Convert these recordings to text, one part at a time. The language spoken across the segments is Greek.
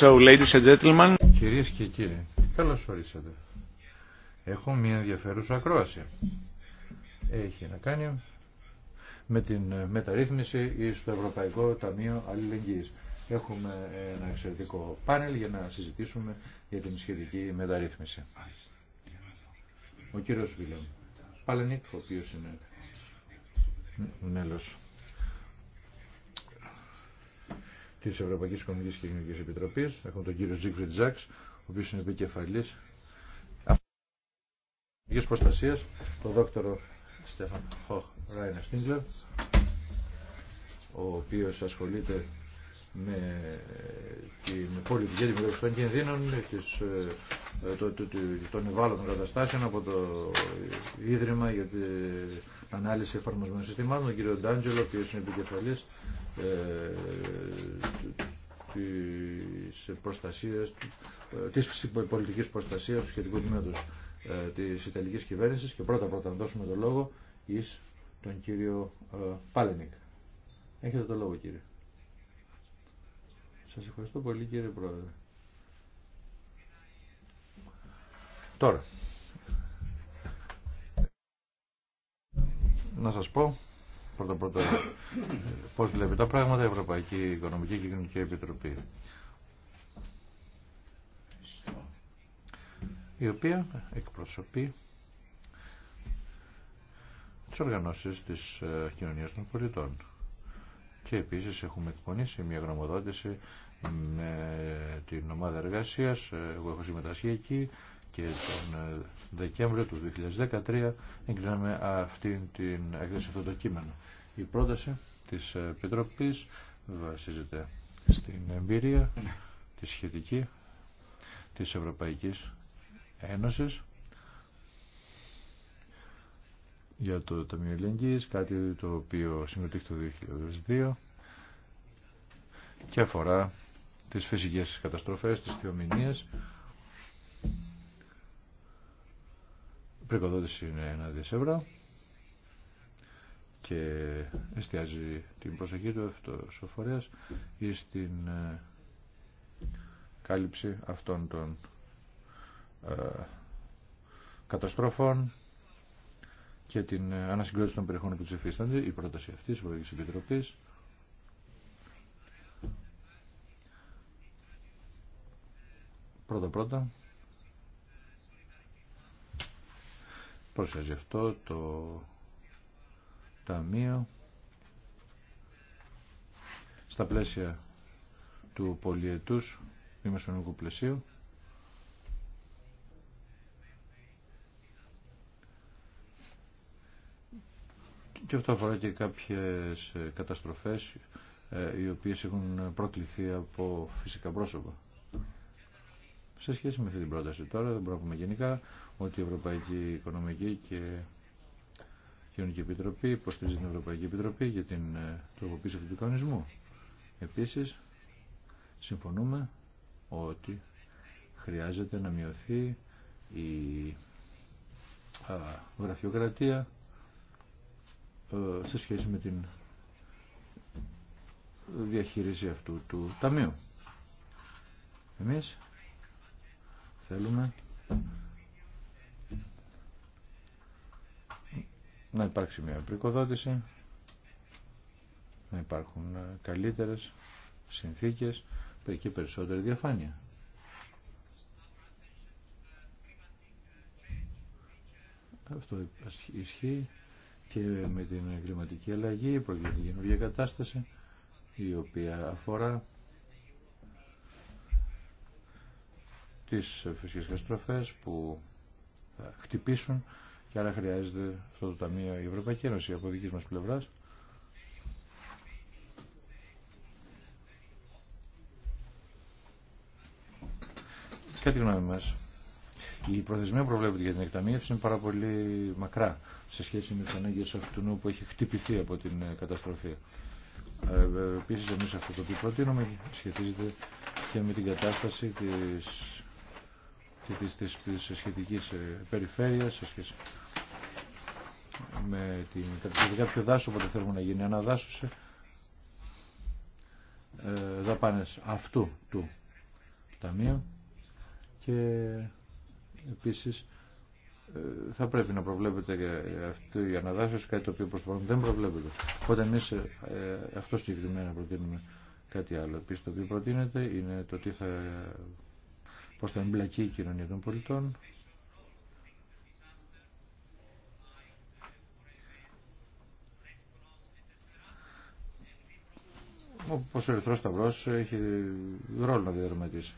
So, ladies and gentlemen. Κυρίες και κύριοι, καλώς ορίσατε. Έχω μια ενδιαφέρουσα ακρόαση. Έχει να κάνει με την μεταρρύθμιση στο Ευρωπαϊκό Ταμείο Αλληλεγγύης. Έχουμε ένα εξαιρετικό πάνελ για να συζητήσουμε για την σχετική μεταρρύθμιση. Ο κύριος Βίλεμ Παλενίκ, ο οποίος είναι μέλος τη Ευρωπαϊκή Οικονομική και Κοινωνική Επιτροπή. Έχουμε τον κύριο Ζίγκφριντ Τζάξ, ο οποίο είναι επικεφαλή τη προστασία. τον δόκτωρο Στέφαν Χοχ Ράινα Στίγκλερ, ο οποίο ασχολείται με την πολιτική αντιμετώπιση των κινδύνων, τις ε, ε, των ευάλωτων καταστάσεων από το Ίδρυμα για την ανάλυση εφαρμοσμένων συστημάτων, τον κύριο Ντάντζελο, ο οποίος είναι επικεφαλής ε, της, προστασίας, ε, πολιτικής προστασίας του σχετικού τμήματος ε, της Ιταλικής κυβέρνησης και πρώτα πρώτα να δώσουμε το λόγο εις τον κύριο ε, Πάλενικ. Έχετε το λόγο κύριε. Σας ευχαριστώ πολύ κύριε Πρόεδρε. Τώρα, να σας πω πρώτα πρώτα πώς βλέπει τα πράγματα η Ευρωπαϊκή Οικονομική και Κοινωνική Επιτροπή η οποία εκπροσωπεί τις οργανώσεις της ε, κοινωνίας των πολιτών και επίσης έχουμε εκπονήσει μια γνωμοδότηση με την ομάδα εργασίας εγώ έχω συμμετασχεί εκεί και τον ε, Δεκέμβριο του 2013 εγκρίναμε αυτή την έκθεση αυτό το κείμενο. Η πρόταση της ε, Επιτροπής βασίζεται στην εμπειρία τη σχετική της Ευρωπαϊκής Ένωσης για το Ταμείο Ελληνικής, κάτι το οποίο συμμετείχε το 2002 και αφορά τις φυσικές καταστροφές, τις θεομηνίες πρικοδότηση είναι ένα δισεύρα και εστιάζει την προσοχή του αυτός ή στην ε, κάλυψη αυτών των ε, καταστροφών και την ε, ανασυγκρότηση των περιοχών που τους εφίστανται. Η πρόταση αυτής της επιτροπης Επιτροπής πρώτα-πρώτα προσέχει αυτό το Ταμείο στα πλαίσια του πολιετούς δημοσιονομικού πλαισίου και αυτό αφορά και κάποιες ε, καταστροφές ε, οι οποίες έχουν προκληθεί από φυσικά πρόσωπα. Σε σχέση με αυτή την πρόταση τώρα, δεν μπορούμε να πούμε γενικά, ότι η Ευρωπαϊκή Οικονομική και Κοινωνική Επιτροπή υποστηρίζει την Ευρωπαϊκή Επιτροπή για την ε, τροποποίηση αυτού του κανονισμού. Επίσης, συμφωνούμε ότι χρειάζεται να μειωθεί η γραφειοκρατία ε, σε σχέση με την διαχείριση αυτού του ταμείου. Εμείς θέλουμε να υπάρξει μια πρικοδότηση, να υπάρχουν ε, καλύτερες συνθήκες και περισσότερη διαφάνεια. Αυτό ισχύει και με την κλιματική αλλαγή, η την καινούργια κατάσταση, η οποία αφορά τις φυσικές καταστροφές που θα χτυπήσουν και άρα χρειάζεται αυτό το Ταμείο η Ευρωπαϊκή Ένωση από δική μας πλευράς. Κάτι γνώμη μας. Η προθεσμία προβλέπεται για την εκταμείευση είναι πάρα πολύ μακρά σε σχέση με τι ανάγκε αυτού νου που έχει χτυπηθεί από την ε, καταστροφή. Ε, Επίση, εμεί αυτό το οποίο προτείνουμε σχετίζεται και με την κατάσταση τη της, της, σχετικής ε, περιφέρειας, σε σχέση με την κατασκευή κάποιο δάσο, όποτε θέλουμε να γίνει ένα δάσο ε, ε, δαπάνες αυτού του ταμείου και επίσης ε, θα πρέπει να προβλέπεται αυτή η αναδάσωση, κάτι το οποίο προσπαθούμε δεν προβλέπεται. Οπότε εμεί αυτό συγκεκριμένα προτείνουμε κάτι άλλο. Επίση το οποίο προτείνεται είναι το τι θα, πώς θα εμπλακεί η κοινωνία των πολιτών όπως ο Ερυθρό Σταυρό έχει ρόλο να διαδραματίσει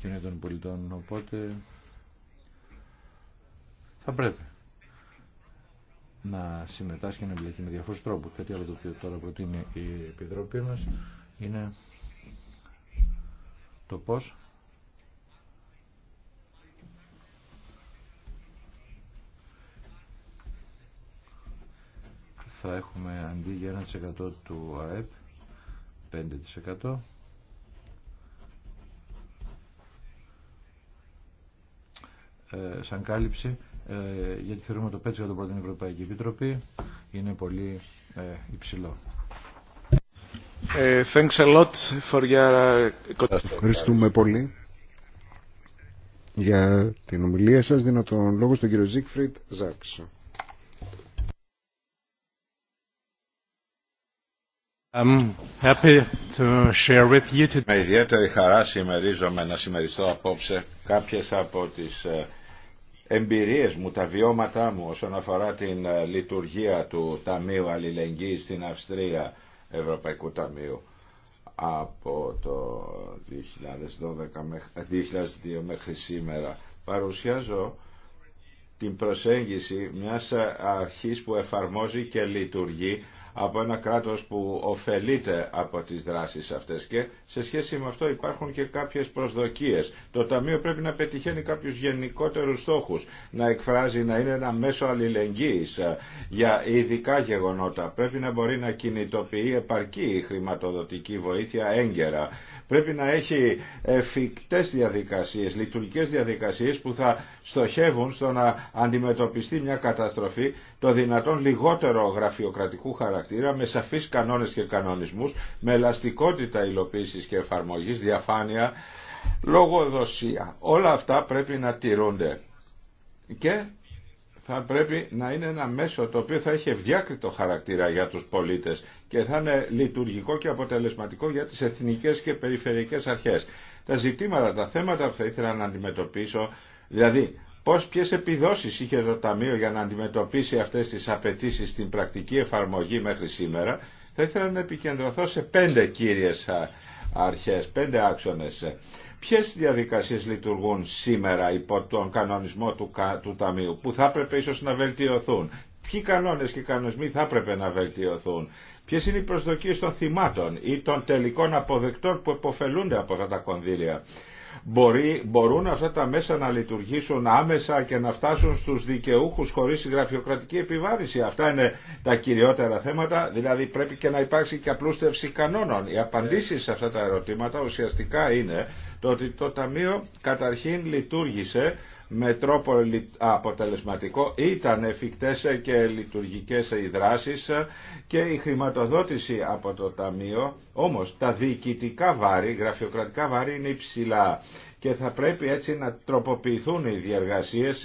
κοινωνία των πολιτών. Οπότε θα πρέπει να συμμετάσχει και να εμπλέκει με διαφορετικού τρόπου. Κάτι άλλο το οποίο τώρα προτείνει η Επιτροπή μα είναι το πώ θα έχουμε αντί για 1% του ΑΕΠ ε, σαν κάλυψη ε, γιατί θεωρούμε το 5% το πρώτο Ευρωπαϊκή Επιτροπή είναι πολύ ε, υψηλό. Ευχαριστούμε πολύ για την ομιλία σας. Δίνω τον λόγο στον κύριο Ζίκφριτ Ζάξο. I'm happy to share with you Με ιδιαίτερη χαρά να συμμεριστώ απόψε κάποιες από τις ε, εμπειρίες μου, τα βιώματά μου όσον αφορά την ε, λειτουργία του Ταμείου Αλληλεγγύης στην Αυστρία, Ευρωπαϊκού Ταμείου από το 2012, 2002 ε, μέχρι σήμερα. Παρουσιάζω την προσέγγιση μιας αρχής που εφαρμόζει και λειτουργεί από ένα κράτος που ωφελείται από τις δράσεις αυτές και σε σχέση με αυτό υπάρχουν και κάποιες προσδοκίες. Το Ταμείο πρέπει να πετυχαίνει κάποιους γενικότερους στόχους, να εκφράζει, να είναι ένα μέσο αλληλεγγύης ε, για ειδικά γεγονότα. Πρέπει να μπορεί να κινητοποιεί επαρκή χρηματοδοτική βοήθεια έγκαιρα πρέπει να έχει εφικτές διαδικασίες, λειτουργικές διαδικασίες που θα στοχεύουν στο να αντιμετωπιστεί μια καταστροφή το δυνατόν λιγότερο γραφειοκρατικού χαρακτήρα με σαφείς κανόνες και κανονισμούς, με ελαστικότητα υλοποίησης και εφαρμογής, διαφάνεια, λογοδοσία. Όλα αυτά πρέπει να τηρούνται. Και θα πρέπει να είναι ένα μέσο το οποίο θα έχει ευδιάκριτο χαρακτήρα για τους πολίτες και θα είναι λειτουργικό και αποτελεσματικό για τις εθνικές και περιφερειακές αρχές. Τα ζητήματα, τα θέματα που θα ήθελα να αντιμετωπίσω, δηλαδή πώς, ποιες επιδόσεις είχε το Ταμείο για να αντιμετωπίσει αυτές τις απαιτήσεις στην πρακτική εφαρμογή μέχρι σήμερα, θα ήθελα να επικεντρωθώ σε πέντε κύριες αρχές, πέντε άξονες. Ποιες διαδικασίες λειτουργούν σήμερα υπό τον κανονισμό του, του Ταμείου που θα έπρεπε ίσως να βελτιωθούν. Ποιοι κανόνες και κανονισμοί θα έπρεπε να βελτιωθούν. Ποιε είναι οι προσδοκίε των θυμάτων ή των τελικών αποδεκτών που επωφελούνται από αυτά τα κονδύλια. Μπορεί, μπορούν αυτά τα μέσα να λειτουργήσουν άμεσα και να φτάσουν στους δικαιούχους χωρίς γραφειοκρατική επιβάρηση. Αυτά είναι τα κυριότερα θέματα, δηλαδή πρέπει και να υπάρξει και απλούστευση κανόνων. Οι απαντήσεις σε αυτά τα ερωτήματα ουσιαστικά είναι το ότι το Ταμείο καταρχήν λειτουργήσε με τρόπο αποτελεσματικό ήταν εφικτές και λειτουργικές οι δράσεις και η χρηματοδότηση από το Ταμείο, όμως τα διοικητικά βάρη, γραφειοκρατικά βάρη είναι υψηλά και θα πρέπει έτσι να τροποποιηθούν οι διαργασίες,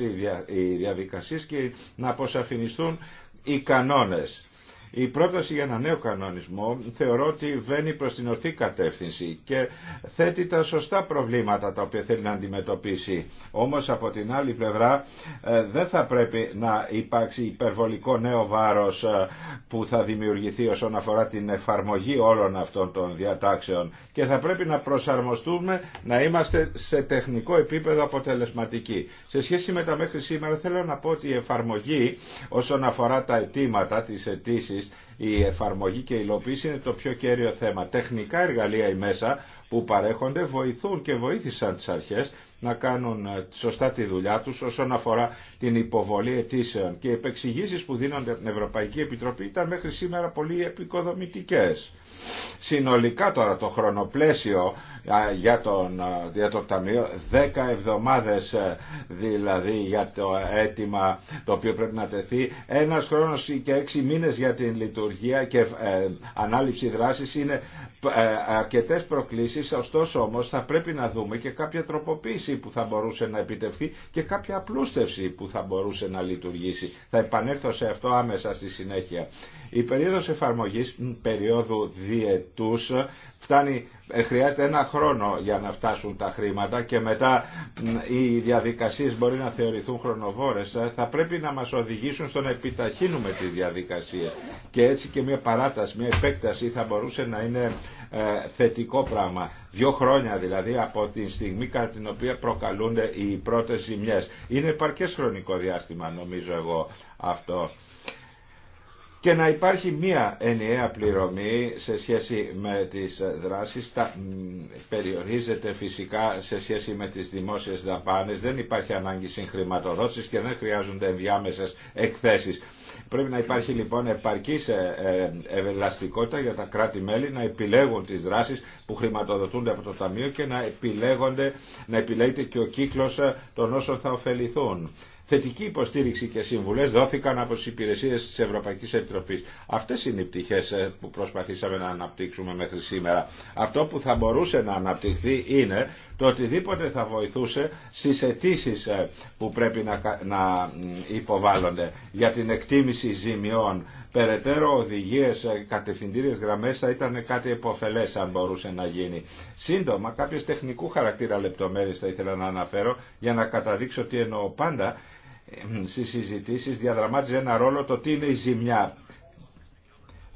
οι διαδικασίες και να αποσαφινιστούν οι κανόνες. Η πρόταση για ένα νέο κανονισμό θεωρώ ότι βαίνει προς την ορθή κατεύθυνση και θέτει τα σωστά προβλήματα τα οποία θέλει να αντιμετωπίσει. Όμως από την άλλη πλευρά ε, δεν θα πρέπει να υπάρξει υπερβολικό νέο βάρος ε, που θα δημιουργηθεί όσον αφορά την εφαρμογή όλων αυτών των διατάξεων και θα πρέπει να προσαρμοστούμε να είμαστε σε τεχνικό επίπεδο αποτελεσματικοί. Σε σχέση με τα μέχρι σήμερα θέλω να πω ότι η εφαρμογή όσον αφορά τα αιτήματα, τις αιτήσει η εφαρμογή και η υλοποίηση είναι το πιο κέριο θέμα. Τεχνικά εργαλεία ή μέσα που παρέχονται βοηθούν και βοήθησαν τις αρχές να κάνουν ε, σωστά τη δουλειά τους όσον αφορά την υποβολή αιτήσεων και οι επεξηγήσεις που δίνονται από την Ευρωπαϊκή Επιτροπή ήταν μέχρι σήμερα πολύ επικοδομητικές. Συνολικά τώρα το χρονοπλαίσιο για, τον, για το Ταμείο, 10 εβδομάδες δηλαδή για το αίτημα το οποίο πρέπει να τεθεί, ένας χρόνος και έξι μήνες για την λειτουργία και ε, ανάληψη δράσης είναι ε, αρκετέ προκλήσεις, ωστόσο όμως θα πρέπει να δούμε και κάποια τροποποίηση που θα μπορούσε να επιτευχθεί και κάποια απλούστευση θα μπορούσε να λειτουργήσει. Θα επανέλθω σε αυτό άμεσα στη συνέχεια. Η περίοδος εφαρμογής περίοδου διετούς φτάνει, ε, χρειάζεται ένα χρόνο για να φτάσουν τα χρήματα και μετά οι διαδικασίες μπορεί να θεωρηθούν χρονοβόρες. Ε, θα πρέπει να μας οδηγήσουν στο να επιταχύνουμε τις διαδικασίες και έτσι και μια παράταση, μια επέκταση θα μπορούσε να είναι ε, θετικό πράγμα. Δύο χρόνια δηλαδή από τη στιγμή κατά την οποία προκαλούνται οι πρώτες ζημιές. Είναι επαρκές χρονικό διάστημα νομίζω εγώ αυτό και να υπάρχει μία ενιαία πληρωμή σε σχέση με τις δράσεις, τα, περιορίζεται φυσικά σε σχέση με τις δημόσιες δαπάνες, δεν υπάρχει ανάγκη συγχρηματοδότησης και δεν χρειάζονται ενδιάμεσες εκθέσεις. Πρέπει να υπάρχει λοιπόν επαρκής ε, ε, ευελαστικότητα για τα κράτη-μέλη να επιλέγουν τις δράσεις που χρηματοδοτούνται από το Ταμείο και να, να επιλέγεται και ο κύκλος ε, των όσων θα ωφεληθούν θετική υποστήριξη και συμβουλέ δόθηκαν από τι υπηρεσίε τη Ευρωπαϊκή Επιτροπή. Αυτέ είναι οι πτυχέ ε, που προσπαθήσαμε να αναπτύξουμε μέχρι σήμερα. Αυτό που θα μπορούσε να αναπτυχθεί είναι το οτιδήποτε θα βοηθούσε στι αιτήσει ε, που πρέπει να υποβάλλονται για την εκτίμηση ζημιών. Περαιτέρω οδηγίε κατευθυντήριε γραμμέ θα ήταν κάτι επωφελές αν μπορούσε να γίνει. Σύντομα, κάποιε τεχνικού χαρακτήρα λεπτομέρειε θα ήθελα να αναφέρω για να καταδείξω τι εννοώ πάντα στις συζητήσεις διαδραμάτιζε ένα ρόλο το τι είναι η ζημιά.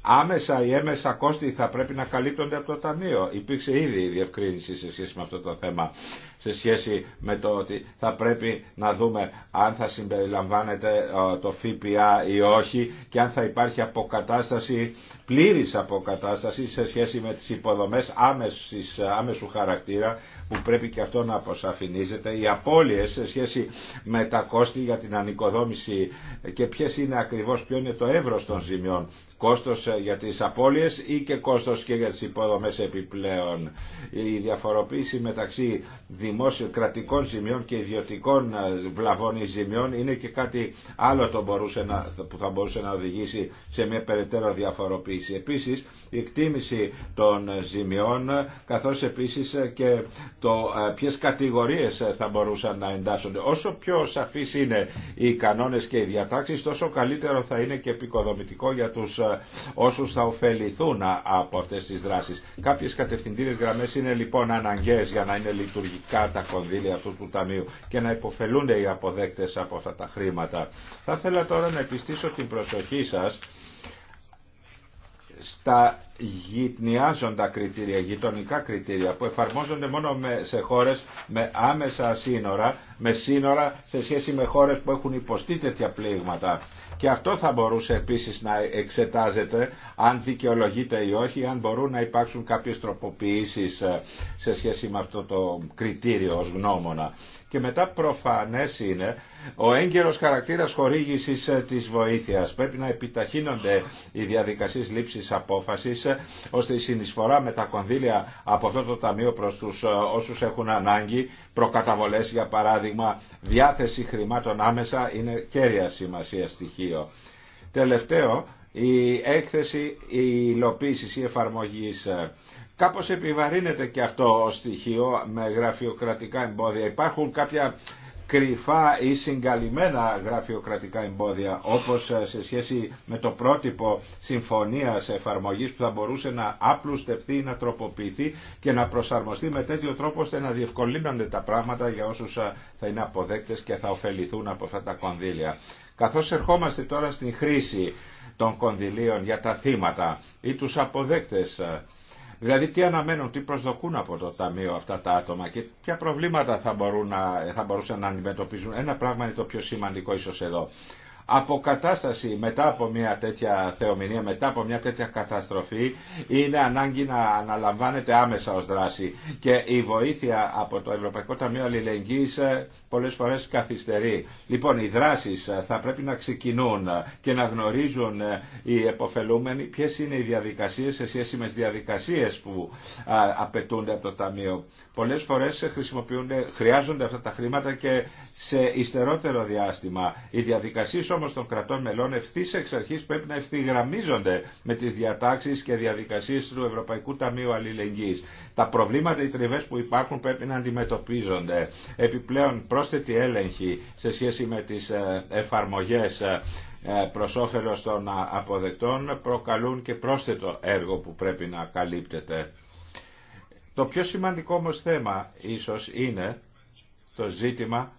Άμεσα ή έμεσα κόστη θα πρέπει να καλύπτονται από το Ταμείο. Υπήρξε ήδη η διευκρίνηση σε σχέση με αυτό το θέμα, σε σχέση με το ότι θα πρέπει να δούμε αν θα συμπεριλαμβάνεται ε, το ΦΠΑ ή όχι και αν θα υπάρχει αποκατάσταση, πλήρης αποκατάσταση σε σχέση με τις υποδομές άμεσης, άμεσου χαρακτήρα που πρέπει και αυτό να αποσαφηνίζεται, οι απώλειες σε σχέση με τα κόστη για την ανοικοδόμηση και ποιες είναι ακριβώς, ποιο είναι το εύρος των ζημιών κόστος ε, για τις απώλειες ή και κόστος και για τις υποδομές επιπλέον. Η διαφοροποίηση μεταξύ δημόσιων κρατικών ζημιών και ιδιωτικών ε, βλαβών ή ζημιών είναι και κάτι άλλο το μπορούσε να, που θα μπορούσε να οδηγήσει σε μια περαιτέρω διαφοροποίηση. Επίσης, η εκτίμηση των ζημιών, ε, καθώς επίσης και το ποιες κατηγορίες θα μπορούσαν να εντάσσονται. Όσο πιο σαφείς είναι οι κανόνες και οι διατάξεις, τόσο καλύτερο θα είναι και επικοδομητικό για τους ε, όσους θα ωφεληθούν από αυτές τις δράσεις. Κάποιες κατευθυντήρες γραμμές είναι λοιπόν αναγκαίες για να είναι λειτουργικά τα κονδύλια αυτού του Ταμείου και να υποφελούνται οι αποδέκτες από αυτά τα χρήματα. Θα ήθελα τώρα να επιστήσω την προσοχή σας στα γυτνιάζοντα κριτήρια, γειτονικά κριτήρια που εφαρμόζονται μόνο με, σε χώρες με άμεσα σύνορα, με σύνορα σε σχέση με χώρες που έχουν υποστεί τέτοια πλήγματα. Και αυτό θα μπορούσε επίσης να εξετάζεται αν δικαιολογείται ή όχι, αν μπορούν να υπάρξουν κάποιες τροποποιήσεις ε, σε σχέση με αυτό το κριτήριο ως γνώμονα. Και μετά προφανές είναι ο έγκαιρος χαρακτήρας χορήγησης ε, της βοήθειας. Πρέπει να επιταχύνονται οι διαδικασίες λήψης απόφασης ε, ώστε η συνεισφορά με τα κονδύλια από αυτό το ταμείο προς τους ε, όσους έχουν ανάγκη, προκαταβολές για παράδειγμα, διάθεση χρημάτων άμεσα είναι κέρια σημασία στοιχείο. Τελευταίο, η έκθεση η υλοποίηση ή εφαρμογής Κάπως επιβαρύνεται και αυτό ο στοιχείο με γραφειοκρατικά εμπόδια. Υπάρχουν κάποια κρυφά ή συγκαλυμμένα γραφειοκρατικά εμπόδια όπως ε, σε σχέση με το πρότυπο συμφωνίας εφαρμογής που θα μπορούσε να απλουστευτεί να τροποποιηθεί και να προσαρμοστεί με τέτοιο τρόπο ώστε να διευκολύνονται τα πράγματα για όσους ε, θα είναι αποδέκτες και θα ωφεληθούν από αυτά τα κονδύλια. Καθώς ερχόμαστε τώρα στην χρήση των κονδυλίων για τα θύματα ή τους αποδέκτες ε, Δηλαδή τι αναμένουν, τι προσδοκούν από το Ταμείο αυτά τα άτομα και ποια προβλήματα θα, μπορούν να, θα μπορούσαν να αντιμετωπίζουν. Ένα πράγμα είναι το πιο σημαντικό ίσως εδώ αποκατάσταση μετά από μια τέτοια θεομηνία, μετά από μια τέτοια καταστροφή είναι ανάγκη να αναλαμβάνεται άμεσα ως δράση και η βοήθεια από το Ευρωπαϊκό Ταμείο Αλληλεγγύης ε, πολλές φορές καθυστερεί. Λοιπόν, οι δράσεις ε, θα πρέπει να ξεκινούν και να γνωρίζουν ε, οι εποφελούμενοι ποιες είναι οι διαδικασίες σε σχέση με διαδικασίες που απαιτούνται από το Ταμείο. Πολλές φορές χρησιμοποιούνται, χρειάζονται αυτά τα χρήματα και σε υστερότερο διάστημα. Οι διαδικασίες όμως των κρατών μελών ευθύς εξ αρχής πρέπει να ευθυγραμμίζονται με τις διατάξεις και διαδικασίες του Ευρωπαϊκού Ταμείου Αλληλεγγύης. Τα προβλήματα, οι τριβές που υπάρχουν πρέπει να αντιμετωπίζονται. Επιπλέον πρόσθετη έλεγχη σε σχέση με τις ε, εφαρμογές ε, προς όφελος των αποδεκτών προκαλούν και πρόσθετο έργο που πρέπει να καλύπτεται. Το πιο σημαντικό όμως θέμα ίσως είναι το ζήτημα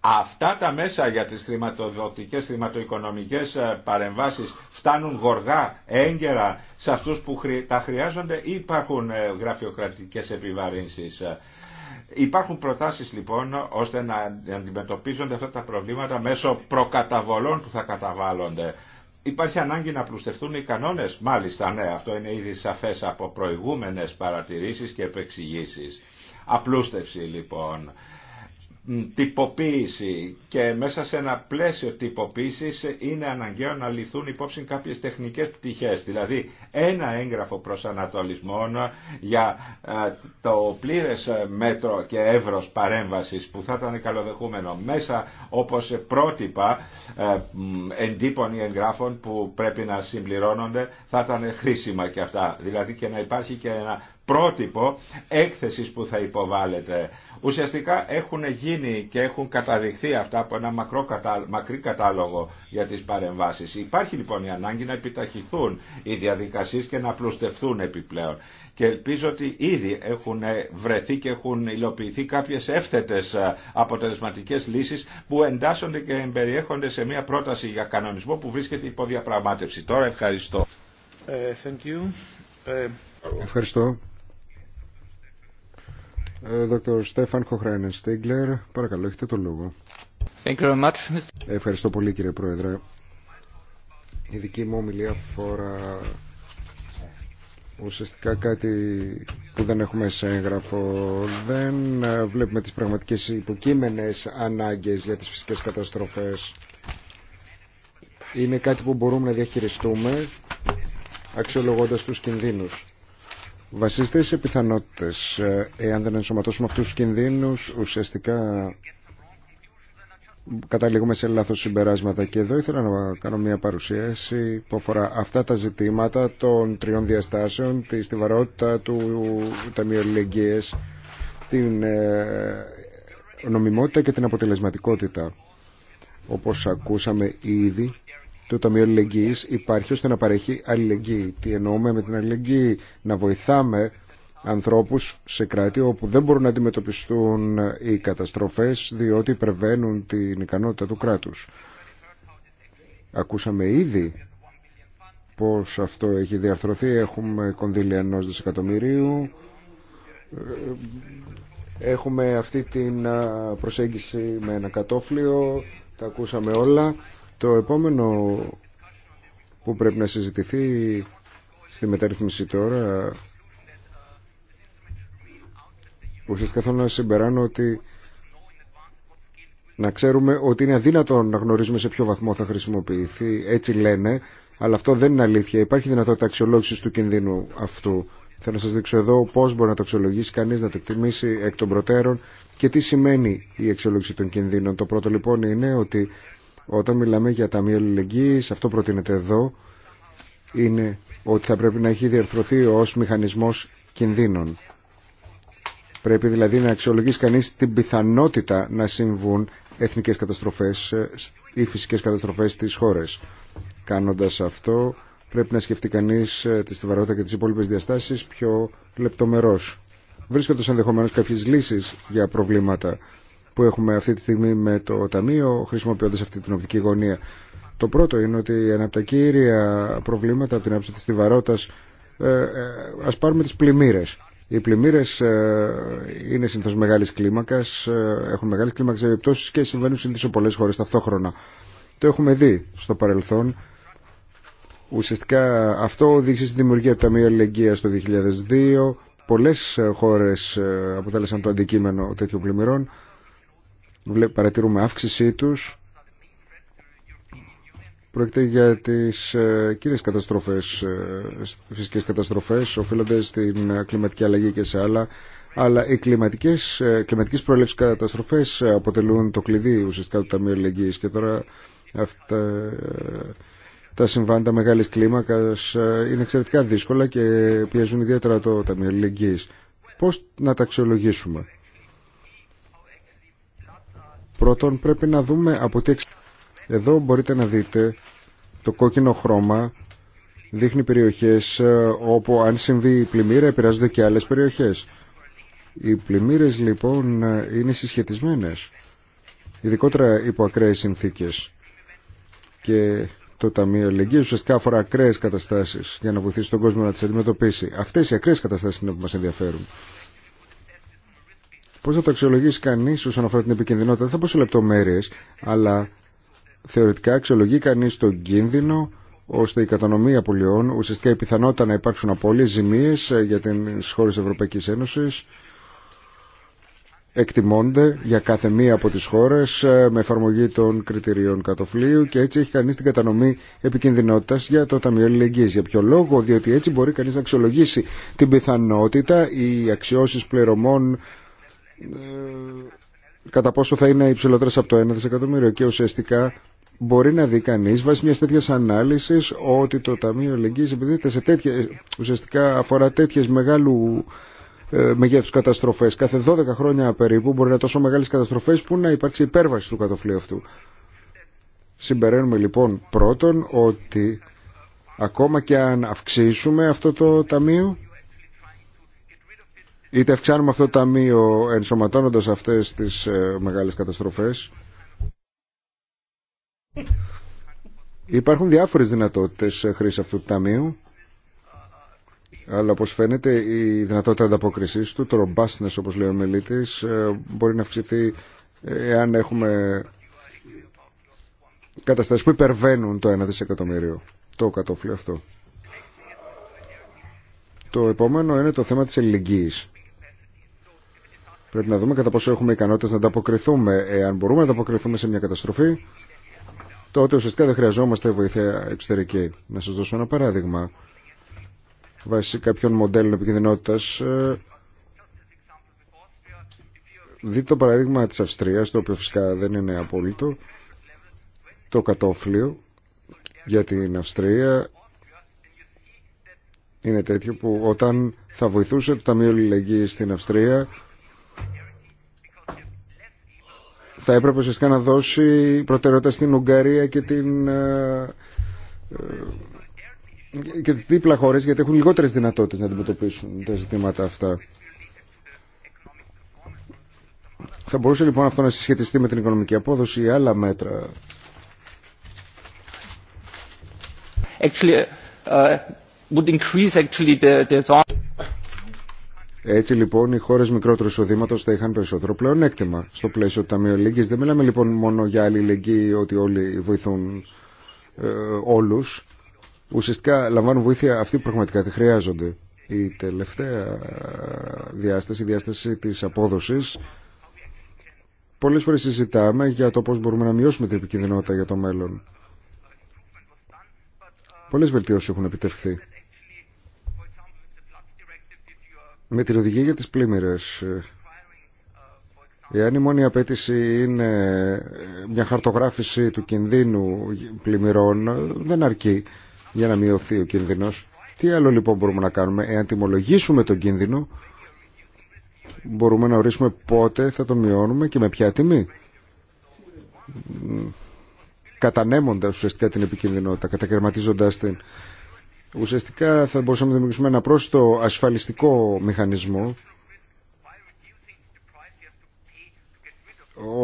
Αυτά τα μέσα για τις χρηματοδοτικές, χρηματοοικονομικές ε, παρεμβάσεις φτάνουν γοργά, έγκαιρα σε αυτούς που τα χρειάζονται ή υπάρχουν ε, γραφειοκρατικές επιβαρύνσεις. Υπάρχουν προτάσεις λοιπόν ώστε να αντιμετωπίζονται αυτά τα προβλήματα μέσω προκαταβολών που θα καταβάλλονται. Υπάρχει ανάγκη να πλουστευτούν οι κανόνες. Μάλιστα ναι, αυτό είναι ήδη σαφές από προηγούμενες παρατηρήσεις και επεξηγήσεις. Απλούστευση λοιπόν τυποποίηση και μέσα σε ένα πλαίσιο τυποποίησης είναι αναγκαίο να λυθούν υπόψη κάποιες τεχνικές πτυχές. Δηλαδή ένα έγγραφο προς ανατολισμόν για ε, το πλήρες μέτρο και εύρος παρέμβασης που θα ήταν καλοδεχούμενο μέσα όπως πρότυπα ε, εντύπων ή εγγράφων που πρέπει να συμπληρώνονται θα ήταν χρήσιμα και αυτά. Δηλαδή και να υπάρχει και ένα πρότυπο έκθεσης που θα υποβάλλεται. Ουσιαστικά έχουν γίνει και έχουν καταδειχθεί αυτά από ένα μακρό κατά, μακρύ κατάλογο για τις παρεμβάσεις. Υπάρχει λοιπόν η ανάγκη να επιταχυθούν οι διαδικασίες και να πλουστευτούν επιπλέον. Και ελπίζω ότι ήδη έχουν βρεθεί και έχουν υλοποιηθεί κάποιες εύθετες ε, αποτελεσματικές λύσεις που εντάσσονται και εμπεριέχονται σε μια πρόταση για κανονισμό που βρίσκεται υπό διαπραγμάτευση. Τώρα ευχαριστώ. Ε, thank you. Ε, ευχαριστώ. Ε, δόκτωρ Στέφαν Κοχράινεν Στίγκλερ, παρακαλώ, έχετε το λόγο. Thank you very much, Mr. Ευχαριστώ πολύ κύριε Πρόεδρε. Η δική μου ομιλία αφορά ουσιαστικά κάτι που δεν έχουμε σε έγγραφο. Δεν ε, βλέπουμε τις πραγματικές υποκείμενες ανάγκες για τις φυσικές καταστροφές. Είναι κάτι που μπορούμε να διαχειριστούμε αξιολογώντας τους κινδύνους. Βασίστε σε πιθανότητε, ε, Εάν δεν ενσωματώσουμε αυτούς του κινδύνου, ουσιαστικά καταλήγουμε σε λάθο συμπεράσματα. Και εδώ ήθελα να κάνω μια παρουσίαση που αφορά αυτά τα ζητήματα των τριών διαστάσεων, τη στιβαρότητα του Ταμείου Αλληλεγγύη, την ε, νομιμότητα και την αποτελεσματικότητα. Όπως ακούσαμε ήδη, το Ταμείο αλληλεγγύη υπάρχει ώστε να παρέχει αλληλεγγύη. Τι εννοούμε με την αλληλεγγύη, να βοηθάμε ανθρώπους σε κράτη όπου δεν μπορούν να αντιμετωπιστούν οι καταστροφές διότι υπερβαίνουν την ικανότητα του κράτους. Ακούσαμε ήδη πώς αυτό έχει διαρθρωθεί. Έχουμε κονδύλια ενό δισεκατομμυρίου. Έχουμε αυτή την προσέγγιση με ένα κατόφλιο. Τα ακούσαμε όλα. Το επόμενο που πρέπει να συζητηθεί στη μεταρρύθμιση τώρα ουσιαστικά θέλω να συμπεράνω ότι να ξέρουμε ότι είναι αδύνατο να γνωρίζουμε σε ποιο βαθμό θα χρησιμοποιηθεί, έτσι λένε, αλλά αυτό δεν είναι αλήθεια. Υπάρχει δυνατότητα αξιολόγηση του κινδύνου αυτού. Θέλω να σα δείξω εδώ πώς μπορεί να το αξιολογήσει κανεί, να το εκτιμήσει εκ των προτέρων και τι σημαίνει η αξιολόγηση των κινδύνων. Το πρώτο λοιπόν είναι ότι όταν μιλάμε για ταμείο αλληλεγγύης, αυτό προτείνεται εδώ, είναι ότι θα πρέπει να έχει διερθρωθεί ως μηχανισμός κινδύνων. Πρέπει δηλαδή να αξιολογήσει κανείς την πιθανότητα να συμβούν εθνικές καταστροφές ε, ή φυσικές καταστροφές στις χώρες. Κάνοντας αυτό πρέπει να σκεφτεί κανείς ε, τη στιβαρότητα και τις υπόλοιπε διαστάσεις πιο λεπτομερώς. Βρίσκονται ενδεχομένω κάποιες λύσεις για προβλήματα που έχουμε αυτή τη στιγμή με το Ταμείο χρησιμοποιώντα αυτή την οπτική γωνία. Το πρώτο είναι ότι ένα από τα κύρια προβλήματα από την άποψη τη στιβαρότητας ε, ε, ας πάρουμε τις πλημμύρες. Οι πλημμύρε ε, είναι συνήθω μεγάλη κλίμακα, ε, έχουν μεγάλη κλίμακα επιπτώσει και συμβαίνουν συνήθω σε πολλέ χώρε ταυτόχρονα. Το έχουμε δει στο παρελθόν. Ουσιαστικά αυτό οδήγησε στη δημιουργία του Ταμείου Αλληλεγγύα το 2002. Πολλέ χώρε αποτέλεσαν το αντικείμενο τέτοιων πλημμυρών παρατηρούμε αύξησή τους. Πρόκειται για τις ε, κύριες καταστροφές, ε, φυσικές καταστροφές, οφείλονται στην ε, κλιματική αλλαγή και σε άλλα, αλλά οι κλιματικές, κλιματικές προέλευσης καταστροφές αποτελούν το κλειδί ουσιαστικά του Ταμείου και τώρα αυτά, τα συμβάντα μεγάλης κλίμακας είναι εξαιρετικά δύσκολα και πιέζουν ιδιαίτερα το Ταμείο Ελεγγύης Πώς να τα αξιολογήσουμε. Πρώτον πρέπει να δούμε από τι Εδώ μπορείτε να δείτε το κόκκινο χρώμα δείχνει περιοχές ε, όπου αν συμβεί η πλημμύρα επηρεάζονται και άλλες περιοχές. Οι πλημμύρες λοιπόν ε, είναι συσχετισμένες, ειδικότερα υπό ακραίες συνθήκες. Και το Ταμείο Ελεγγύης ουσιαστικά αφορά ακραίες καταστάσεις για να βοηθήσει τον κόσμο να τις αντιμετωπίσει. Αυτές οι ακραίες καταστάσεις είναι που μας ενδιαφέρουν. Πώς θα το αξιολογήσει κανείς όσον αφορά την επικινδυνότητα, δεν θα πω σε λεπτομέρειες, αλλά θεωρητικά αξιολογεί κανείς τον κίνδυνο ώστε η κατανομή απολειών, ουσιαστικά η πιθανότητα να υπάρξουν απώλειες, ζημίες ε, για τις χώρες της Ευρωπαϊκής Ένωσης, εκτιμώνται για κάθε μία από τις χώρες ε, με εφαρμογή των κριτηρίων κατοφλίου και έτσι έχει κανείς την κατανομή επικινδυνότητας για το Ταμείο Ελληνικής. Για ποιο λόγο, διότι έτσι μπορεί κανείς να αξιολογήσει την πιθανότητα οι αξιώσεις πληρωμών ε, κατά πόσο θα είναι υψηλότερε από το 1 δισεκατομμύριο και ουσιαστικά μπορεί να δει κανεί βάσει μια τέτοια ανάλυση ότι το Ταμείο Ελεγγύη επιδίδεται σε τέτοιε. ουσιαστικά αφορά τέτοιε μεγάλου ε, μεγέθου καταστροφέ. Κάθε 12 χρόνια περίπου μπορεί να είναι τόσο μεγάλε καταστροφέ που να υπάρξει υπέρβαση του κατοφλίου αυτού. Συμπεραίνουμε λοιπόν πρώτον ότι ακόμα και αν αυξήσουμε αυτό το Ταμείο είτε αυξάνουμε αυτό το ταμείο ενσωματώνοντας αυτές τις ε, μεγάλες καταστροφές. Υπάρχουν διάφορες δυνατότητες χρήση αυτού του ταμείου, αλλά όπως φαίνεται η δυνατότητα ανταπόκρισης του, το robustness όπως λέει ο μελίτης, ε, μπορεί να αυξηθεί ε, εάν έχουμε καταστάσεις που υπερβαίνουν το 1 δισεκατομμύριο, το κατόφλιο αυτό. Το επόμενο είναι το θέμα της ελληνικής. Πρέπει να δούμε κατά πόσο έχουμε ικανότητες να ανταποκριθούμε. Εάν μπορούμε να ανταποκριθούμε σε μια καταστροφή, τότε ουσιαστικά δεν χρειαζόμαστε βοήθεια εξωτερική. Να σας δώσω ένα παράδειγμα. Βάσει κάποιων μοντέλων επικινδυνότητας, ε, δείτε το παράδειγμα της Αυστρίας, το οποίο φυσικά δεν είναι απόλυτο, το κατόφλιο για την Αυστρία είναι τέτοιο που όταν θα βοηθούσε το Ταμείο Λιλεγγύης στην Αυστρία θα έπρεπε ουσιαστικά να δώσει προτεραιότητα στην Ουγγαρία και την ε, ε, και τι δίπλα χώρες γιατί έχουν λιγότερες δυνατότητες να αντιμετωπίσουν τα ζητήματα αυτά. Θα μπορούσε λοιπόν αυτό να συσχετιστεί με την οικονομική απόδοση ή άλλα μέτρα. Actually, uh, would increase actually the, the... Έτσι λοιπόν οι χώρε μικρότερου εισοδήματο θα είχαν περισσότερο πλεονέκτημα στο πλαίσιο του Ταμείου Αλληλεγγύη. Δεν μιλάμε λοιπόν μόνο για αλληλεγγύη ότι όλοι βοηθούν ε, όλου. Ουσιαστικά λαμβάνουν βοήθεια αυτοί που πραγματικά τη χρειάζονται. Η τελευταία διάσταση, η διάσταση τη απόδοση. Πολλέ φορέ συζητάμε για το πώ μπορούμε να μειώσουμε την επικίνδυνοτητα για το μέλλον. Πολλέ βελτιώσει έχουν επιτευχθεί. με την οδηγία για τις πλήμμυρες. Ε, εάν η μόνη απέτηση είναι ε, μια χαρτογράφηση του κινδύνου πλημμυρών, ε, δεν αρκεί για να μειωθεί ο κίνδυνος. Τι άλλο λοιπόν μπορούμε να κάνουμε, εάν τιμολογήσουμε τον κίνδυνο, μπορούμε να ορίσουμε πότε θα τον μειώνουμε και με ποια τιμή. Κατανέμοντας ουσιαστικά την επικίνδυνοτητα, κατακαιρματίζοντας την. Ουσιαστικά θα μπορούσαμε να δημιουργήσουμε ένα πρόσθετο ασφαλιστικό μηχανισμό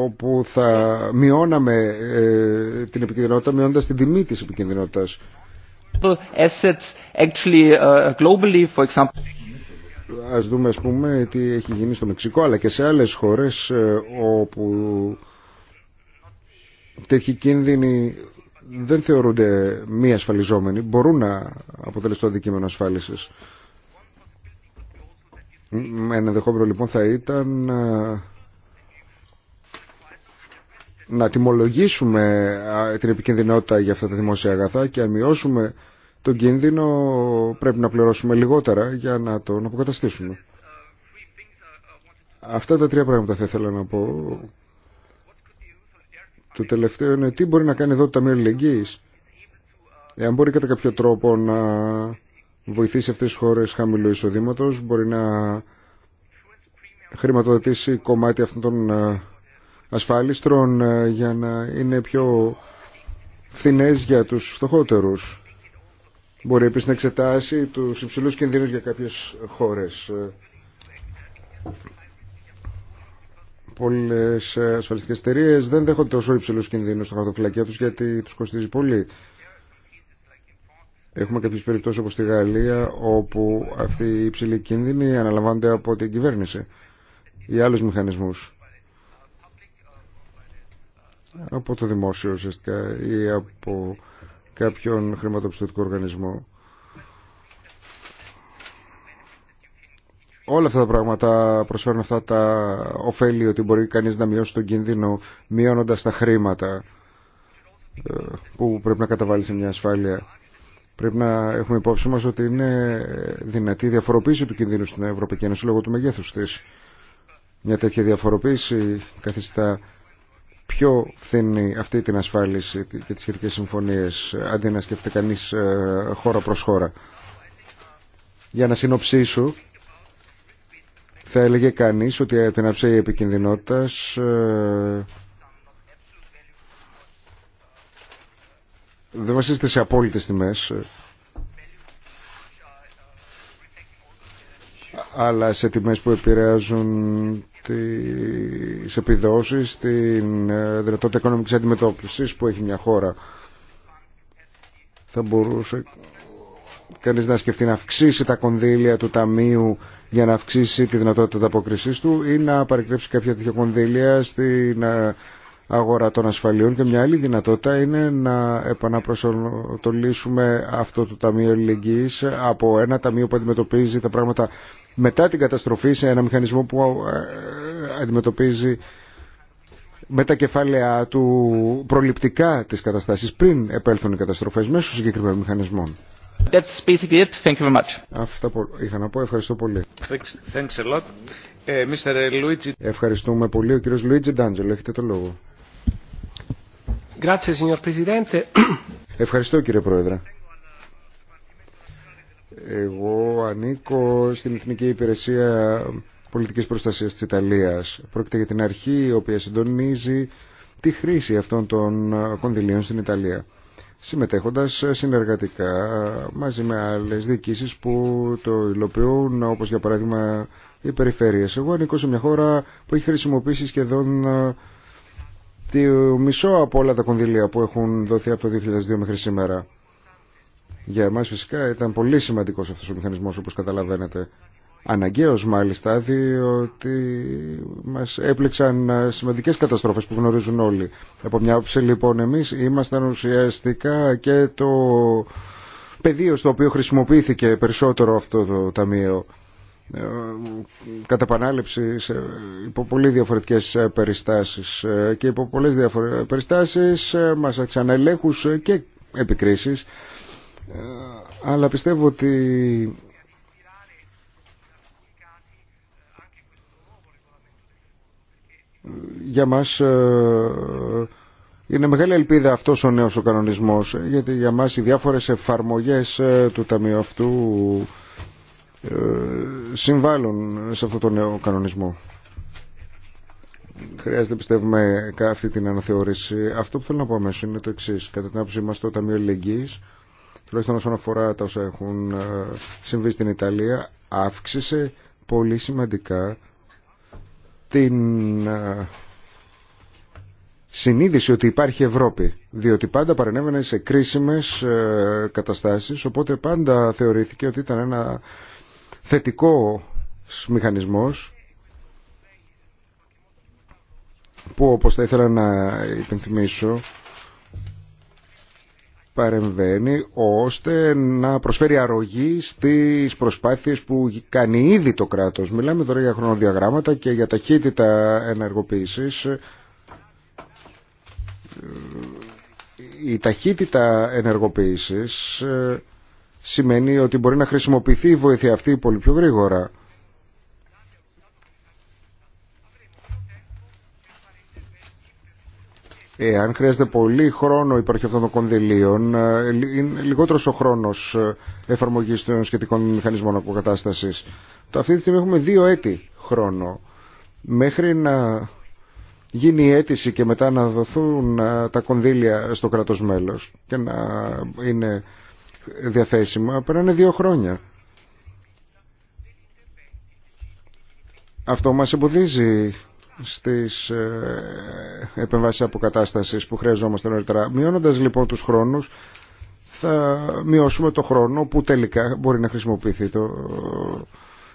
όπου θα μειώναμε ε, την επικίνδυνοτητα μειώνοντας την τιμή της επικίνδυνοτητας. Assets uh, Ας δούμε ας πούμε τι έχει γίνει στο Μεξικό αλλά και σε άλλες χώρες ε, όπου τέτοιοι κίνδυνοι δεν θεωρούνται μη ασφαλιζόμενοι, μπορούν να αποτελεστούν αντικείμενο ασφάλισης. Ένα δεχόμενο λοιπόν θα ήταν ε, να τιμολογήσουμε ε, την επικίνδυνοτητα για αυτά τα δημόσια αγαθά και αν μειώσουμε τον κίνδυνο πρέπει να πληρώσουμε λιγότερα για να τον αποκαταστήσουμε. Αυτά τα τρία πράγματα θα ήθελα να πω το τελευταίο είναι τι μπορεί να κάνει εδώ το Ταμείο Εάν μπορεί κατά κάποιο τρόπο να βοηθήσει αυτές τις χώρες χαμηλού εισοδήματος, μπορεί να χρηματοδοτήσει κομμάτι αυτών των ε, ασφάλιστρων ε, για να είναι πιο φθηνές για τους φτωχότερους. Μπορεί επίσης να εξετάσει τους υψηλούς κινδύνους για κάποιες χώρες. Πολλέ ε, ασφαλιστικέ εταιρείε δεν δέχονται τόσο υψηλού κινδύνου στο χαρτοφυλακία του γιατί του κοστίζει πολύ. Έχουμε κάποιε περιπτώσει όπω στη Γαλλία όπου αυτοί οι υψηλοί κίνδυνοι αναλαμβάνονται από την κυβέρνηση ή άλλου μηχανισμού. Από το δημόσιο ουσιαστικά ή από κάποιον χρηματοπιστωτικό οργανισμό. Όλα αυτά τα πράγματα προσφέρουν αυτά τα ωφέλη ότι μπορεί κανείς να μειώσει τον κίνδυνο μειώνοντας τα χρήματα ε, που πρέπει να καταβάλει σε μια ασφάλεια. Πρέπει να έχουμε υπόψη μας ότι είναι δυνατή διαφοροποίηση του κινδύνου στην Ευρωπαϊκή Ένωση λόγω του μεγέθους της. Μια τέτοια διαφοροποίηση καθιστά πιο φθηνή αυτή την ασφάλιση και τις σχετικές συμφωνίες αντί να σκεφτεί κανείς ε, χώρα προς χώρα. Για να συνοψίσω, θα έλεγε κανείς ότι επινάψε η επικινδυνότητας ε, δεν βασίζεται σε απόλυτες τιμές ε, αλλά σε τιμές που επηρεάζουν τις επιδόσεις, την ε, δυνατότητα οικονομικής αντιμετώπισης που έχει μια χώρα. Θα μπορούσε κανείς να σκεφτεί να αυξήσει τα κονδύλια του Ταμείου για να αυξήσει τη δυνατότητα αποκρισής του ή να παρεκτρέψει κάποια τέτοια κονδύλια στην ε, αγορά των ασφαλιών και μια άλλη δυνατότητα είναι να επαναπροσωτολίσουμε αυτό το Ταμείο Ελληνικής από ένα ταμείο που αντιμετωπίζει τα πράγματα μετά την καταστροφή σε ένα μηχανισμό που ε, ε, αντιμετωπίζει με τα κεφάλαια του προληπτικά τις καταστάσεις πριν επέλθουν οι καταστροφές μέσω συγκεκριμένων μηχανισμών. That's basically it. Thank you very much. Αυτά είχα να πω. Ευχαριστώ πολύ. Thanks, thanks a lot. Ε, Mr. Luigi. Ευχαριστούμε πολύ. Ο κύριος Λουίτζι D'Angelo. έχετε το λόγο. Grazie, signor Presidente. Ευχαριστώ κύριε Πρόεδρε. Εγώ ανήκω στην Εθνική Υπηρεσία Πολιτικής Προστασίας της Ιταλίας. Πρόκειται για την αρχή η οποία συντονίζει τη χρήση αυτών των κονδυλίων στην Ιταλία συμμετέχοντας συνεργατικά μαζί με άλλες διοικήσεις που το υλοποιούν όπως για παράδειγμα οι περιφέρειες. Εγώ ανήκω σε μια χώρα που έχει χρησιμοποιήσει σχεδόν ε, τη μισό από όλα τα κονδυλία που έχουν δοθεί από το 2002 μέχρι σήμερα. Για εμάς φυσικά ήταν πολύ σημαντικός αυτός ο μηχανισμός όπως καταλαβαίνετε Αναγκαίως μάλιστα διότι μας έπληξαν ε, σημαντικές καταστροφές που γνωρίζουν όλοι. Από μια άποψη λοιπόν εμείς ήμασταν ουσιαστικά και το πεδίο στο οποίο χρησιμοποιήθηκε περισσότερο αυτό το ταμείο ε, κατά επανάληψη υπό πολύ διαφορετικές ε, περιστάσεις και υπό πολλές διαφορετικές περιστάσεις μας και επικρίσεις αλλά πιστεύω ότι για μας ε, είναι μεγάλη ελπίδα αυτός ο νέος ο κανονισμός γιατί για μας οι διάφορες εφαρμογές ε, του ταμείου αυτού ε, συμβάλλουν σε αυτό το νέο κανονισμό. Χρειάζεται πιστεύουμε αυτή την αναθεώρηση. Αυτό που θέλω να πω αμέσω είναι το εξή. Κατά την άποψή μα, το Ταμείο Ελληνική, τουλάχιστον όσον αφορά τα όσα έχουν συμβεί στην Ιταλία, αύξησε πολύ σημαντικά την ε, συνείδηση ότι υπάρχει Ευρώπη, διότι πάντα παρενέβαινε σε κρίσιμες ε, καταστάσεις, οπότε πάντα θεωρήθηκε ότι ήταν ένα θετικό μηχανισμός που όπως θα ήθελα να υπενθυμίσω παρεμβαίνει ώστε να προσφέρει αρρωγή στις προσπάθειες που κάνει ήδη το κράτος. Μιλάμε τώρα για χρονοδιαγράμματα και για ταχύτητα ενεργοποίησης. Η ταχύτητα ενεργοποίησης ε, σημαίνει ότι μπορεί να χρησιμοποιηθεί η βοήθεια αυτή πολύ πιο γρήγορα. Εάν χρειάζεται πολύ χρόνο υπαρχει αυτών των κονδυλίων, ε, είναι λιγότερο ο χρόνο ε, εφαρμογή των σχετικών μηχανισμών αποκατάσταση. Αυτή τη στιγμή έχουμε δύο έτη χρόνο. Μέχρι να γίνει η αίτηση και μετά να δοθούν ε, τα κονδύλια στο κράτος μέλος και να είναι διαθέσιμα, περνάνε δύο χρόνια. Αυτό μας εμποδίζει στις ε, επεμβάσεις αποκατάστασης που χρειαζόμαστε νωρίτερα. Μειώνοντας λοιπόν τους χρόνους θα μειώσουμε το χρόνο που τελικά μπορεί να χρησιμοποιηθεί το,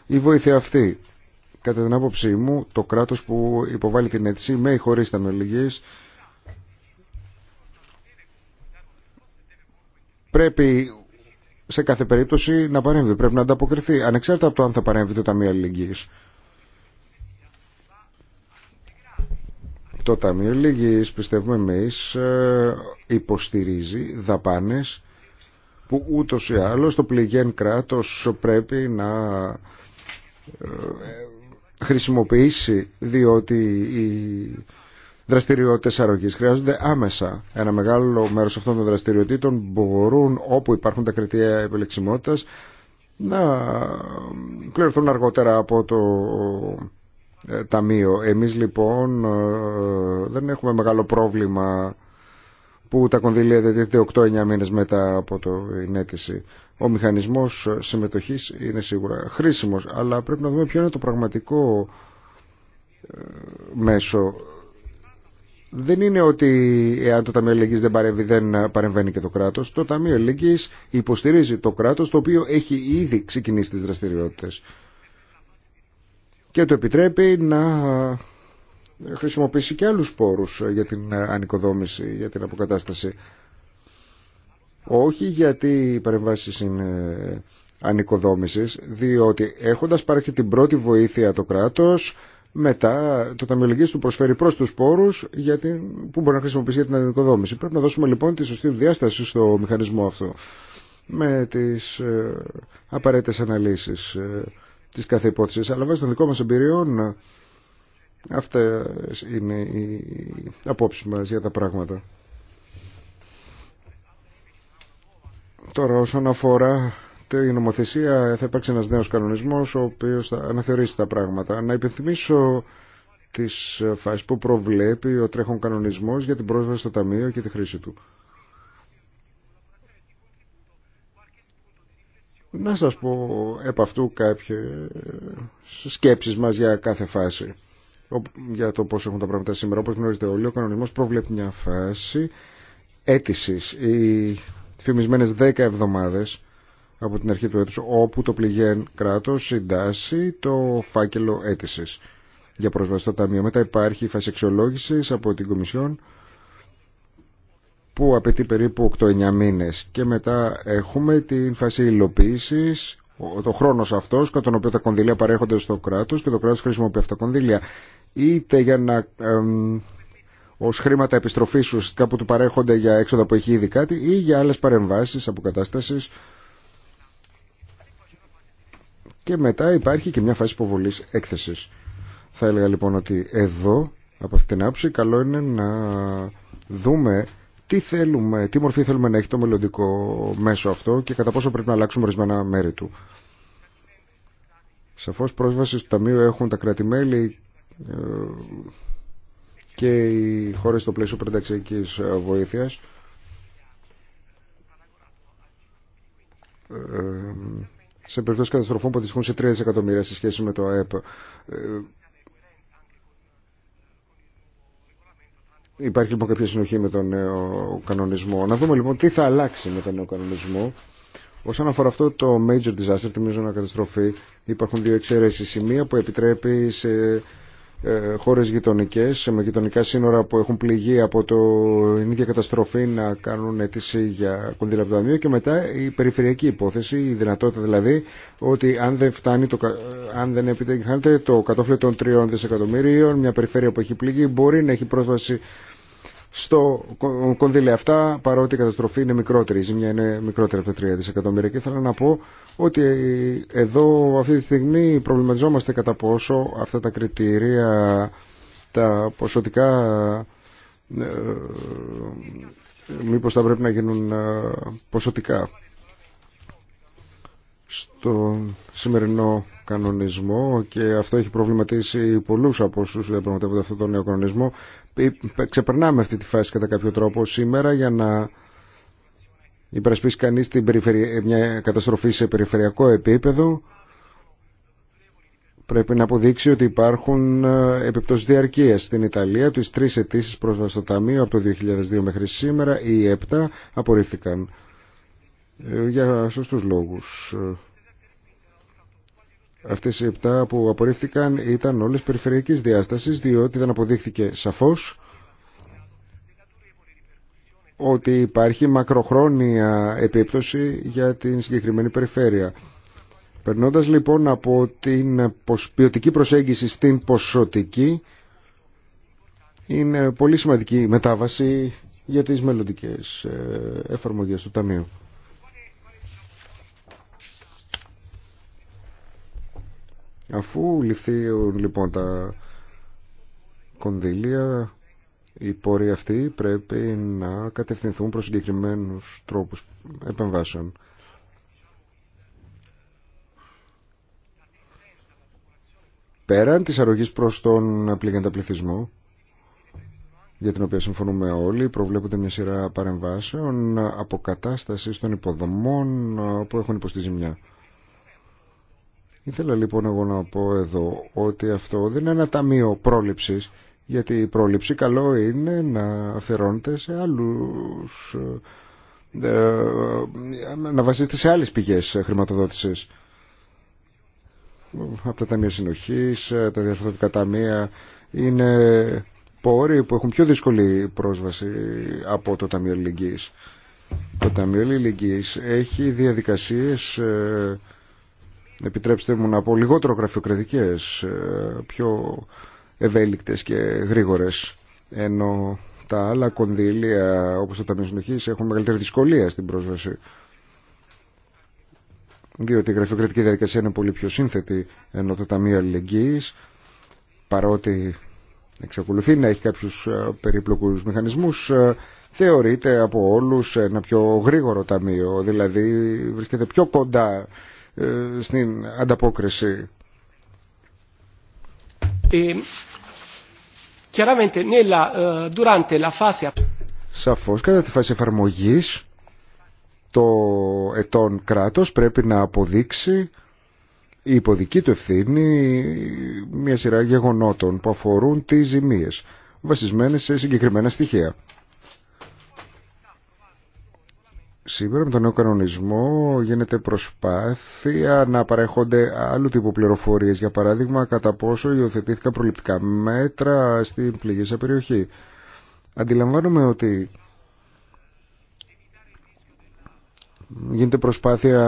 η βοήθεια αυτή. Κατά την άποψή μου το κράτος που υποβάλλει την αίτηση με ή χωρίς τα πρέπει σε κάθε περίπτωση να παρέμβει, πρέπει να ανταποκριθεί ανεξάρτητα από το αν θα παρέμβει το Ταμείο Αλληλεγγύης. Το Ταμείο Λυγής, πιστεύουμε εμείς, ε, υποστηρίζει δαπάνες που ούτως ή άλλως το πληγέν κράτος πρέπει να ε, χρησιμοποιήσει διότι οι δραστηριότητες αρρωγής χρειάζονται άμεσα. Ένα μεγάλο μέρος αυτών των δραστηριοτήτων μπορούν όπου υπάρχουν τα κριτήρια επιλεξιμότητας να κληρωθούν ε, αργότερα από το ε, ταμείο. Εμείς λοιπόν ε, δεν έχουμε μεγάλο πρόβλημα που τα κονδυλία διατίθεται 8-9 μήνες μετά από το αίτηση. Ο μηχανισμός συμμετοχής είναι σίγουρα χρήσιμος, αλλά πρέπει να δούμε ποιο είναι το πραγματικό ε, μέσο. Δεν είναι ότι εάν το Ταμείο Ελληνικής δεν παρέμβει δεν παρεμβαίνει και το κράτος. Το Ταμείο Ελληνικής υποστηρίζει το κράτος το οποίο έχει ήδη ξεκινήσει τις δραστηριότητες και το επιτρέπει να χρησιμοποιήσει και άλλους πόρους για την ανοικοδόμηση, για την αποκατάσταση. Όχι γιατί οι παρεμβάσεις είναι ανοικοδόμησης, διότι έχοντας πάρει την πρώτη βοήθεια το κράτος, μετά το ταμιολογής του προσφέρει προς τους πόρους για την, που μπορεί να χρησιμοποιήσει για την ανοικοδόμηση. Πρέπει να δώσουμε λοιπόν τη σωστή διάσταση στο μηχανισμό αυτό με τις ε, απαραίτητες αναλύσεις. Ε, της κάθε αλλά βάσει των δικών μας εμπειριών αυτά είναι οι απόψεις μας για τα πράγματα. Τώρα όσον αφορά την νομοθεσία θα υπάρξει ένας νέος κανονισμός ο οποίος θα αναθεωρήσει τα πράγματα. Να υπενθυμίσω τις φάσεις που προβλέπει ο τρέχον κανονισμός για την πρόσβαση στο Ταμείο και τη χρήση του. Να σας πω επ' αυτού κάποιες σκέψεις μας για κάθε φάση για το πώς έχουν τα πράγματα σήμερα. Όπως γνωρίζετε όλοι, ο κανονισμός προβλέπει μια φάση αίτησης. Οι φημισμένες 10 εβδομάδες από την αρχή του έτους, όπου το πληγέν κράτος συντάσσει το φάκελο αίτησης για πρόσβαση στο Ταμείο. Μετά υπάρχει η φάση αξιολόγηση από την Κομισιόν που απαιτεί περίπου 8-9 μήνες και μετά έχουμε την φάση υλοποίηση, το χρόνος αυτός κατά τον οποίο τα κονδυλία παρέχονται στο κράτος και το κράτος χρησιμοποιεί αυτά τα κονδύλια είτε για να, εμ, ως χρήματα επιστροφής ουσιαστικά που του παρέχονται για έξοδα που έχει ήδη κάτι ή για άλλες παρεμβάσεις, αποκατάστασης και μετά υπάρχει και μια φάση υποβολής έκθεσης. Θα έλεγα λοιπόν ότι εδώ από αυτή την άποψη καλό είναι να δούμε τι θέλουμε, τι μορφή θέλουμε να έχει το μελλοντικό μέσο αυτό και κατά πόσο πρέπει να αλλάξουμε ορισμένα μέρη του. Σαφώ πρόσβαση στο Ταμείο έχουν τα κράτη-μέλη ε, και οι χώρε στο πλαίσιο βοήθεια. Ε, βοήθειας. Ε, σε περιπτώσει καταστροφών που αντιστοιχούν σε 3 δισεκατομμύρια σε σχέση με το ΑΕΠ. Υπάρχει λοιπόν κάποια συνοχή με τον νέο κανονισμό. Να δούμε λοιπόν τι θα αλλάξει με τον νέο κανονισμό. Όσον αφορά αυτό το major disaster, τη μείζωνα καταστροφή, υπάρχουν δύο εξαιρέσει. Η μία που επιτρέπει σε ε, χώρες γειτονικές με γειτονικά σύνορα που έχουν πληγεί από την ίδια καταστροφή να κάνουν αίτηση για κονδύλα και μετά η περιφερειακή υπόθεση, η δυνατότητα δηλαδή ότι αν δεν, φτάνει το, αν δεν επιτυγχάνεται το των τριών δισεκατομμύριων μια περιφέρεια που έχει πληγεί μπορεί να έχει πρόσβαση στο κονδύλια αυτά, παρότι η καταστροφή είναι μικρότερη, η ζημιά είναι μικρότερη από τα 3 δισεκατομμύρια. Και ήθελα να πω ότι εδώ αυτή τη στιγμή προβληματιζόμαστε κατά πόσο αυτά τα κριτήρια, τα ποσοτικά, ε, μήπως θα πρέπει να γίνουν ε, ποσοτικά. Στο σημερινό κανονισμό και αυτό έχει προβληματίσει πολλούς από όσους διαπραγματεύονται αυτόν τον νέο κανονισμό. Ε, ξεπερνάμε αυτή τη φάση κατά κάποιο τρόπο σήμερα για να υπερασπίσει κανεί περιφερει... Ε, μια καταστροφή σε περιφερειακό επίπεδο πρέπει να αποδείξει ότι υπάρχουν ε, επιπτώσει διαρκείας στην Ιταλία. Τις τρει αιτήσει πρόσβαση στο Ταμείο από το 2002 μέχρι σήμερα, οι 7 απορρίφθηκαν για σωστούς λόγους. Αυτές οι 7 που απορρίφθηκαν ήταν όλες περιφερειακής διάστασης διότι δεν αποδείχθηκε σαφώς ότι υπάρχει μακροχρόνια επίπτωση για την συγκεκριμένη περιφέρεια. Περνώντας λοιπόν από την ποιοτική προσέγγιση στην ποσοτική, είναι πολύ σημαντική μετάβαση για τις μελλοντικές ε, εφαρμογές του Ταμείου. Αφού ληφθεί λοιπόν τα κονδύλια, οι πόροι αυτοί πρέπει να κατευθυνθούν προς συγκεκριμένους τρόπους επεμβάσεων. Πέραν της αρρωγής προς τον πληγέντα πληθυσμό, για την οποία συμφωνούμε όλοι, προβλέπονται μια σειρά παρεμβάσεων αποκατάστασης των υποδομών που έχουν υποστεί ζημιά. Ήθελα λοιπόν εγώ να πω εδώ ότι αυτό δεν είναι ένα ταμείο πρόληψης, γιατί η πρόληψη καλό είναι να αφαιρώνεται σε άλλους, ε, ε, να βασίζεται σε άλλες πηγές χρηματοδότησης. Από τα ταμεία συνοχής, ε, τα διαφορετικά ταμεία είναι πόροι που έχουν πιο δύσκολη πρόσβαση από το Ταμείο Λιγκής. Το Ταμείο Λιγκής έχει διαδικασίες επιτρέψτε μου να πω, λιγότερο γραφειοκρατικές, ε, πιο ευέλικτες και γρήγορες, ενώ τα άλλα κονδύλια όπως το Ταμείο Συνοχής έχουν μεγαλύτερη δυσκολία στην πρόσβαση. Διότι η γραφειοκρατική διαδικασία είναι πολύ πιο σύνθετη, ενώ το Ταμείο Αλληλεγγύης, παρότι εξακολουθεί να έχει κάποιους ε, περίπλοκους μηχανισμούς, ε, θεωρείται από όλους ένα πιο γρήγορο ταμείο, δηλαδή βρίσκεται πιο κοντά ε, στην ανταπόκριση. Ε, ε, Σαφώς κατά τη φάση εφαρμογής το ετών κράτος πρέπει να αποδείξει η υποδική του ευθύνη μια σειρά γεγονότων που αφορούν τις ζημίες βασισμένες σε συγκεκριμένα στοιχεία. Σήμερα με τον νέο κανονισμό γίνεται προσπάθεια να παρέχονται άλλου τύπου πληροφορίες, για παράδειγμα κατά πόσο υιοθετήθηκαν προληπτικά μέτρα στην πληγήσα περιοχή. Αντιλαμβάνομαι ότι γίνεται προσπάθεια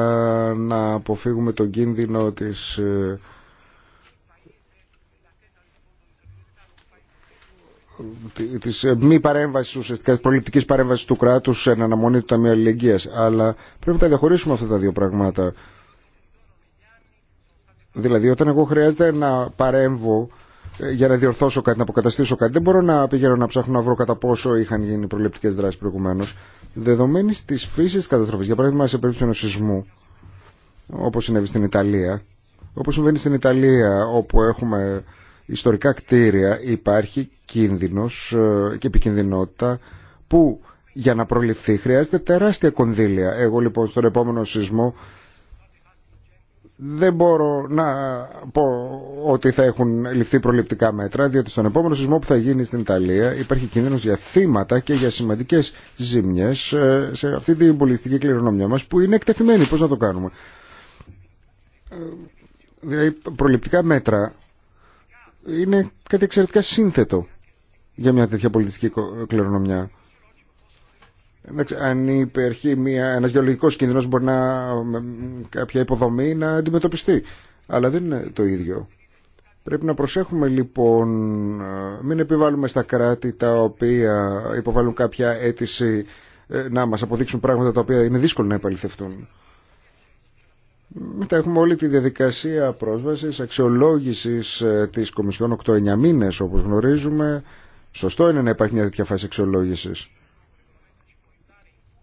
να αποφύγουμε τον κίνδυνο της ε, της ε, μη παρέμβασης ουσιαστικά της προληπτικής παρέμβασης του κράτους σε αναμονή του Ταμείου Αλληλεγγύας αλλά πρέπει να τα διαχωρίσουμε αυτά τα δύο πράγματα δηλαδή όταν εγώ χρειάζεται να παρέμβω ε, για να διορθώσω κάτι, να αποκαταστήσω κάτι. Δεν μπορώ να πηγαίνω να ψάχνω να βρω κατά πόσο είχαν γίνει προληπτικέ δράσει προηγουμένω. Δεδομένη τη φύση τη καταστροφή, για παράδειγμα σε περίπτωση ενό σεισμού, όπω συνέβη στην Ιταλία, όπω συμβαίνει στην Ιταλία, όπου έχουμε ιστορικά κτίρια υπάρχει κίνδυνος ε, και επικινδυνότητα που για να προληφθεί χρειάζεται τεράστια κονδύλια. Εγώ λοιπόν στον επόμενο σεισμό δεν μπορώ να πω ότι θα έχουν ληφθεί προληπτικά μέτρα, διότι στον επόμενο σεισμό που θα γίνει στην Ιταλία υπάρχει κίνδυνος για θύματα και για σημαντικές ζημιές ε, σε αυτή την πολιτιστική κληρονομιά μας που είναι εκτεθειμένη. Πώς να το κάνουμε. Ε, δηλαδή προληπτικά μέτρα είναι κάτι εξαιρετικά σύνθετο για μια τέτοια πολιτιστική κληρονομιά. Αν υπερχεί μια, ένας γεωλογικός κίνδυνος μπορεί να κάποια υποδομή να αντιμετωπιστεί. Αλλά δεν είναι το ίδιο. Πρέπει να προσέχουμε λοιπόν, ε, μην επιβάλλουμε στα κράτη τα οποία υποβάλλουν κάποια αίτηση ε, να μας αποδείξουν πράγματα τα οποία είναι δύσκολο να επαληθευτούν. Μετά έχουμε όλη τη διαδικασία πρόσβασης, αξιολόγησης ε, της Κομισιόν 8-9 μήνες όπως γνωρίζουμε. Σωστό είναι να υπάρχει μια τέτοια φάση αξιολόγησης.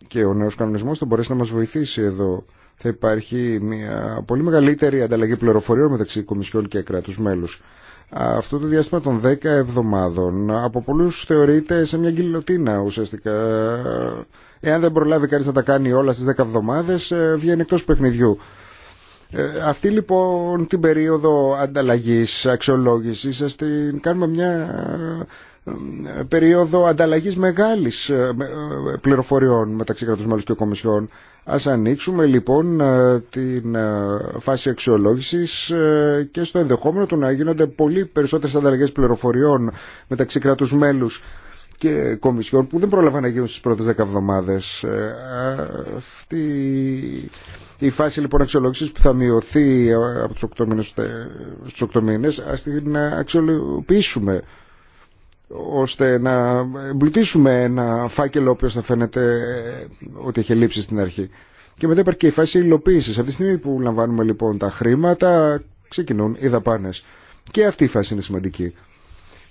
Και ο νέος κανονισμός θα μπορέσει να μας βοηθήσει εδώ. Θα υπάρχει μια πολύ μεγαλύτερη ανταλλαγή πληροφοριών μεταξύ Κομισιόν και κράτους μέλους. Αυτό το διάστημα των 10 εβδομάδων από πολλούς θεωρείται σε μια γκυλοτίνα ουσιαστικά. Ε, εάν δεν προλάβει κανείς να τα κάνει όλα στις 10 εβδομάδες ε, βγαίνει εκτός παιχνιδιού. Ε, αυτή λοιπόν την περίοδο ανταλλαγής, αξιολόγησης, σας την κάνουμε μια ε, περίοδο ανταλλαγής μεγάλης ε, πληροφοριών μεταξύ κρατούς μέλους και κομισιών. Ας ανοίξουμε λοιπόν την φάση αξιολόγησης και στο ενδεχόμενο του να γίνονται πολύ περισσότερες ανταλλαγές πληροφοριών μεταξύ κρατούς μέλους και κομισιών που δεν πρόλαβαν να γίνουν στις πρώτες δέκα η φάση λοιπόν αξιολόγηση που θα μειωθεί ε, από του 8 μήνε στου 8 μήνε, α την ε, αξιολογήσουμε ώστε να εμπλουτίσουμε ένα φάκελο όποιο θα φαίνεται ε, ότι έχει λείψει στην αρχή. Και μετά υπάρχει και η φάση υλοποίηση. Αυτή τη στιγμή που λαμβάνουμε λοιπόν τα χρήματα, ξεκινούν οι δαπάνε. Και αυτή η φάση είναι σημαντική.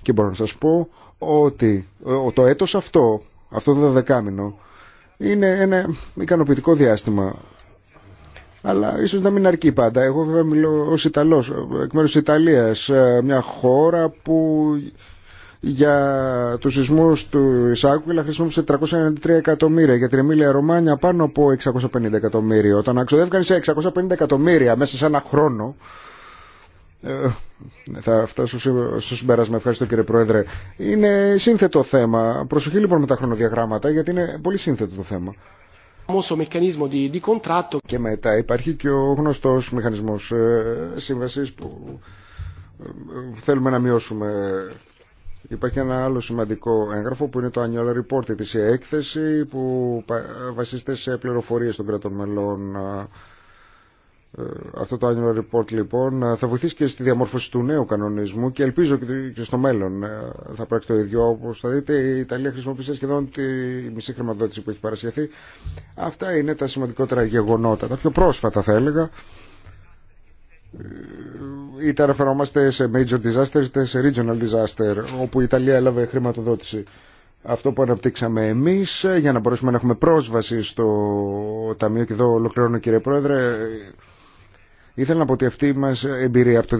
Και μπορώ να σα πω ότι το έτος αυτό, αυτό το δεκάμινο, είναι ένα ικανοποιητικό διάστημα αλλά ίσως να μην αρκεί πάντα. Εγώ βέβαια μιλώ ως Ιταλός, εκ μέρους της Ιταλίας, ε, μια χώρα που για τους σεισμούς του Ισάκουλα χρησιμοποίησε 393 εκατομμύρια, για την Εμίλια Ρωμάνια πάνω από 650 εκατομμύρια. Όταν αξοδεύκανε σε 650 εκατομμύρια μέσα σε ένα χρόνο, ε, θα φτάσω στο συμπέρασμα. Ευχαριστώ κύριε Πρόεδρε. Είναι σύνθετο θέμα. Προσοχή λοιπόν με τα χρονοδιαγράμματα γιατί είναι πολύ σύνθετο το θέμα. Και μετά υπάρχει και ο γνωστός μηχανισμός ε, σύμβασης που ε, θέλουμε να μειώσουμε. Υπάρχει ένα άλλο σημαντικό έγγραφο που είναι το Annual Report, της έκθεση που βασίζεται σε πληροφορίες των κρατών μελών ε, ε, αυτό το annual report λοιπόν ε, θα βοηθήσει και στη διαμόρφωση του νέου κανονισμού και ελπίζω και στο μέλλον ε, θα πράξει το ίδιο. Όπω θα δείτε η Ιταλία χρησιμοποίησε σχεδόν τη μισή χρηματοδότηση που έχει παρασχεθεί. Αυτά είναι τα σημαντικότερα γεγονότα, τα πιο πρόσφατα θα έλεγα. Είτε αναφερόμαστε σε major disaster είτε σε regional disaster όπου η Ιταλία έλαβε χρηματοδότηση αυτό που αναπτύξαμε εμείς για να μπορέσουμε να έχουμε πρόσβαση στο Ταμείο και εδώ ολοκληρώνω κύριε Πρόεδρε Ήθελα να πω ότι αυτή μας εμπειρία από το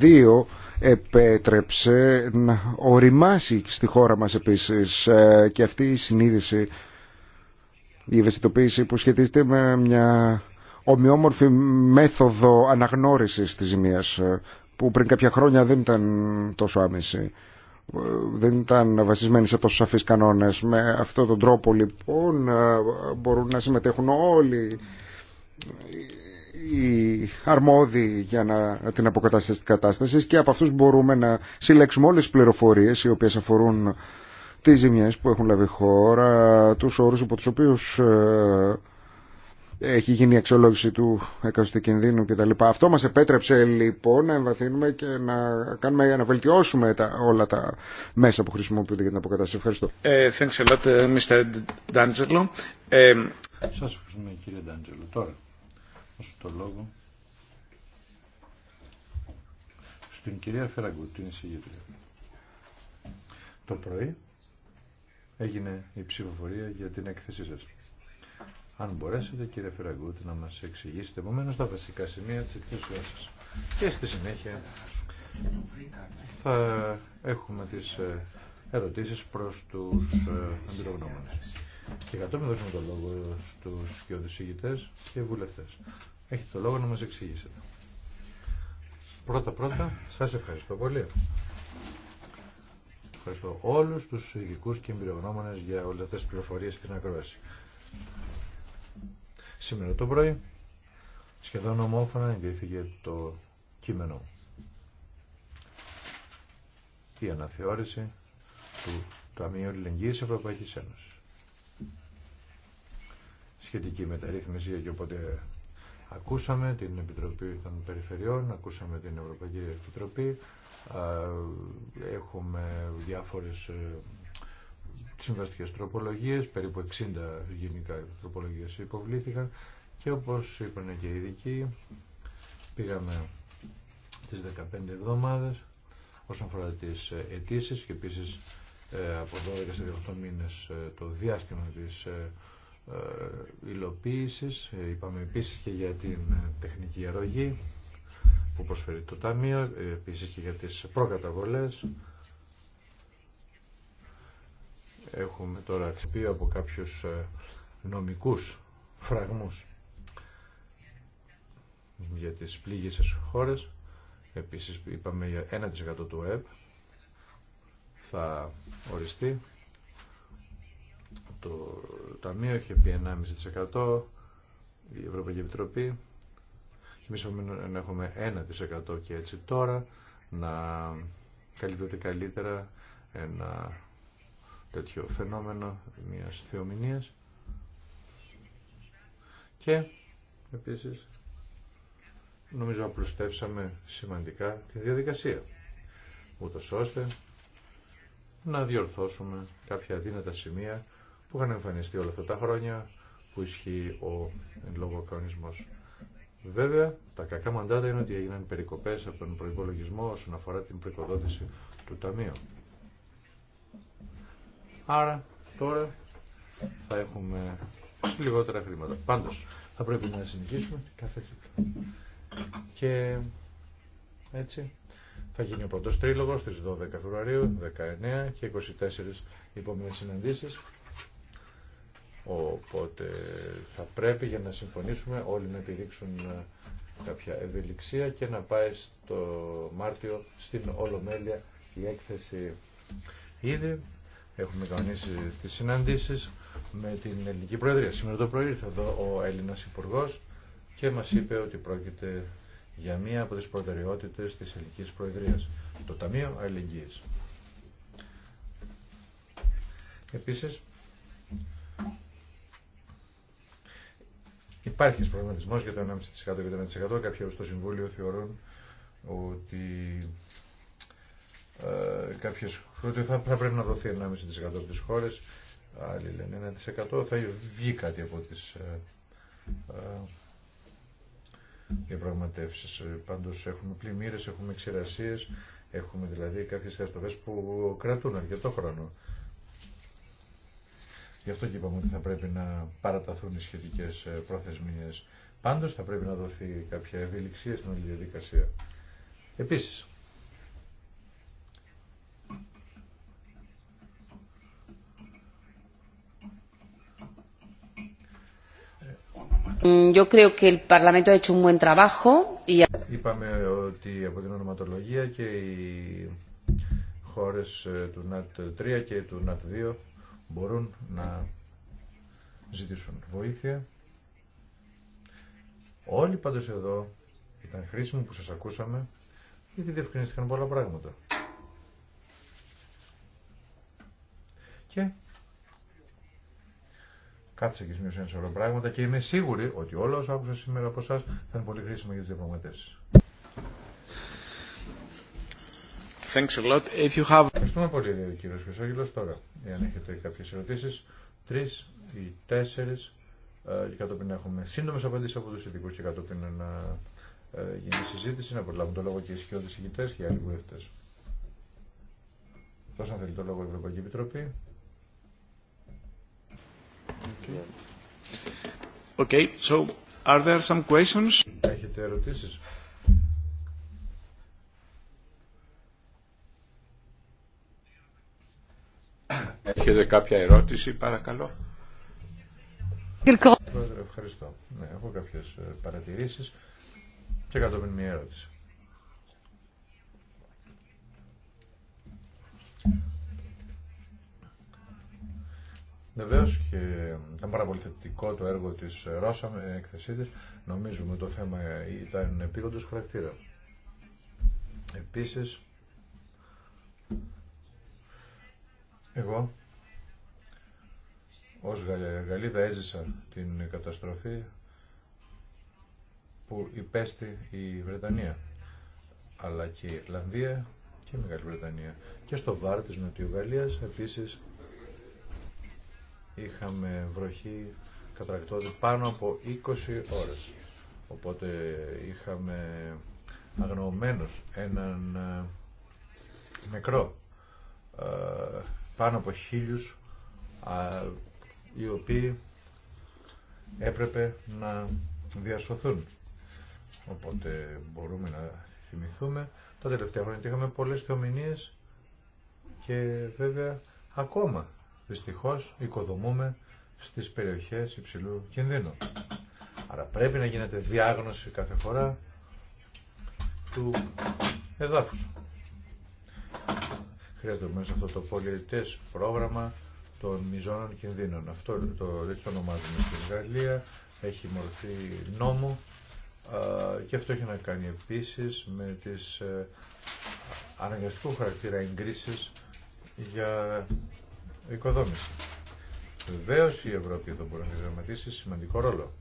2002 επέτρεψε να οριμάσει στη χώρα μας επίσης ε, και αυτή η συνείδηση, η ευαισθητοποίηση που σχετίζεται με μια ομοιόμορφη μέθοδο αναγνώρισης της ζημίας ε, που πριν κάποια χρόνια δεν ήταν τόσο άμεση ε, δεν ήταν βασισμένη σε τόσο σαφείς κανόνες με αυτόν τον τρόπο λοιπόν μπορούν να συμμετέχουν όλοι οι αρμόδιοι για την αποκατάσταση της κατάστασης και από αυτούς μπορούμε να συλλέξουμε όλες τις πληροφορίες οι οποίες αφορούν τις ζημιές που έχουν λάβει χώρα, τους όρους από τους οποίους ε, έχει γίνει η αξιολόγηση του εκαστού κινδύνου κτλ. Αυτό μας επέτρεψε λοιπόν να εμβαθύνουμε και να, κάνουμε, να βελτιώσουμε όλα τα μέσα που χρησιμοποιούνται για την αποκατάσταση. Ευχαριστώ. Ε, thanks a lot, ε, Mr. D'Angelo. Σας ευχαριστούμε κύριε D'Angelo. Τώρα, δώσω το λόγο στην κυρία Φεραγκού, την εισηγήτρια. Το πρωί έγινε η ψηφοφορία για την έκθεσή σας. Αν μπορέσετε κύριε Φεραγκούτη να μας εξηγήσετε επομένω τα βασικά σημεία της εκθέσεώς σας. Και στη συνέχεια θα έχουμε τις ε, ερωτήσεις προς τους ε, εμπειρογνώμονες και κατόπιν δώσουμε το λόγο στους και και βουλευτές. Έχετε το λόγο να μας εξηγήσετε. Πρώτα πρώτα, σας ευχαριστώ πολύ. Ευχαριστώ όλους τους ειδικού και εμπειρογνώμονες για όλες αυτές τις πληροφορίες στην ακρόαση. Σήμερα το πρωί σχεδόν ομόφωνα εγκρίθηκε το κείμενο. Η αναθεώρηση του Ταμείου Λεγγύης Ευρωπαϊκής Ένωσης σχετική μεταρρύθμιση και οπότε ακούσαμε την Επιτροπή των Περιφερειών, ακούσαμε την Ευρωπαϊκή Επιτροπή, έχουμε διάφορες ε, συμβαστικές τροπολογίες, περίπου 60 γενικά τροπολογίες υποβλήθηκαν και όπως είπαν και οι ειδικοί πήγαμε τις 15 εβδομάδες όσον αφορά τις ε, αιτήσει και επίσης ε, από 12 σε 18 μήνες το διάστημα της ε, υλοποίησης. Ε, είπαμε επίσης και για την ε, τεχνική αρρωγή που προσφέρει το Ταμείο, επίσης και για τις προκαταβολές. Έχουμε τώρα αξιοποιεί από κάποιους νομικούς φραγμούς για τις πλήγησες χώρες. Επίσης είπαμε για 1% του ΕΠ θα οριστεί το Ταμείο είχε πει 1,5% η Ευρωπαϊκή Επιτροπή και εμείς έχουμε 1% και έτσι τώρα να καλύπτεται καλύτερα ένα τέτοιο φαινόμενο μιας θεομηνίας και επίσης νομίζω απλουστεύσαμε σημαντικά τη διαδικασία ούτως ώστε να διορθώσουμε κάποια δύνατα σημεία που είχαν εμφανιστεί όλα αυτά τα χρόνια που ισχύει ο εν λόγω κανονισμός. Βέβαια, τα κακά μαντάτα είναι ότι έγιναν περικοπέ από τον προπολογισμό όσον αφορά την προϋποδότηση του Ταμείου. Άρα, τώρα θα έχουμε λιγότερα χρήματα. Πάντω θα πρέπει να συνεχίσουμε κάθε Και έτσι θα γίνει ο πρώτο τρίλογο στι 12 Φεβρουαρίου, 19 και 24 επόμενε συναντήσει. Οπότε θα πρέπει για να συμφωνήσουμε όλοι να επιδείξουν ε, κάποια ευελιξία και να πάει στο Μάρτιο στην Ολομέλεια η έκθεση ήδη. Έχουμε κανονίσει τις συναντήσεις με την Ελληνική Προεδρία. Σήμερα το πρωί ήρθε εδώ ο Έλληνας υπουργό και μας είπε ότι πρόκειται για μία από τις προτεραιότητες της Ελληνικής Προεδρίας, το Ταμείο Αλληλεγγύης. Επίσης, υπάρχει ένα για το 1,5% και το 1%. Κάποιοι στο Συμβούλιο θεωρούν ότι ε, κάποιες ότι θα, θα πρέπει να δοθεί 1,5% από τις χώρες, άλλοι λένε 1% θα βγει κάτι από τις ε, ε, Πάντως έχουμε πλημμύρες, έχουμε ξηρασίε, έχουμε δηλαδή κάποιες καταστροφές που κρατούν αρκετό χρόνο. Γι' αυτό και είπαμε ότι θα πρέπει να παραταθούν οι σχετικές ε, προθεσμίες. Πάντως θα πρέπει να δοθεί κάποια ευελιξία στην όλη διαδικασία. Επίσης, Yo creo que el Parlamento ha hecho un buen trabajo y... Είπαμε ότι από την ονοματολογία και οι χώρες ε, του ΝΑΤ 3 και του ΝΑΤ 2 μπορούν να ζητήσουν βοήθεια. Όλοι πάντως εδώ ήταν χρήσιμο που σας ακούσαμε γιατί διευκρινίστηκαν πολλά πράγματα. Και κάτσε και σημείωσε ένα σωρό πράγματα και είμαι σίγουρη ότι όλα όσα άκουσα σήμερα από εσά θα είναι πολύ χρήσιμα για τι διαπραγματεύσει. Thanks a lot. If you have... Ευχαριστούμε πολύ, κύριε Χρυσόγελο. Τώρα, εάν έχετε κάποιε ερωτήσει, τρει ή τέσσερι, ε, και κατόπιν έχουμε σύντομε απαντήσει από του ειδικού, και κατόπιν να ε, γίνει συζήτηση, να προλάβουν το λόγο και οι ισχυρότερε ηγητές και οι άλλοι βουλευτέ. Πώ αν θέλει το λόγο η Ευρωπαϊκή Επιτροπή. Okay. okay, so are there some questions? Έχετε ερωτήσεις. Έχετε κάποια ερώτηση, παρακαλώ. Πρόεδρε, ευχαριστώ. Ναι, έχω κάποιες ε, παρατηρήσεις και κατόπιν μια ερώτηση. Βεβαίω και ήταν πάρα πολύ θετικό το έργο τη Ρώσα με έκθεσή τη. Νομίζουμε το θέμα ήταν επίγοντο χαρακτήρα. Επίση, Εγώ ως Γαλλίδα έζησα την καταστροφή που υπέστη η Βρετανία αλλά και η Ιρλανδία και η Μεγάλη Βρετανία και στο βάρ της Νοτιού Γαλλίας επίσης είχαμε βροχή κατρακτώδη πάνω από 20 ώρες οπότε είχαμε αγνοωμένους έναν ε, νεκρό ε, πάνω από χίλιους α, οι οποίοι έπρεπε να διασωθούν. Οπότε μπορούμε να θυμηθούμε. Τα τελευταία χρόνια είχαμε πολλές θεομηνίες και βέβαια ακόμα δυστυχώς οικοδομούμε στις περιοχές υψηλού κινδύνου. Άρα πρέπει να γίνεται διάγνωση κάθε φορά του εδάφους. Χρειάζεται μέσα αυτό το πολιτέ πρόγραμμα των μιζώνων κινδύνων. Αυτό το, έτσι το ονομάζουμε στην Γαλλία, έχει μορφή νόμου και αυτό έχει να κάνει επίσης με τις ε, αναγκαστικού χαρακτήρα εγκρίσεις για οικοδόμηση. Βεβαίω η Ευρώπη εδώ μπορεί να δραματίσει σημαντικό ρόλο.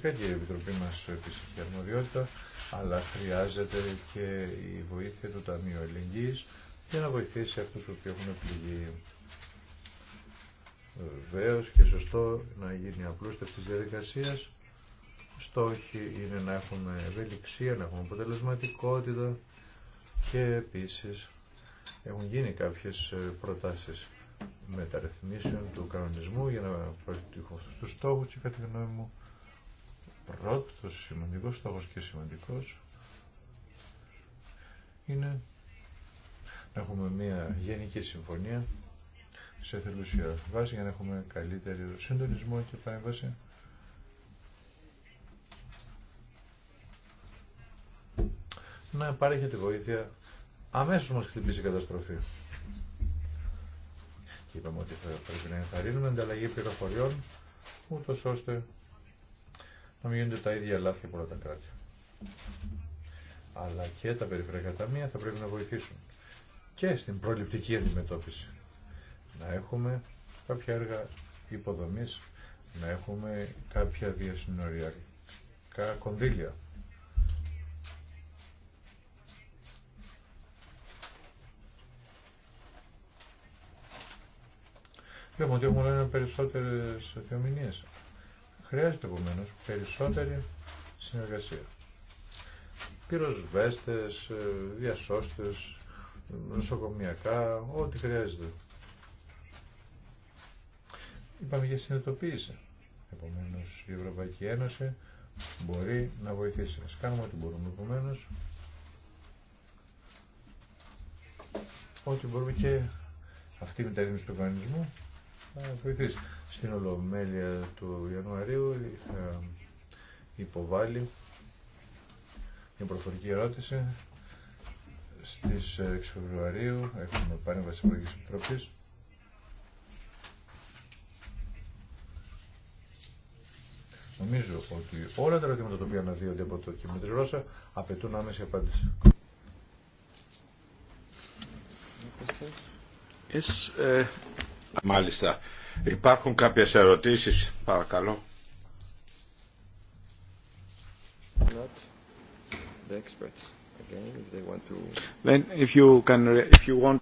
Φυσικά και η Επιτροπή μας επίσης αρμοδιότητα, αλλά χρειάζεται και η βοήθεια του Ταμείου ελληνική για να βοηθήσει αυτούς που έχουν πληγεί. Βεβαίω και σωστό να γίνει απλούστευση διαδικασία, διαδικασίας. Στόχοι είναι να έχουμε ευελιξία, να έχουμε αποτελεσματικότητα και επίσης έχουν γίνει κάποιες προτάσεις μεταρρυθμίσεων του κανονισμού για να πετύχουν αυτούς στόχους και κατά τη γνώμη μου πρώτος σημαντικός στόχος και σημαντικός είναι να έχουμε μια γενική συμφωνία σε θελουσία βάση για να έχουμε καλύτερο συντονισμό και παρέμβαση. Να παρέχετε βοήθεια αμέσως μας χτυπήσει η καταστροφή. Και είπαμε ότι θα πρέπει να ενθαρρύνουμε ανταλλαγή πληροφοριών ούτως ώστε να μην γίνονται τα ίδια λάθη από όλα τα κράτη. Αλλά και τα περιφερειακά ταμεία θα πρέπει να βοηθήσουν και στην προληπτική αντιμετώπιση. Να έχουμε κάποια έργα υποδομής, να έχουμε κάποια διασυνοριακά κονδύλια. Βλέπουμε ότι έχουμε όλο περισσότερες θεομηνίες. Χρειάζεται επομένω περισσότερη συνεργασία. Πυροσβέστες, ε, διασώστες, νοσοκομιακά, ό,τι χρειάζεται. Είπαμε για συνειδητοποίηση. Επομένω, η Ευρωπαϊκή Ένωση μπορεί να βοηθήσει. Ας κάνουμε ό,τι μπορούμε επομένω. Ό,τι μπορούμε και αυτή η μεταρρύθμιση του οργανισμού να βοηθήσει στην Ολομέλεια του Ιανουαρίου είχα υποβάλει μια προφορική ερώτηση στις 6 Φεβρουαρίου έχουμε παρέμβαση της επιτροπές Νομίζω ότι όλα τα ερωτήματα τα οποία αναδύονται από το κείμενο της Ρώσα απαιτούν άμεση απάντηση. ε... Μάλιστα. Υπάρχουν κάποιες ερωτήσεις, παρακαλώ.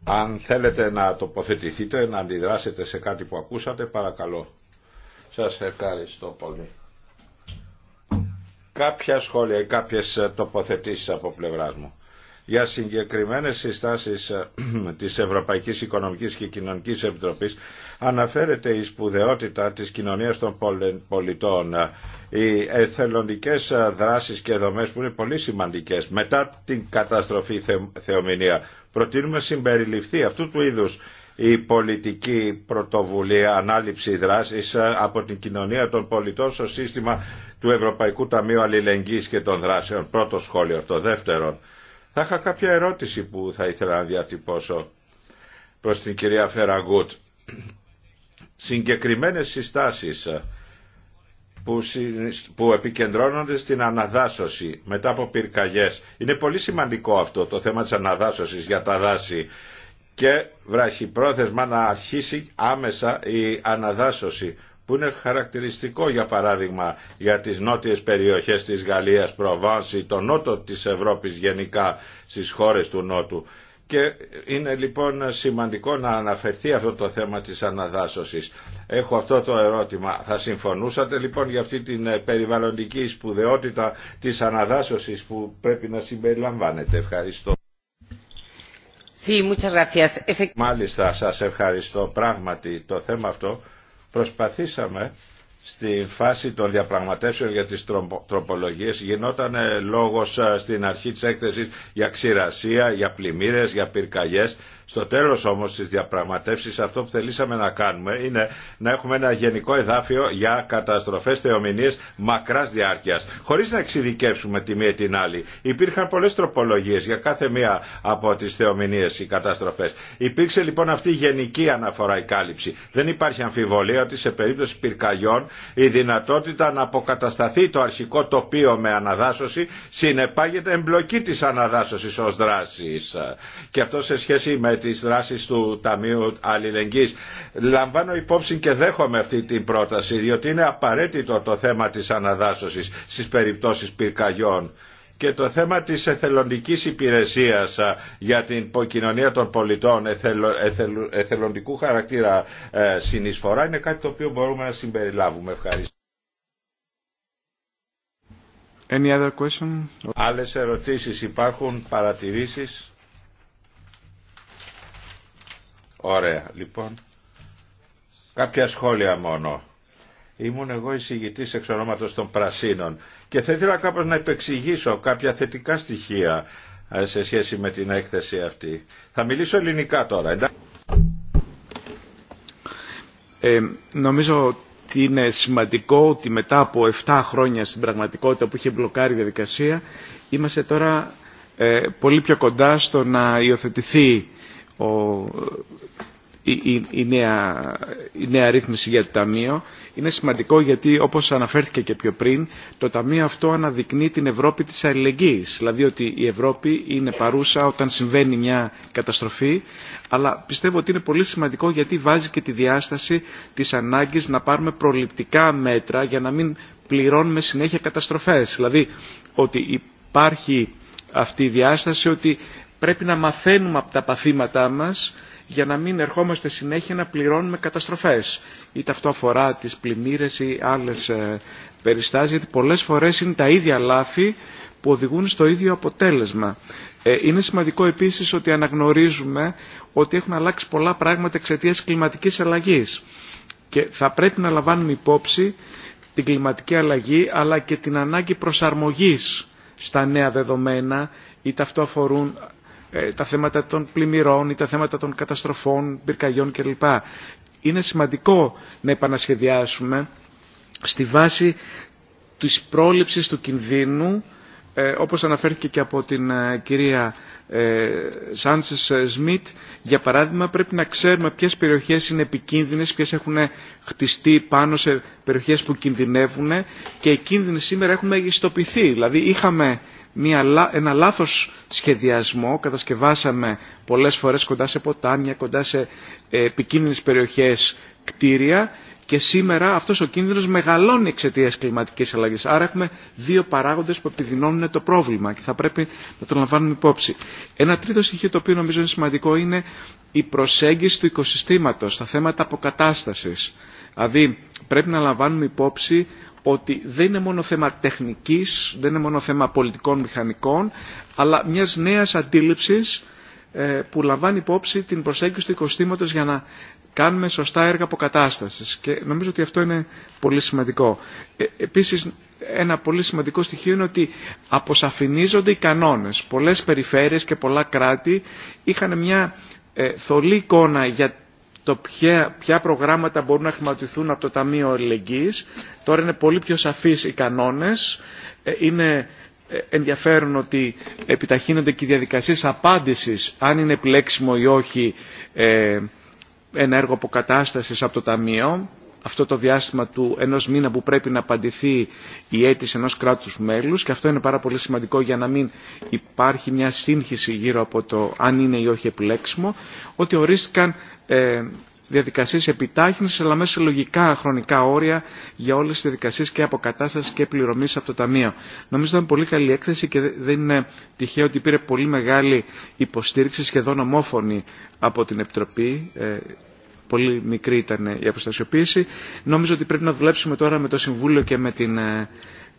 Αν θέλετε να τοποθετηθείτε, να αντιδράσετε σε κάτι που ακούσατε, παρακαλώ. Σας ευχαριστώ πολύ. Κάποια σχόλια ή κάποιες τοποθετήσεις από πλευράς μου. Για συγκεκριμένες συστάσεις ε, της Ευρωπαϊκής Οικονομικής και Κοινωνικής Επιτροπής αναφέρεται η σπουδαιότητα της κοινωνίας των πολιτών, οι εθελοντικές δράσεις και δομές που είναι πολύ σημαντικές μετά την καταστροφή θεομηνία. Προτείνουμε συμπεριληφθεί αυτού του είδους η πολιτική πρωτοβουλία ανάληψη δράσης ε, από την κοινωνία των πολιτών στο σύστημα του Ευρωπαϊκού Ταμείου Αλληλεγγύης και των Δράσεων. Πρώτο σχόλιο αυτό. Δεύτερον, θα είχα κάποια ερώτηση που θα ήθελα να διατυπώσω προς την κυρία Φεραγκούτ συγκεκριμένες συστάσεις ε, που επικεντρώνονται στην αναδάσωση μετά από πυρκαγιές. Είναι πολύ σημαντικό αυτό το θέμα της αναδάσωσης για τα δάση και βραχυπρόθεσμα να αρχίσει άμεσα η αναδάσωση που είναι χαρακτηριστικό για παράδειγμα για τις νότιες περιοχές της Γαλλίας, Προβάνση, το νότο της Ευρώπης γενικά στις χώρες του νότου και είναι λοιπόν σημαντικό να αναφερθεί αυτό το θέμα της αναδάσωσης. Έχω αυτό το ερώτημα. Θα συμφωνούσατε λοιπόν για αυτή την ε, περιβαλλοντική σπουδαιότητα της αναδάσωσης που πρέπει να συμπεριλαμβάνεται. Ευχαριστώ. Μάλιστα, σας ευχαριστώ. Πράγματι, το θέμα αυτό προσπαθήσαμε στη φάση των διαπραγματεύσεων για τις τροπολογίες γινόταν ε, λόγος ε, στην αρχή της έκθεσης για ξηρασία, για πλημμύρες, για πυρκαγιές στο τέλος όμως της διαπραγματεύσεις αυτό που θελήσαμε να κάνουμε είναι να έχουμε ένα γενικό εδάφιο για καταστροφές θεομηνίες μακράς διάρκειας, χωρίς να εξειδικεύσουμε τη μία την άλλη. Υπήρχαν πολλές τροπολογίες για κάθε μία από τις θεομηνίες ή καταστροφές. Υπήρξε λοιπόν αυτή η γενική αναφορά η κάλυψη. Δεν υπάρχει αμφιβολία ότι σε περίπτωση πυρκαγιών η δυνατότητα να αποκατασταθεί το αρχικό τοπίο με αναδάσωση συνεπάγεται εμπλοκή της αναδάσωσης ως δράσης. Και αυτό σε σχέση με αναδασωση συνεπαγεται εμπλοκη τη αναδασωσης ως δραση και αυτο σε σχεση με με τις του Ταμείου Αλληλεγγύης. Λαμβάνω υπόψη και δέχομαι αυτή την πρόταση, διότι είναι απαραίτητο το θέμα της αναδάσωσης στις περιπτώσεις πυρκαγιών και το θέμα της εθελοντικής υπηρεσίας για την κοινωνία των πολιτών εθελοντικού χαρακτήρα ε, συνεισφορά είναι κάτι το οποίο μπορούμε να συμπεριλάβουμε. Ευχαριστώ. Any other Άλλες ερωτήσεις υπάρχουν, παρατηρήσεις. Ωραία, λοιπόν. Κάποια σχόλια μόνο. Ήμουν εγώ εισηγητή εξ ονόματος των Πρασίνων και θα ήθελα κάπως να υπεξηγήσω κάποια θετικά στοιχεία ε, σε σχέση με την έκθεση αυτή. Θα μιλήσω ελληνικά τώρα, ε, νομίζω ότι είναι σημαντικό ότι μετά από 7 χρόνια στην πραγματικότητα που είχε μπλοκάρει η διαδικασία είμαστε τώρα ε, πολύ πιο κοντά στο να υιοθετηθεί η, η, νέα, η νέα ρύθμιση για το Ταμείο είναι σημαντικό γιατί όπως αναφέρθηκε και πιο πριν το Ταμείο αυτό αναδεικνύει την Ευρώπη της αλληλεγγύης δηλαδή ότι η Ευρώπη είναι παρούσα όταν συμβαίνει μια καταστροφή αλλά πιστεύω ότι είναι πολύ σημαντικό γιατί βάζει και τη διάσταση της ανάγκης να πάρουμε προληπτικά μέτρα για να μην πληρώνουμε συνέχεια καταστροφές δηλαδή ότι υπάρχει αυτή η διάσταση ότι Πρέπει να μαθαίνουμε από τα παθήματά μας για να μην ερχόμαστε συνέχεια να πληρώνουμε καταστροφές. Είτε αυτό αφορά τις πλημμύρες ή άλλες ε, περιστάσεις, γιατί πολλές φορές είναι τα ίδια λάθη που οδηγούν στο ίδιο αποτέλεσμα. Ε, είναι σημαντικό επίσης ότι αναγνωρίζουμε ότι έχουν αλλάξει πολλά πράγματα εξαιτία κλιματικής αλλαγής και θα πρέπει να λαμβάνουμε υπόψη την κλιματική αλλαγή αλλά και την ανάγκη προσαρμογής στα νέα δεδομένα είτε αυτό αφορούν, ε, τα θέματα των πλημμυρών ή τα θέματα των καταστροφών, πυρκαγιών κλπ. Είναι σημαντικό να επανασχεδιάσουμε στη βάση της πρόληψης του κινδύνου, ε, όπως αναφέρθηκε και από την ε, κυρία Σάντσες Σμιτ, για παράδειγμα πρέπει να ξέρουμε ποιες περιοχές είναι επικίνδυνες, ποιες έχουν χτιστεί πάνω σε περιοχές που κινδυνεύουν και οι κίνδυνοι σήμερα έχουν μεγιστοποιηθεί. Δηλαδή είχαμε μια, ένα λάθος σχεδιασμό. Κατασκευάσαμε πολλές φορές κοντά σε ποτάμια, κοντά σε ε, επικίνδυνες περιοχές κτίρια και σήμερα αυτός ο κίνδυνος μεγαλώνει εξαιτία κλιματικής αλλαγής. Άρα έχουμε δύο παράγοντες που επιδεινώνουν το πρόβλημα και θα πρέπει να το λαμβάνουμε υπόψη. Ένα τρίτο στοιχείο το οποίο νομίζω είναι σημαντικό είναι η προσέγγιση του οικοσυστήματος, τα θέματα αποκατάστασης. Δηλαδή πρέπει να λαμβάνουμε υπόψη ότι δεν είναι μόνο θέμα τεχνικής, δεν είναι μόνο θέμα πολιτικών μηχανικών, αλλά μιας νέας αντίληψης ε, που λαμβάνει υπόψη την προσέγγιση του οικοστήματος για να κάνουμε σωστά έργα αποκατάστασης. Και νομίζω ότι αυτό είναι πολύ σημαντικό. Ε, επίσης, ένα πολύ σημαντικό στοιχείο είναι ότι αποσαφηνίζονται οι κανόνες. Πολλές περιφέρειες και πολλά κράτη είχαν μια ε, θολή εικόνα για το ποια, προγράμματα μπορούν να χρηματοδοτηθούν από το Ταμείο Αλληλεγγύης. Τώρα είναι πολύ πιο σαφείς οι κανόνες. Ε, είναι ε, ενδιαφέρον ότι επιταχύνονται και οι διαδικασίες απάντησης αν είναι επιλέξιμο ή όχι ε, ένα έργο αποκατάστασης από το Ταμείο αυτό το διάστημα του ενός μήνα που πρέπει να απαντηθεί η οχι ενα εργο αποκαταστασης απο ενός κράτους μέλους και αυτό είναι πάρα πολύ σημαντικό για να μην υπάρχει μια σύγχυση γύρω από το αν είναι ή όχι επιλέξιμο, ότι ορίστηκαν ε, διαδικασίες επιτάχυνσης αλλά μέσα σε λογικά χρονικά όρια για όλες τις διαδικασίες και αποκατάστασης και πληρωμής από το Ταμείο. Νομίζω ότι ήταν πολύ καλή έκθεση και δεν είναι τυχαίο ότι πήρε πολύ μεγάλη υποστήριξη σχεδόν ομόφωνη από την Επιτροπή ε, πολύ μικρή ήταν η αποστασιοποίηση. Νομίζω ότι πρέπει να δουλέψουμε τώρα με το Συμβούλιο και με την ε,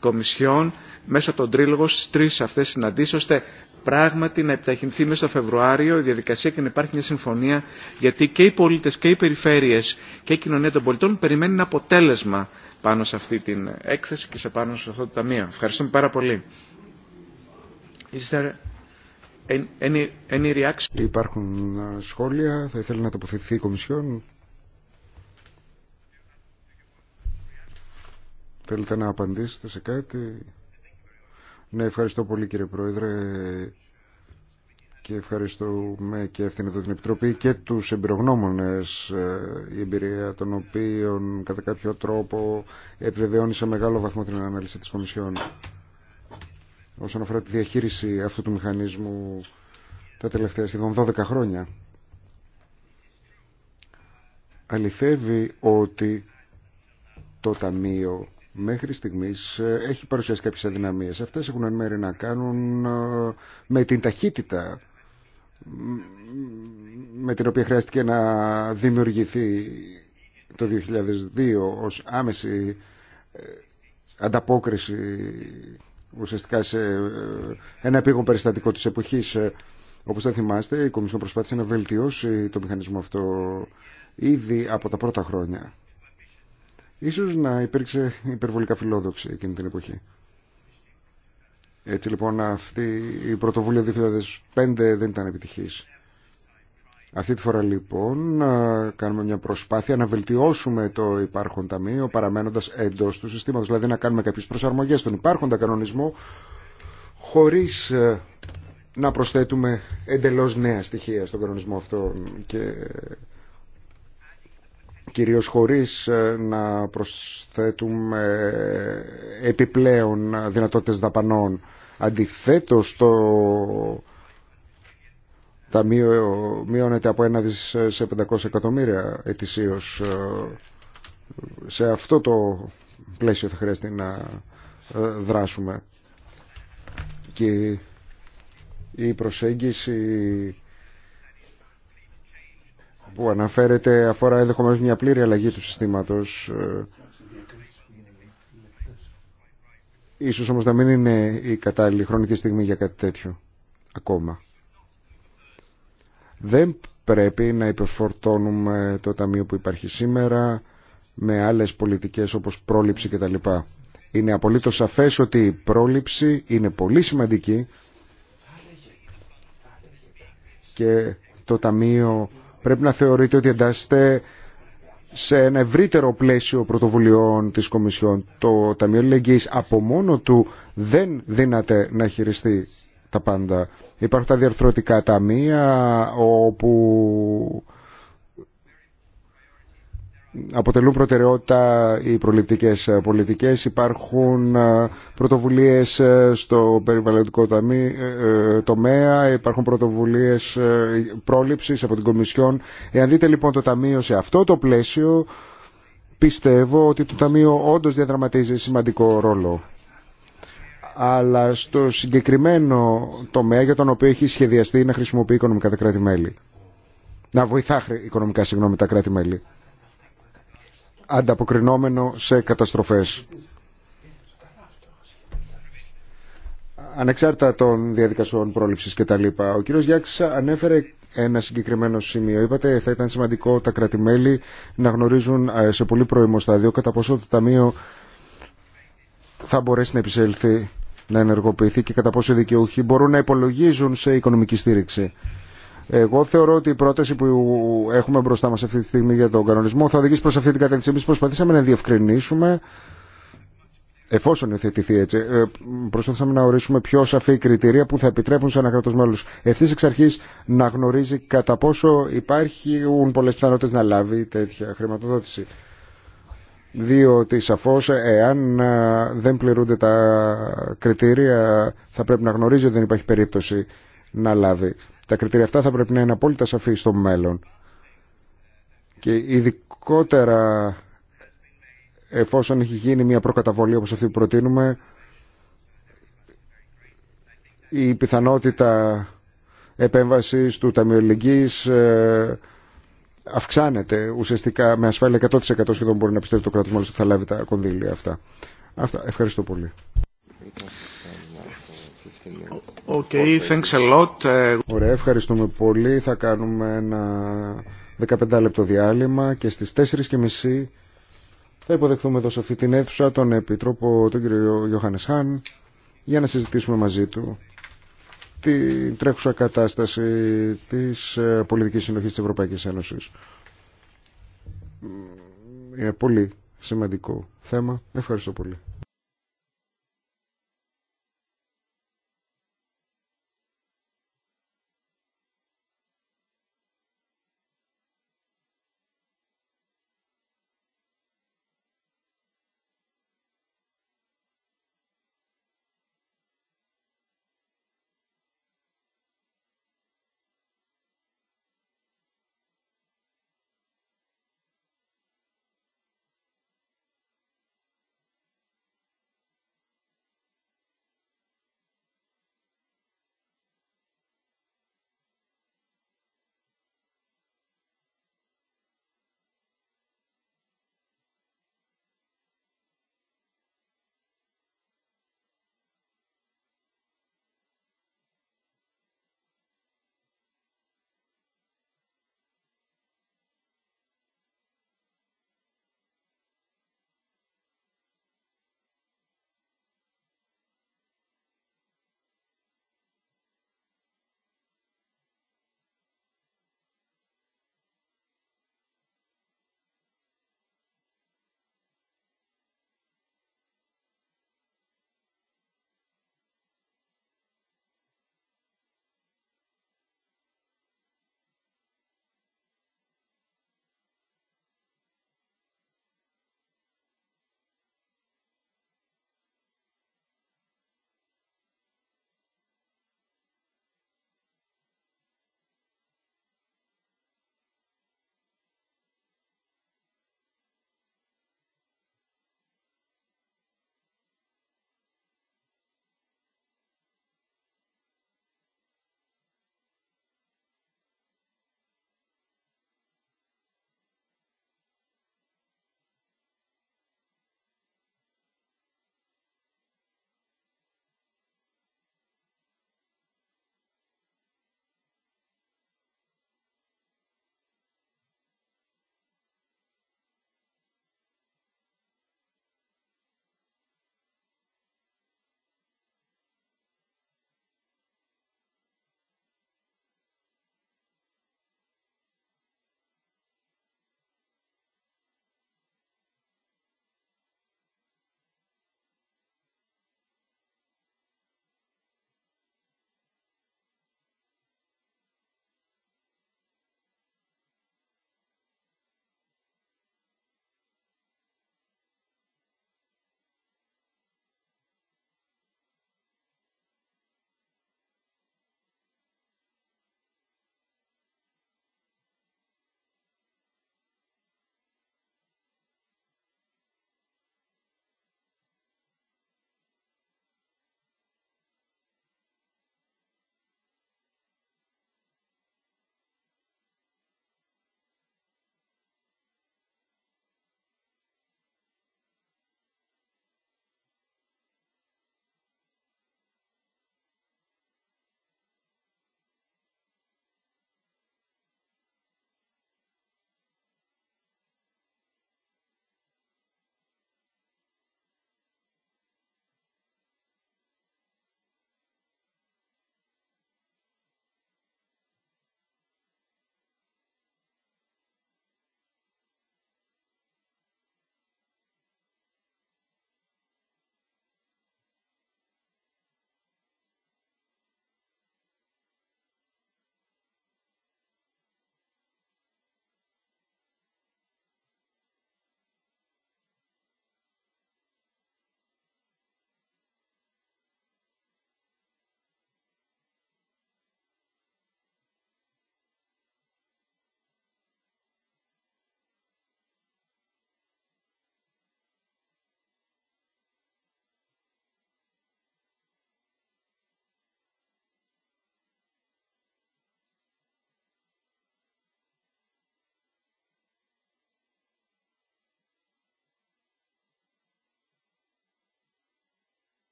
Κομισιόν μέσα από τον τρίλογο στις τρεις αυτές συναντήσεις, ώστε πράγματι να επιταχυνθεί μέσα στο Φεβρουάριο η διαδικασία και να υπάρχει μια συμφωνία γιατί και οι πολίτες και οι περιφέρειες και η κοινωνία των πολιτών περιμένουν ένα αποτέλεσμα πάνω σε αυτή την έκθεση και σε πάνω σε αυτό το ταμείο. Ευχαριστούμε πάρα πολύ. Υπάρχουν ε, σχόλια, θα ήθελα να τοποθετηθεί η Κομισιόν. Θέλετε να απαντήσετε σε κάτι. Ναι, ευχαριστώ πολύ κύριε Πρόεδρε και ευχαριστούμε και αυτήν εδώ την Επιτροπή και τους εμπειρογνώμονες ε, η εμπειρία των οποίων κατά κάποιο τρόπο επιβεβαιώνει σε μεγάλο βαθμό την ανάλυση της Κομισιόν. Όσον αφορά τη διαχείριση αυτού του μηχανισμού τα τελευταία σχεδόν 12 χρόνια. Αληθεύει ότι το Ταμείο μέχρι στιγμής ε, έχει παρουσιάσει κάποιες αδυναμίες. Αυτές έχουν εν μέρει να κάνουν ε, με την ταχύτητα με την οποία χρειάστηκε να δημιουργηθεί το 2002 ως άμεση ε, ανταπόκριση ουσιαστικά σε ένα επίγον περιστατικό της εποχής. Όπως θα θυμάστε, η Κομισιόν προσπάθησε να βελτιώσει το μηχανισμό αυτό ήδη από τα πρώτα χρόνια. Ίσως να υπήρξε υπερβολικά φιλόδοξη εκείνη την εποχή. Έτσι λοιπόν αυτή η πρωτοβουλία 2005 δεν ήταν επιτυχής. Αυτή τη φορά λοιπόν κάνουμε μια προσπάθεια να βελτιώσουμε το υπάρχον ταμείο παραμένοντας εντός του συστήματος, δηλαδή να κάνουμε κάποιες προσαρμογές στον υπάρχοντα κανονισμό χωρίς να προσθέτουμε εντελώς νέα στοιχεία στον κανονισμό αυτό και κυρίως χωρίς ε, να προσθέτουμε επιπλέον δυνατότητες δαπανών. Αντιθέτως το ταμείο μειώνεται από ένα δις σε 500 εκατομμύρια ετησίως. Ε, σε αυτό το πλαίσιο θα χρειαστεί να ε, δράσουμε. Και η προσέγγιση που αναφέρεται αφορά ενδεχομένω μια πλήρη αλλαγή του συστήματος. Ε, ίσως όμως να μην είναι η κατάλληλη χρονική στιγμή για κάτι τέτοιο ακόμα. Δεν πρέπει να υπεφορτώνουμε το ταμείο που υπάρχει σήμερα με άλλες πολιτικές όπως πρόληψη κτλ. Είναι απολύτως σαφές ότι η πρόληψη είναι πολύ σημαντική και το ταμείο πρέπει να θεωρείτε ότι εντάσσεται σε ένα ευρύτερο πλαίσιο πρωτοβουλειών της Κομισιόν. Το Ταμείο Λεγγύης από μόνο του δεν δύναται να χειριστεί τα πάντα. Υπάρχουν τα διαρθρωτικά ταμεία όπου αποτελούν προτεραιότητα οι προληπτικές πολιτικές. Υπάρχουν ε, πρωτοβουλίες ε, στο περιβαλλοντικό ε, τομέα, υπάρχουν πρωτοβουλίες πρόληψης από την Κομισιόν. Εάν δείτε λοιπόν το Ταμείο σε αυτό το πλαίσιο, πιστεύω ότι το Ταμείο όντως διαδραματίζει σημαντικό ρόλο. Αλλά στο συγκεκριμένο τομέα για τον οποίο έχει σχεδιαστεί να χρησιμοποιεί οικονομικά τα κράτη-μέλη. Να βοηθά οικονομικά, συγγνώμη, τα κράτη-μέλη ανταποκρινόμενο σε καταστροφές. Ανεξάρτητα των διαδικασιών πρόληψης και τα λοιπά. Ο κύριος Γιάξης ανέφερε ένα συγκεκριμένο σημείο. Είπατε θα ήταν σημαντικό τα κρατημέλη να γνωρίζουν ε, σε πολύ πρώιμο στάδιο κατά πόσο το Ταμείο θα μπορέσει να επισέλθει, να ενεργοποιηθεί και κατά πόσο οι δικαιούχοι μπορούν να υπολογίζουν σε οικονομική στήριξη. Εγώ θεωρώ ότι η πρόταση που έχουμε μπροστά μα αυτή τη στιγμή για τον κανονισμό θα οδηγήσει προς αυτή την κατεύθυνση. Εμεί προσπαθήσαμε να διευκρινίσουμε εφόσον υιοθετηθεί έτσι, ε, προσπαθήσαμε να ορίσουμε πιο σαφή κριτήρια που θα επιτρέπουν σε ένα κράτο μέλο ευθύ εξ αρχή να γνωρίζει κατά πόσο υπάρχουν πολλέ πιθανότητε να λάβει τέτοια χρηματοδότηση. Διότι σαφώ εάν ε, δεν πληρούνται τα κριτήρια θα πρέπει να γνωρίζει ότι δεν υπάρχει περίπτωση να λάβει. Τα κριτήρια αυτά θα πρέπει να είναι απόλυτα σαφή στο μέλλον. Και ειδικότερα εφόσον έχει γίνει μια προκαταβολή όπως αυτή που προτείνουμε η πιθανότητα επέμβασης του Ταμείου ε, αυξάνεται ουσιαστικά με ασφάλεια 100% σχεδόν μπορεί να πιστεύει το κράτος μόλις θα λάβει τα κονδύλια αυτά. αυτά. Ευχαριστώ πολύ. Okay, thanks a lot. Ωραία, ευχαριστούμε πολύ. Θα κάνουμε ένα 15 λεπτό διάλειμμα και στις 4.30 θα υποδεχθούμε εδώ σε αυτή την αίθουσα τον Επιτρόπο, τον κύριο Γιώχανες Χάν, για να συζητήσουμε μαζί του την τρέχουσα κατάσταση της ε, πολιτικής συνοχής της Ευρωπαϊκής Ένωσης. Είναι πολύ σημαντικό θέμα. Ευχαριστώ πολύ.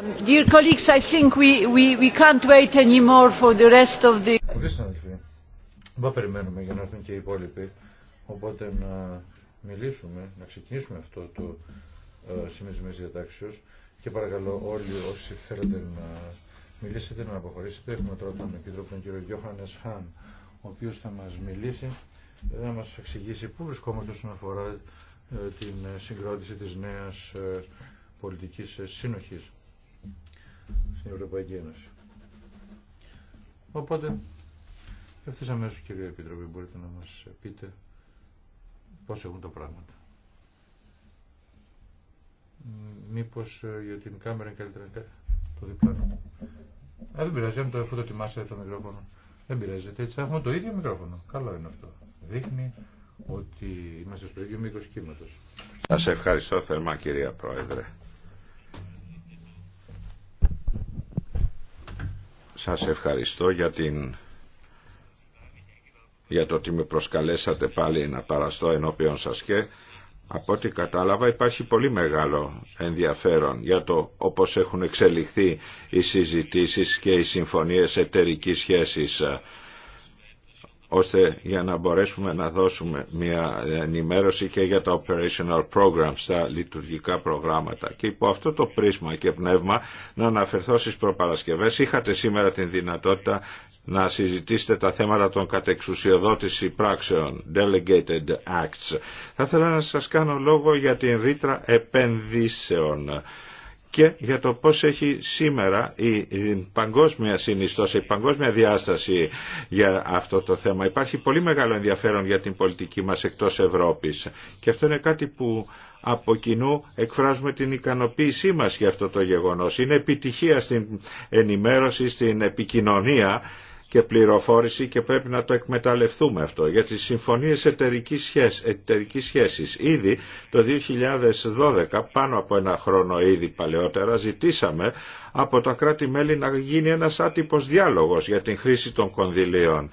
Dear colleagues, I think we, we, we can't wait anymore for the rest of the... δεν περιμένουμε για να έρθουν και οι υπόλοιποι, οπότε να μιλήσουμε, να ξεκινήσουμε αυτό το ε, σημείο και παρακαλώ όλοι όσοι θέλετε να μιλήσετε, να αποχωρήσετε. Έχουμε τώρα τον Επίτροπο τον κύριο Γιώχανε Χάν, ο οποίο θα μα μιλήσει, θα ε, μα εξηγήσει πού βρισκόμαστε όσον αφορά ε, την συγκρότηση τη νέα ε, πολιτική συνοχής στην Ευρωπαϊκή Ένωση. Οπότε, ευθύς αμέσως κύριε Επιτροπή, μπορείτε να μας πείτε πώς έχουν τα πράγματα. Μήπως ε, για την κάμερα είναι καλύτερα το διπλάνο. δεν πειράζει, αν το, έχω το ετοιμάσετε το μικρόφωνο. Δεν πειράζει, έτσι θα έχουμε το ίδιο μικρόφωνο. Καλό είναι αυτό. Δείχνει ότι είμαστε στο ίδιο μήκος κύματος. Σας ευχαριστώ θερμά κυρία Πρόεδρε. Σας ευχαριστώ για, την... για το ότι με προσκαλέσατε πάλι να παραστώ ενώπιον σας και από ό,τι κατάλαβα υπάρχει πολύ μεγάλο ενδιαφέρον για το όπως έχουν εξελιχθεί οι συζητήσεις και οι συμφωνίες εταιρικής σχέσης ώστε για να μπορέσουμε να δώσουμε μια ενημέρωση και για τα operational programs, τα λειτουργικά προγράμματα. Και υπό αυτό το πρίσμα και πνεύμα να αναφερθώ στις προπαρασκευές. Είχατε σήμερα την δυνατότητα να συζητήσετε τα θέματα των κατεξουσιοδότηση πράξεων, delegated acts. Θα ήθελα να σας κάνω λόγο για την ρήτρα επενδύσεων και για το πώς έχει σήμερα η παγκόσμια συνιστόση, η παγκόσμια διάσταση για αυτό το θέμα. Υπάρχει πολύ μεγάλο ενδιαφέρον για την πολιτική μας εκτός Ευρώπης και αυτό είναι κάτι που από κοινού εκφράζουμε την ικανοποίησή μας για αυτό το γεγονός. Είναι επιτυχία στην ενημέρωση, στην επικοινωνία και πληροφόρηση και πρέπει να το εκμεταλλευτούμε αυτό για τις συμφωνίες εταιρικής σχέσης, Ήδη το 2012, πάνω από ένα χρόνο ήδη παλαιότερα, ζητήσαμε από τα κράτη-μέλη να γίνει ένας άτυπος διάλογος για την χρήση των κονδυλίων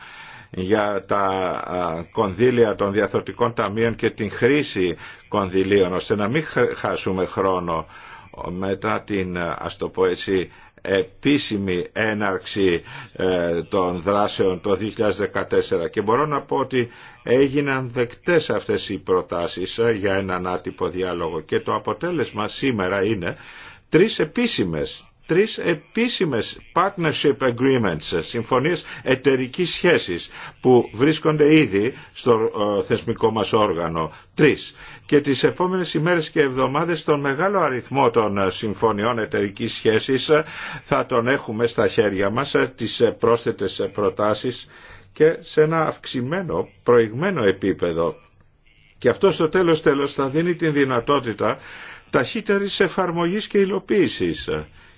για τα κονδύλια των διαθωτικών ταμείων και την χρήση κονδυλίων ώστε να μην χάσουμε χρόνο μετά την ας το πω έτσι επίσημη έναρξη ε, των δράσεων το 2014 και μπορώ να πω ότι έγιναν δεκτές αυτές οι προτάσεις ε, για έναν άτυπο διάλογο και το αποτέλεσμα σήμερα είναι τρεις επίσημες τρεις επίσημες partnership agreements, συμφωνίες εταιρικής σχέσης που βρίσκονται ήδη στο ε, θεσμικό μας όργανο. Τρεις. Και τις επόμενες ημέρες και εβδομάδες τον μεγάλο αριθμό των ε, συμφωνιών εταιρικής σχέσης ε, θα τον έχουμε στα χέρια μας, τις πρόσθετες προτάσεις και σε ένα αυξημένο, προηγμένο επίπεδο. Και αυτό στο τέλος τέλος θα δίνει την δυνατότητα ταχύτερης εφαρμογής και υλοποίησης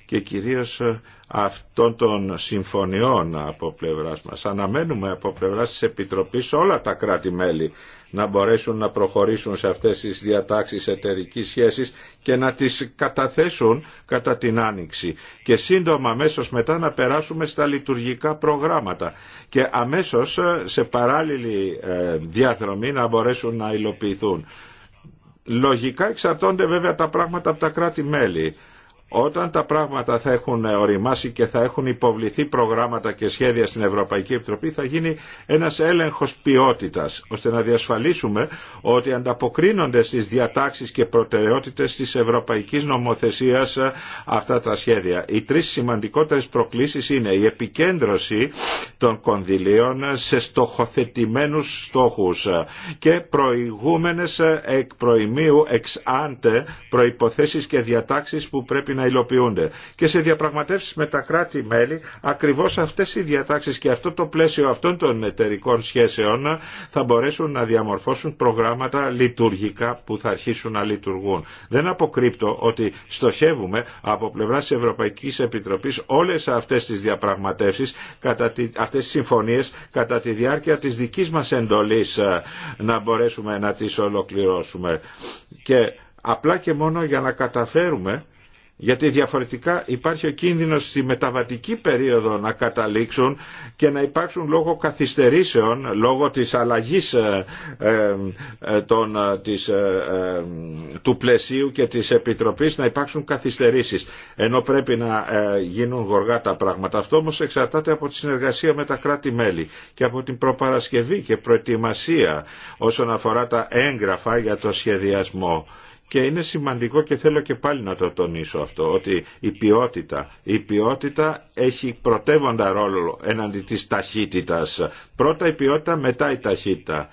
και κυρίως ε, αυτών των συμφωνιών από πλευράς μας. Αναμένουμε από πλευράς της Επιτροπής όλα τα κράτη-μέλη να μπορέσουν να προχωρήσουν σε αυτές τις διατάξεις εταιρική σχέσης και να τις καταθέσουν κατά την Άνοιξη. Και σύντομα αμέσως μετά να περάσουμε στα λειτουργικά προγράμματα και αμέσως ε, σε παράλληλη ε, διαδρομή να μπορέσουν να υλοποιηθούν. Λογικά εξαρτώνται βέβαια τα πράγματα από τα κράτη-μέλη. Όταν τα πράγματα θα έχουν οριμάσει και θα έχουν υποβληθεί προγράμματα και σχέδια στην Ευρωπαϊκή Επιτροπή θα γίνει ένας έλεγχος ποιότητας ώστε να διασφαλίσουμε ότι ανταποκρίνονται στις διατάξεις και προτεραιότητες της Ευρωπαϊκής Νομοθεσίας ε, αυτά τα σχέδια. Οι τρεις σημαντικότερες προκλήσεις είναι η επικέντρωση των κονδυλίων σε στοχοθετημένους στόχους και προηγούμενες εκ προημίου εξάντε προϋποθέσεις και διατάξεις που πρέπει να υλοποιούνται. Και σε διαπραγματεύσεις με τα κράτη-μέλη ακριβώς αυτές οι διατάξεις και αυτό το πλαίσιο αυτών των εταιρικών σχέσεων θα μπορέσουν να διαμορφώσουν προγράμματα λειτουργικά που θα αρχίσουν να λειτουργούν. Δεν αποκρύπτω ότι στοχεύουμε από πλευρά της Ευρωπαϊκής Επιτροπής όλες αυτές τις διαπραγματεύσεις, κατά τη, αυτές τις συμφωνίες κατά τη διάρκεια της δικής μας εντολής ε, να μπορέσουμε να τις ολοκληρώσουμε. Και απλά και μόνο για να καταφέρουμε γιατί διαφορετικά υπάρχει ο κίνδυνος στη μεταβατική περίοδο να καταλήξουν και να υπάρξουν λόγω καθυστερήσεων, λόγω της αλλαγής ε, ε, ε, του πλαισίου και της Επιτροπής να υπάρξουν καθυστερήσεις. Ενώ πρέπει να γίνουν γοργά τα πράγματα. Αυτό όμως εξαρτάται από τη συνεργασία με τα κράτη-μέλη και από την προπαρασκευή και προετοιμασία όσον αφορά τα έγγραφα για το σχεδιασμό και είναι σημαντικό και θέλω και πάλι να το τονίσω αυτό, ότι η ποιότητα, η ποιότητα έχει πρωτεύοντα ρόλο εναντί της ταχύτητας. Πρώτα η ποιότητα, μετά η ταχύτητα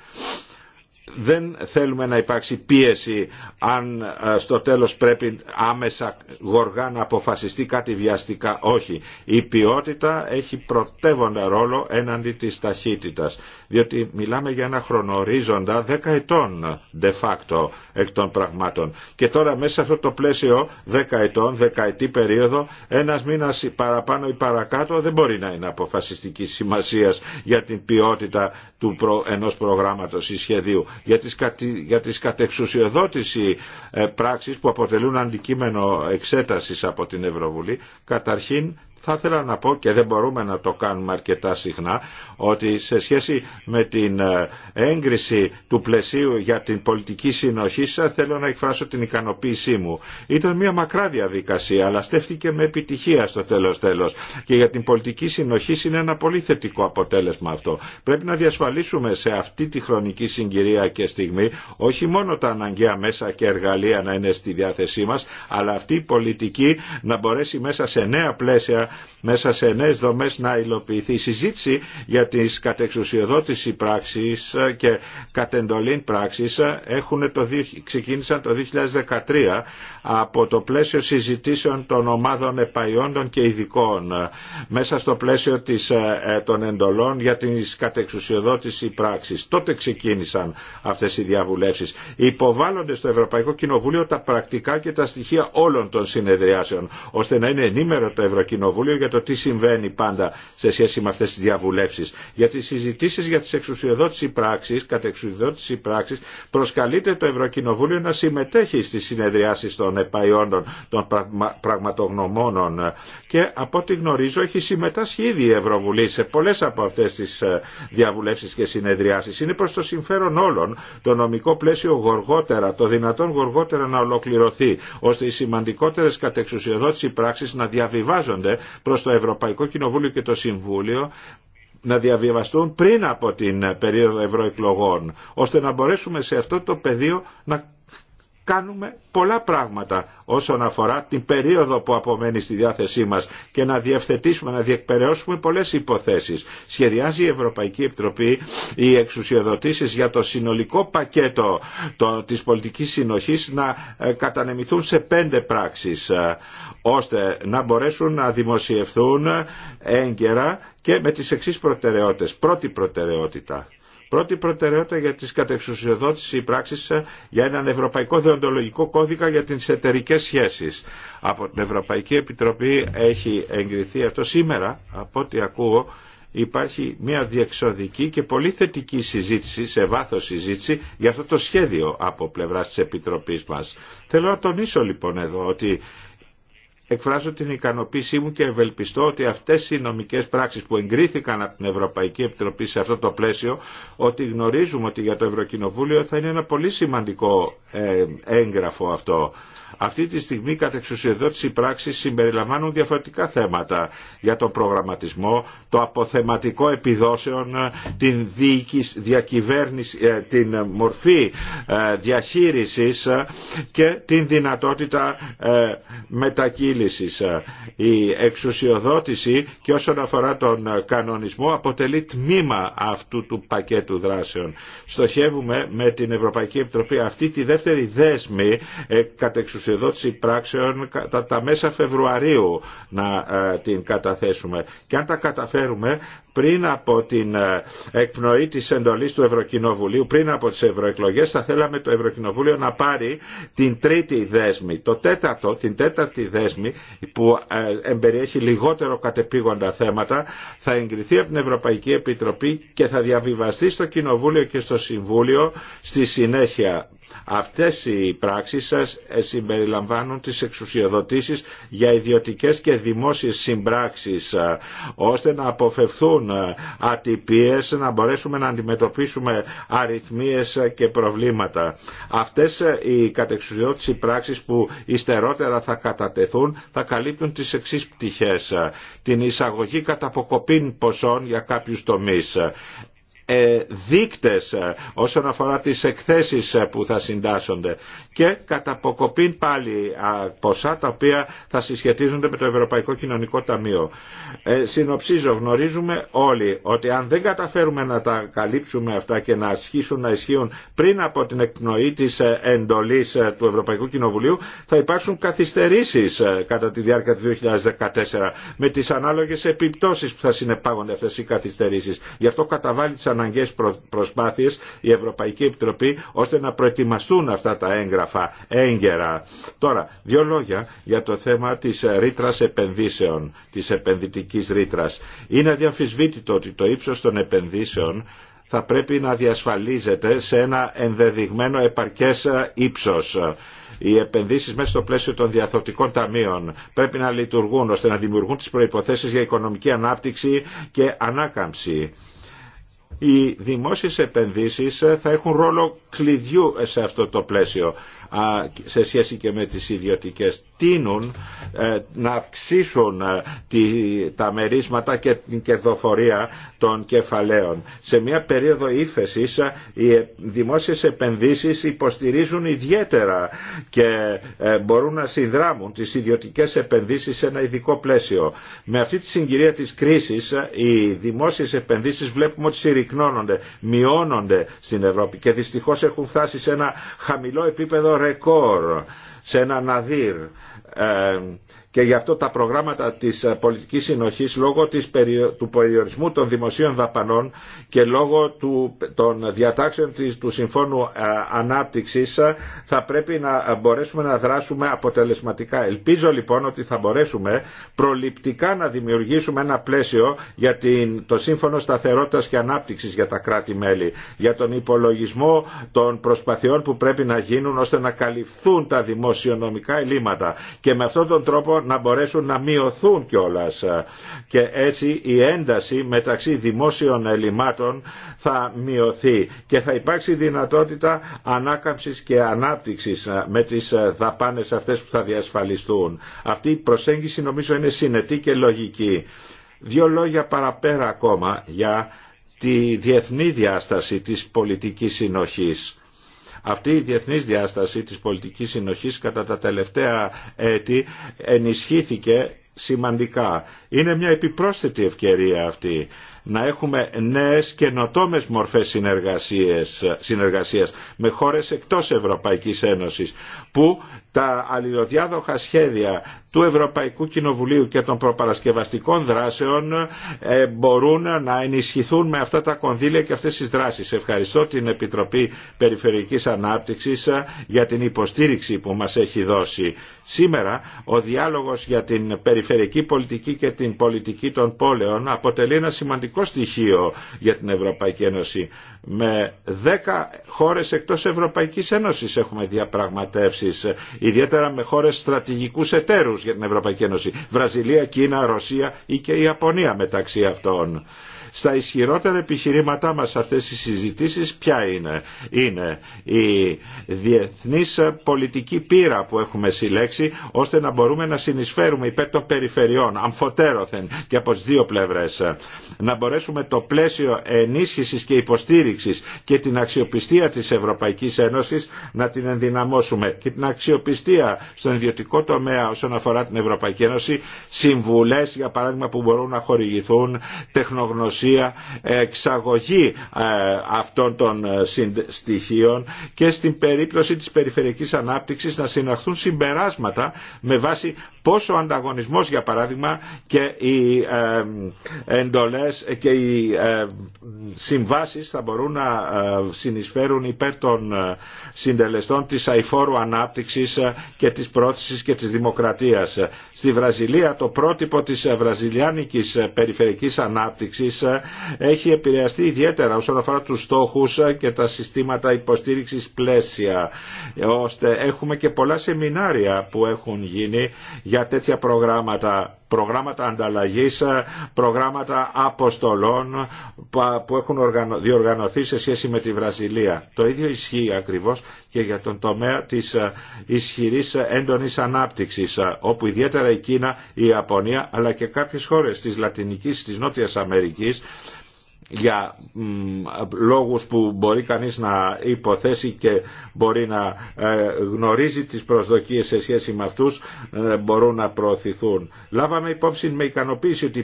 δεν θέλουμε να υπάρξει πίεση αν ε, στο τέλος πρέπει άμεσα γοργά να αποφασιστεί κάτι βιαστικά. Όχι. Η ποιότητα έχει πρωτεύοντα ρόλο έναντι της ταχύτητας. Διότι μιλάμε για ένα χρονορίζοντα δεκαετών ετών de facto εκ των πραγμάτων. Και τώρα μέσα σε αυτό το πλαίσιο δεκαετών, ετών, δεκαετή περίοδο, ένας μήνας παραπάνω ή παρακάτω δεν μπορεί να είναι αποφασιστική σημασία για την ποιότητα του προ, ενός προγράμματος ή σχεδίου για τις, κατη, για τις κατεξουσιοδότηση ε, πράξεις που αποτελούν αντικείμενο εξέτασης από την Ευρωβουλή καταρχήν θα ήθελα να πω και δεν μπορούμε να το κάνουμε αρκετά συχνά ότι σε σχέση με την ε, έγκριση του πλαισίου για την πολιτική συνοχή θέλω να εκφράσω την ικανοποίησή μου. Ήταν μια μακρά διαδικασία αλλά στέφθηκε με επιτυχία στο τέλος τέλος και για την πολιτική συνοχή είναι ένα πολύ θετικό αποτέλεσμα αυτό. Πρέπει να διασφαλίσουμε σε αυτή τη χρονική συγκυρία και στιγμή όχι μόνο τα αναγκαία μέσα και εργαλεία να είναι στη διάθεσή μας αλλά αυτή η πολιτική να μπορέσει μέσα σε νέα πλαίσια μέσα σε νέες δομές να υλοποιηθεί. Η συζήτηση για τις κατεξουσιοδότηση πράξης και κατεντολήν πράξης έχουν το, ξεκίνησαν το 2013 από το πλαίσιο συζητήσεων των ομάδων επαϊόντων και ειδικών μέσα στο πλαίσιο της, ε, ε, των εντολών για τις κατεξουσιοδότηση πράξης. Τότε ξεκίνησαν αυτές οι διαβουλεύσεις. Υποβάλλονται στο Ευρωπαϊκό Κοινοβούλιο τα πρακτικά και τα στοιχεία όλων των συνεδριάσεων ώστε να είναι ενήμερο το Ευρωκοινοβούλιο Κοινοβούλιο για το τι συμβαίνει πάντα σε σχέση με αυτέ τι διαβουλεύσεις. Για τις συζητήσεις για τις εξουσιοδότηση πράξη, κατά εξουσιοδότηση πράξης, προσκαλείται το Ευρωκοινοβούλιο να συμμετέχει στι συνεδριάσει των επαϊόντων, των πραγματογνωμόνων και από ό,τι γνωρίζω έχει συμμετάσχει ήδη η Ευρωβουλή σε πολλές από αυτές τις ε, διαβουλεύσεις και συνεδριάσεις. Είναι προς το συμφέρον όλων το νομικό πλαίσιο γοργότερα, το δυνατόν γοργότερα να ολοκληρωθεί, ώστε οι σημαντικότερες κατεξουσιοδότηση πράξεις να διαβιβάζονται προς το Ευρωπαϊκό Κοινοβούλιο και το Συμβούλιο να διαβιβαστούν πριν από την περίοδο ευρωεκλογών, ώστε να μπορέσουμε σε αυτό το πεδίο να κάνουμε πολλά πράγματα όσον αφορά την περίοδο που απομένει στη διάθεσή μας και να διευθετήσουμε, να διεκπαιρεώσουμε πολλές υποθέσεις. Σχεδιάζει η Ευρωπαϊκή Επιτροπή οι εξουσιοδοτήσεις για το συνολικό πακέτο το, της πολιτικής συνοχής να ε, κατανεμηθούν σε πέντε πράξεις ε, ώστε να μπορέσουν να δημοσιευθούν έγκαιρα και με τις εξής προτεραιότητες. Πρώτη προτεραιότητα Πρώτη προτεραιότητα για τις κατεξουσιοδότηση πράξεις ε, για έναν Ευρωπαϊκό Δεοντολογικό Κώδικα για τις εταιρικές σχέσεις. Από την Ευρωπαϊκή Επιτροπή έχει εγκριθεί αυτό σήμερα, από ό,τι ακούω, υπάρχει μια διεξοδική και πολύ θετική συζήτηση, σε βάθος συζήτηση, για αυτό το σχέδιο από πλευράς της Επιτροπής μας. Θέλω να τονίσω λοιπόν εδώ ότι εκφράζω την ικανοποίησή μου και ευελπιστώ ότι αυτές οι νομικές πράξεις που εγκρίθηκαν από την Ευρωπαϊκή Επιτροπή σε αυτό το πλαίσιο, ότι γνωρίζουμε ότι για το Ευρωκοινοβούλιο θα είναι ένα πολύ σημαντικό ε, έγγραφο αυτό. Αυτή τη στιγμή κατεξουσιοδότηση εξουσιοδότηση πράξης συμπεριλαμβάνουν διαφορετικά θέματα για τον προγραμματισμό, το αποθεματικό επιδόσεων, την, διακυβέρνηση, ε, την μορφή ε, διαχείρισης ε, και την δυνατότητα μετακύλησης. Η εξουσιοδότηση και όσον αφορά τον κανονισμό αποτελεί τμήμα αυτού του πακέτου δράσεων. Στοχεύουμε με την Ευρωπαϊκή Επιτροπή αυτή τη δεύτερη δέσμη κατ' εδώ πράξεων κατά τα μέσα Φεβρουαρίου να ε, την καταθέσουμε. Και αν τα καταφέρουμε πριν από την ε, εκπνοή της εντολής του Ευρωκοινοβουλίου, πριν από τις ευρωεκλογές, θα θέλαμε το Ευρωκοινοβούλιο να πάρει την τρίτη δέσμη, το τέταρτο, την τέταρτη δέσμη που ε, εμπεριέχει λιγότερο κατεπήγοντα θέματα, θα εγκριθεί από την Ευρωπαϊκή Επιτροπή και θα διαβιβαστεί στο Κοινοβούλιο και στο Συμβούλιο στη συνέχεια. Αυτές οι πράξεις σας περιλαμβάνουν τις εξουσιοδοτήσεις για ιδιωτικές και δημόσιες συμπράξεις ώστε να αποφευθούν ατυπίες, να μπορέσουμε να αντιμετωπίσουμε αριθμίες και προβλήματα. Αυτές οι κατεξουσιοδότηση πράξεις που ιστερότερα θα κατατεθούν θα καλύπτουν τις εξή πτυχές. Την εισαγωγή κατά ποσών για κάποιους τομείς. Ε, δείκτες ε, όσον αφορά τις εκθέσεις ε, που θα συντάσσονται και κατά αποκοπήν πάλι ποσά τα οποία θα συσχετίζονται με το Ευρωπαϊκό Κοινωνικό Ταμείο. Συνοψίζω, γνωρίζουμε όλοι ότι αν δεν καταφέρουμε να τα καλύψουμε αυτά και να ασχίσουν να ισχύουν πριν από την εκπνοή της εντολής του Ευρωπαϊκού Κοινοβουλίου θα υπάρξουν καθυστερήσεις κατά τη διάρκεια του 2014 με τις ανάλογες επιπτώσεις που θα συνεπάγονται αυτές οι καθυστερήσεις. Γι' αυτό καταβάλει αναγκαίες προσπάθειες η Ευρωπαϊκή Επιτροπή ώστε να προετοιμαστούν αυτά τα έγγραφα έγκαιρα. Τώρα, δύο λόγια για το θέμα της ρήτρα επενδύσεων, της επενδυτικής ρήτρα. Είναι αδιαμφισβήτητο ότι το ύψος των επενδύσεων θα πρέπει να διασφαλίζεται σε ένα ενδεδειγμένο επαρκές ύψος. Οι επενδύσεις μέσα στο πλαίσιο των διαθωτικών ταμείων πρέπει να λειτουργούν ώστε να δημιουργούν τις προϋποθέσεις για οικονομική ανάπτυξη και ανάκαμψη οι δημόσιες επενδύσεις θα έχουν ρόλο κλειδιού σε αυτό το πλαίσιο σε σχέση και με τις ιδιωτικές τίνουν ε, να αυξήσουν ε, τα μερίσματα και την κερδοφορία των κεφαλαίων. Σε μια περίοδο ύφεση ε, οι δημόσιες επενδύσεις υποστηρίζουν ιδιαίτερα και μπορούν να συνδράμουν τις ιδιωτικές επενδύσεις σε ένα ειδικό πλαίσιο. Με αυτή τη συγκυρία της κρίσης οι δημόσιες επενδύσεις βλέπουμε ότι συρρυκνώνονται, μειώνονται στην Ευρώπη και δυστυχώς έχουν φτάσει σε ένα χαμηλό επίπεδο ρεκόρ σε ένα ναδύρ ε, και γι' αυτό τα προγράμματα της ε, πολιτικής συνοχής λόγω της, του περιορισμού των δημοσίων δαπανών και λόγω του, των διατάξεων της, του Συμφώνου ε, Ανάπτυξης ε, θα πρέπει να μπορέσουμε να δράσουμε αποτελεσματικά. Ελπίζω λοιπόν ότι θα μπορέσουμε προληπτικά να δημιουργήσουμε ένα πλαίσιο για την, το Σύμφωνο Σταθερότητας και Ανάπτυξης για τα κράτη-μέλη, για τον υπολογισμό των προσπαθειών που πρέπει να γίνουν ώστε να καλυφθούν τα δημοσιονομικά ελλείμματα και με αυτόν τον τρόπο να μπορέσουν να μειωθούν κιόλα. Και έτσι η ένταση μεταξύ δημόσιων ελλημάτων θα μειωθεί και θα υπάρξει δυνατότητα ανάκαμψης και ανάπτυξης ε, με τις ε, δαπάνες αυτές που θα διασφαλιστούν. Αυτή η προσέγγιση νομίζω είναι συνετή και λογική. Δύο λόγια παραπέρα ακόμα για τη διεθνή διάσταση της πολιτικής συνοχής αυτή η διεθνής διάσταση της πολιτικής συνοχής κατά τα τελευταία έτη ενισχύθηκε σημαντικά. Είναι μια επιπρόσθετη ευκαιρία αυτή να έχουμε νέες καινοτόμε μορφές συνεργασίας, συνεργασίας με χώρες εκτός Ευρωπαϊκής Ένωσης που τα αλληλοδιάδοχα σχέδια του Ευρωπαϊκού Κοινοβουλίου και των προπαρασκευαστικών δράσεων ε, μπορούν να ενισχυθούν με αυτά τα κονδύλια και αυτές τις δράσεις. Ευχαριστώ την Επιτροπή Περιφερειακής Ανάπτυξης ε, για την υποστήριξη που μας έχει δώσει. Σήμερα ο διάλογος για την περιφερειακή πολιτική και την πολιτική των πόλεων αποτελεί ένα σημαντικό στοιχείο για την Ευρωπαϊκή Ένωση με 10 χώρες εκτός Ευρωπαϊκής Ένωσης έχουμε διαπραγματεύσεις, ιδιαίτερα με χώρες στρατηγικούς εταίρους για την Ευρωπαϊκή Ένωση, Βραζιλία, Κίνα, Ρωσία ή και η Ιαπωνία μεταξύ αυτών. Στα ισχυρότερα επιχειρήματά μας αυτές οι συζητήσεις ποια είναι. Είναι η διεθνής πολιτική πείρα που έχουμε συλλέξει ώστε να μπορούμε να συνεισφέρουμε υπέρ των περιφερειών αμφωτέρωθεν και από τις δύο πλευρές. Να μπορέσουμε το πλαίσιο ενίσχυσης και υποστήριξης και την αξιοπιστία της Ευρωπαϊκής Ένωσης να την ενδυναμώσουμε και την αξιοπιστία στον ιδιωτικό τομέα όσον αφορά την Ευρωπαϊκή Ένωση, συμβουλές για παράδειγμα που μπορούν να χορηγηθούν, τεχνογνωσία ουσία εξαγωγή ε, αυτών των ε, στοιχείων και στην περίπτωση της περιφερειακής ανάπτυξης να συναχθούν συμπεράσματα με βάση Πόσο ο ανταγωνισμός για παράδειγμα και οι ε, εντολές και οι ε, συμβάσεις θα μπορούν να ε, συνεισφέρουν υπέρ των συντελεστών της αηφόρου ανάπτυξης και της πρόθεσης και της δημοκρατίας. Στη Βραζιλία το πρότυπο της βραζιλιάνικης περιφερικής ανάπτυξης έχει επηρεαστεί ιδιαίτερα όσον αφορά τους στόχους και τα συστήματα υποστήριξης πλαίσια ώστε έχουμε και πολλά σεμινάρια που έχουν γίνει για τέτοια προγράμματα, προγράμματα ανταλλαγής, προγράμματα αποστολών που έχουν διοργανωθεί σε σχέση με τη Βραζιλία. Το ίδιο ισχύει ακριβώς και για τον τομέα της ε, ισχυρής ε, έντονης ανάπτυξης, ε, όπου ιδιαίτερα η Κίνα, η Ιαπωνία, αλλά και κάποιες χώρες της Λατινικής, της Νότιας Αμερικής, για λόγους που μπορεί κανείς να υποθέσει και μπορεί να ε, γνωρίζει τις προσδοκίες σε σχέση με αυτούς ε, μπορούν να προωθηθούν. Λάβαμε υπόψη με ικανοποίηση ότι η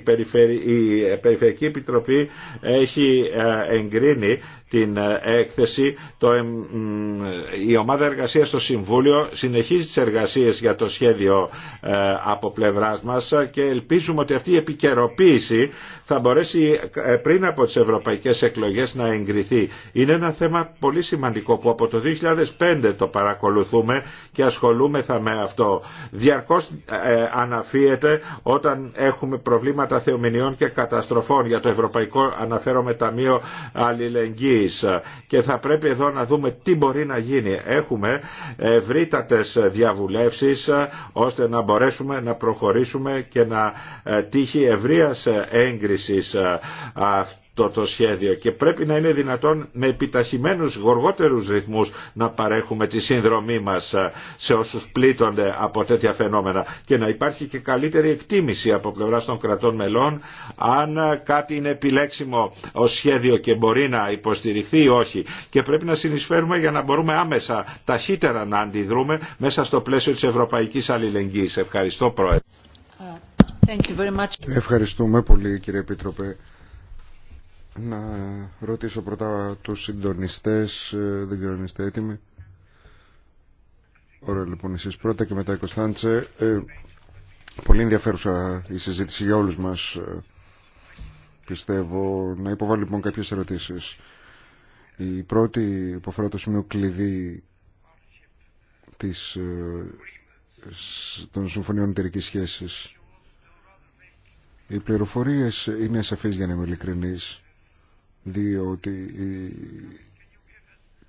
Περιφερειακή Επιτροπή έχει ε, εγκρίνει την ε, έκθεση, το, η ομάδα εργασίας στο Συμβούλιο συνεχίζει τις εργασίες για το σχέδιο ε, από πλευράς μας και ελπίζουμε ότι αυτή η επικαιροποίηση θα μπορέσει ε, πριν από τις ευρωπαϊκές εκλογές να εγκριθεί. Είναι ένα θέμα πολύ σημαντικό που από το 2005 το παρακολουθούμε και ασχολούμεθα με αυτό. Διαρκώς αναφύεται όταν έχουμε προβλήματα θεομηνιών και καταστροφών για το Ευρωπαϊκό Αναφέρομαι Ταμείο Αλληλεγγύη και θα πρέπει εδώ να δούμε τι μπορεί να γίνει. Έχουμε ευρύτατες διαβουλεύσεις ώστε να μπορέσουμε να προχωρήσουμε και να ε, τύχει ευρείας ε, έγκρισης ε, αυτή το το σχέδιο και πρέπει να είναι δυνατόν με επιταχυμένους γοργότερους ρυθμούς να παρέχουμε τη συνδρομή μας ε, σε όσους πλήττονται από τέτοια φαινόμενα και να υπάρχει και καλύτερη εκτίμηση από πλευράς των κρατών μελών αν ε, κάτι είναι επιλέξιμο ως σχέδιο και μπορεί να υποστηριχθεί ή όχι και πρέπει να συνεισφέρουμε για να μπορούμε άμεσα ταχύτερα να αντιδρούμε μέσα στο πλαίσιο της Ευρωπαϊκής Αλληλεγγύης. Ευχαριστώ Πρόεδρε. Ευχαριστούμε πολύ κύριε Επίτροπε. Να ρωτήσω πρώτα τους συντονιστές, ε, δεν ξέρω αν είστε έτοιμοι. Ωραία λοιπόν εσείς πρώτα και μετά η Κωνσταντσε. Ε, πολύ ενδιαφέρουσα η συζήτηση για όλους μας ε, πιστεύω. Να υποβάλω λοιπόν κάποιες ερωτήσεις. Η πρώτη που αφορά το σημείο κλειδί της, των συμφωνιών εταιρικής σχέσης. Οι πληροφορίες είναι σαφείς για να είμαι ειλικρινής διότι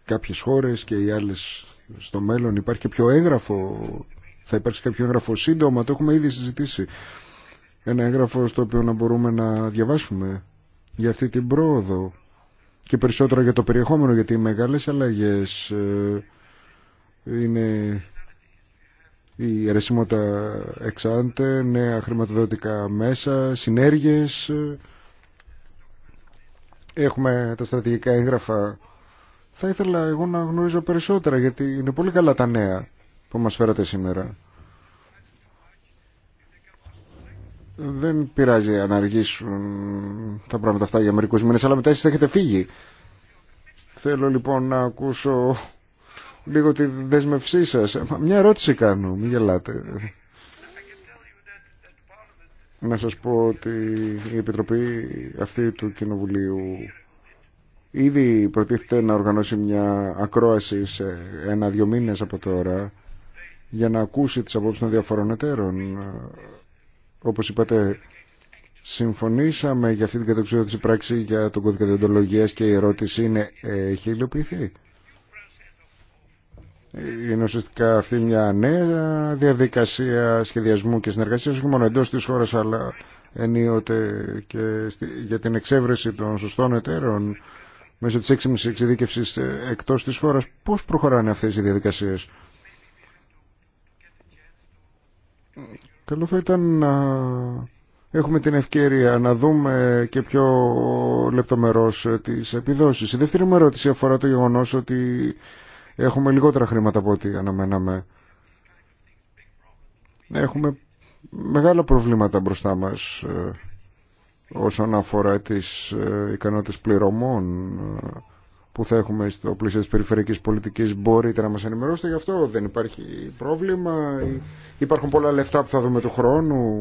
κάποιες χώρες και οι άλλες στο μέλλον υπάρχει και πιο έγγραφο θα υπάρξει κάποιο έγγραφο σύντομα το έχουμε ήδη συζητήσει ένα έγγραφο στο οποίο να μπορούμε να διαβάσουμε για αυτή την πρόοδο και περισσότερο για το περιεχόμενο γιατί οι μεγάλες αλλαγές ε, είναι η αιρεσιμότητα εξάντε, νέα χρηματοδοτικά μέσα, συνέργειες ε, Έχουμε τα στρατηγικά έγγραφα. Θα ήθελα εγώ να γνωρίζω περισσότερα γιατί είναι πολύ καλά τα νέα που μας φέρατε σήμερα. Δεν πειράζει αν αργήσουν τα πράγματα αυτά για μερικούς μήνες, αλλά μετά εσείς έχετε φύγει. Θέλω λοιπόν να ακούσω λίγο τη δέσμευσή σας. Μια ερώτηση κάνω, μην γελάτε να σας πω ότι η Επιτροπή αυτή του Κοινοβουλίου ήδη προτίθεται να οργανώσει μια ακρόαση σε ένα-δυο μήνες από τώρα για να ακούσει τις απόψεις των διαφορών εταίρων. Όπως είπατε, συμφωνήσαμε για αυτή την κατεξοδότηση πράξη για τον κώδικα διοντολογίας και η ερώτηση είναι έχει υλοποιηθεί είναι ουσιαστικά αυτή μια νέα διαδικασία σχεδιασμού και συνεργασίας όχι μόνο εντός της χώρας αλλά ενίοτε και για την εξέβρεση των σωστών εταίρων μέσω της έξιμης εξειδίκευσης εκτός της χώρας. Πώς προχωράνε αυτές οι διαδικασίες. Καλό θα ήταν να έχουμε την ευκαιρία να δούμε και πιο λεπτομερώς τις επιδόσεις. Η δεύτερη μου ερώτηση αφορά το γεγονός ότι Έχουμε λιγότερα χρήματα από ό,τι αναμέναμε. Έχουμε μεγάλα προβλήματα μπροστά μας ε, όσον αφορά τις ε, ικανότητες πληρωμών ε, που θα έχουμε στο πλαίσιο της περιφερειακής πολιτικής μπορείτε να μας ενημερώσετε γι' αυτό δεν υπάρχει πρόβλημα υπάρχουν πολλά λεφτά που θα δούμε του χρόνου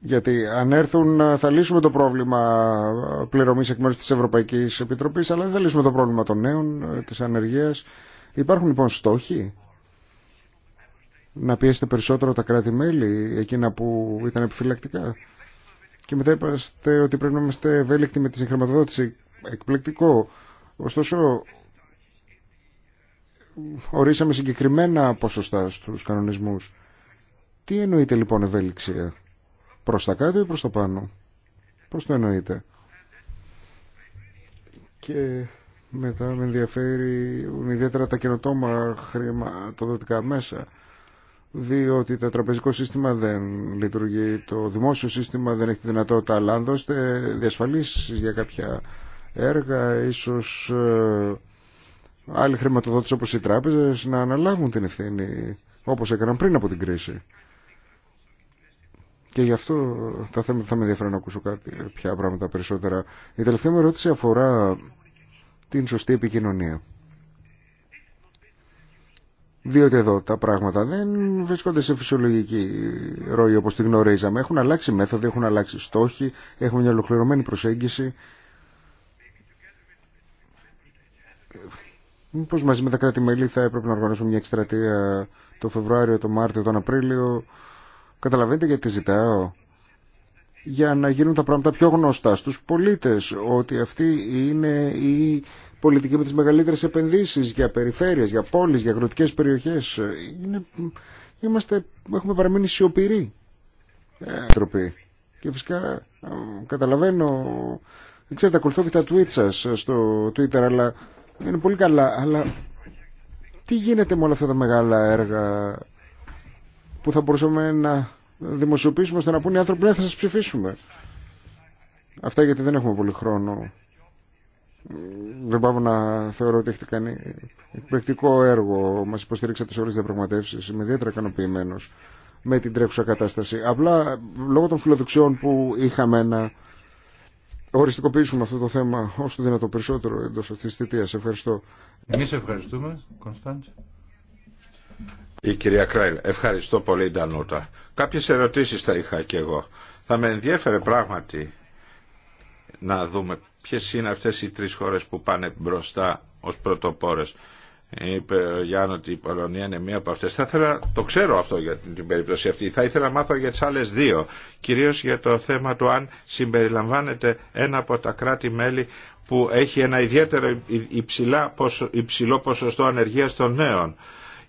Γιατί αν έρθουν θα λύσουμε το πρόβλημα πληρωμής εκ μέρους της Ευρωπαϊκής Επιτροπής αλλά δεν θα λύσουμε το πρόβλημα των νέων, ε, της ανεργίας. Υπάρχουν λοιπόν στόχοι να πιέσετε περισσότερο τα κράτη-μέλη εκείνα που ήταν επιφυλακτικά. Και μετά είπαστε ότι πρέπει να είμαστε ευέλικτοι με τη συγχρηματοδότηση. Εκπληκτικό. Ωστόσο, ορίσαμε συγκεκριμένα ποσοστά στους κανονισμούς. Τι εννοείται λοιπόν ευέλιξία προς τα κάτω ή προς το πάνω. Πώς το εννοείτε. Και μετά με ενδιαφέρει ιδιαίτερα τα καινοτόμα χρηματοδοτικά μέσα διότι το τραπεζικό σύστημα δεν λειτουργεί, το δημόσιο σύστημα δεν έχει τη δυνατότητα, αλλά αν δώσετε διασφαλίσεις για κάποια έργα, ίσως ε, άλλοι χρηματοδότες όπως οι τράπεζες να αναλάβουν την ευθύνη όπως έκαναν πριν από την κρίση. Και γι' αυτό θα, θα, θα με ενδιαφέρει να ακούσω κάτι, ποια πράγματα περισσότερα. Η τελευταία μου ερώτηση αφορά την σωστή επικοινωνία. Διότι εδώ τα πράγματα δεν βρίσκονται σε φυσιολογική ροή όπως τη γνωρίζαμε. Έχουν αλλάξει μέθοδοι, έχουν αλλάξει στόχοι, έχουν μια ολοκληρωμένη προσέγγιση. Μήπως μαζί με τα κράτη-μέλη θα έπρεπε να οργανώσουμε μια εκστρατεία το Φεβρουάριο, το Μάρτιο, τον Απρίλιο Καταλαβαίνετε γιατί ζητάω. Για να γίνουν τα πράγματα πιο γνωστά στους πολίτες, ότι αυτή είναι η πολιτική με τις μεγαλύτερες επενδύσεις για περιφέρειες, για πόλεις, για αγροτικές περιοχές. είμαστε, έχουμε παραμείνει σιωπηροί ε, άνθρωποι. Και φυσικά ε, καταλαβαίνω, ξέρετε ακολουθώ και τα tweet σας στο Twitter, αλλά είναι πολύ καλά. Αλλά τι γίνεται με όλα αυτά τα μεγάλα έργα που θα μπορούσαμε να δημοσιοποιήσουμε ώστε να πούνε οι άνθρωποι ναι θα σας ψηφίσουμε. Αυτά γιατί δεν έχουμε πολύ χρόνο. Δεν πάω να θεωρώ ότι έχετε κάνει εκπληκτικό έργο. Μα υποστηρίξατε σε όλε τι διαπραγματεύσει. Είμαι ιδιαίτερα ικανοποιημένο με την τρέχουσα κατάσταση. Απλά λόγω των φιλοδοξιών που είχαμε να οριστικοποιήσουμε αυτό το θέμα όσο το περισσότερο εντό αυτή τη θητεία. Ευχαριστώ. Εμεί ευχαριστούμε, Κωνσταντζ. Η κυρία Κράιλ, ευχαριστώ πολύ Ντανούτα. Κάποιες ερωτήσεις θα είχα και εγώ. Θα με ενδιέφερε πράγματι να δούμε ποιες είναι αυτές οι τρεις χώρες που πάνε μπροστά ως πρωτοπόρες. Είπε ο Γιάννη ότι η Πολωνία είναι μία από αυτές. Θα ήθελα, το ξέρω αυτό για την περίπτωση αυτή, θα ήθελα να μάθω για τις άλλες δύο. Κυρίως για το θέμα του αν συμπεριλαμβάνεται ένα από τα κράτη-μέλη που έχει ένα ιδιαίτερο υψηλά, υψηλό ποσοστό ανεργίας των νέων.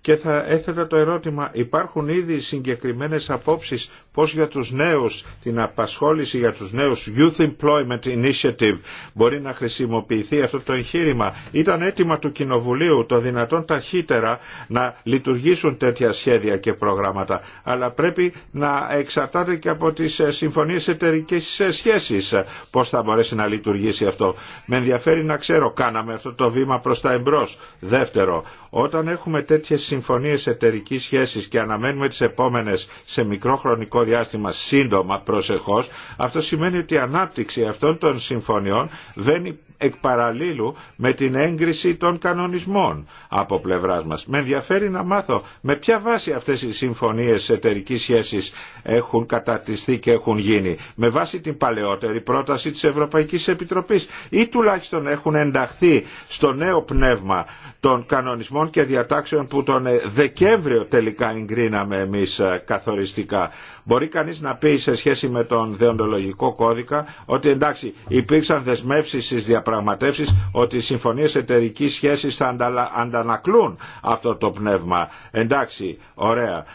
Και θα έθετα το ερώτημα, υπάρχουν ήδη συγκεκριμένες απόψεις πώς για τους νέους, την απασχόληση για τους νέους Youth Employment Initiative μπορεί να χρησιμοποιηθεί αυτό το εγχείρημα. Ήταν αίτημα του Κοινοβουλίου το δυνατόν ταχύτερα να λειτουργήσουν τέτοια σχέδια και προγράμματα. Αλλά πρέπει να εξαρτάται και από τις ε, συμφωνίες εταιρική ε, σχέσεις ε, πώς θα μπορέσει να λειτουργήσει αυτό. Με ενδιαφέρει να ξέρω, κάναμε αυτό το βήμα προς τα εμπρός. Δεύτερο, όταν έχουμε τέτοιες συμφωνίες εταιρικής σχέσης και αναμένουμε τις επόμενες σε μικρό χρονικό διάστημα σύντομα προσεχώς, αυτό σημαίνει ότι η ανάπτυξη αυτών των συμφωνιών βαίνει εκ παραλίλου με την έγκριση των κανονισμών από πλευράς μας. Με ενδιαφέρει να μάθω με ποια βάση αυτές οι συμφωνίες εταιρικής σχέσης έχουν κατατιστεί και έχουν γίνει. Με βάση την παλαιότερη πρόταση της Ευρωπαϊκής Επιτροπής ή τουλάχιστον έχουν ενταχθεί στο νέο πνεύμα των κανονισμών και διατάξεων που τον ε, Δεκέμβριο τελικά εγκρίναμε εμείς ε, καθοριστικά. Μπορεί κανείς να πει σε σχέση με τον δεοντολογικό κώδικα ότι εντάξει υπήρξαν δεσμεύσεις στις διαπραγματεύσεις ότι οι συμφωνίες εταιρικής σχέσης θα αντανακλούν αυτό το πνεύμα. Εντάξει, ωραία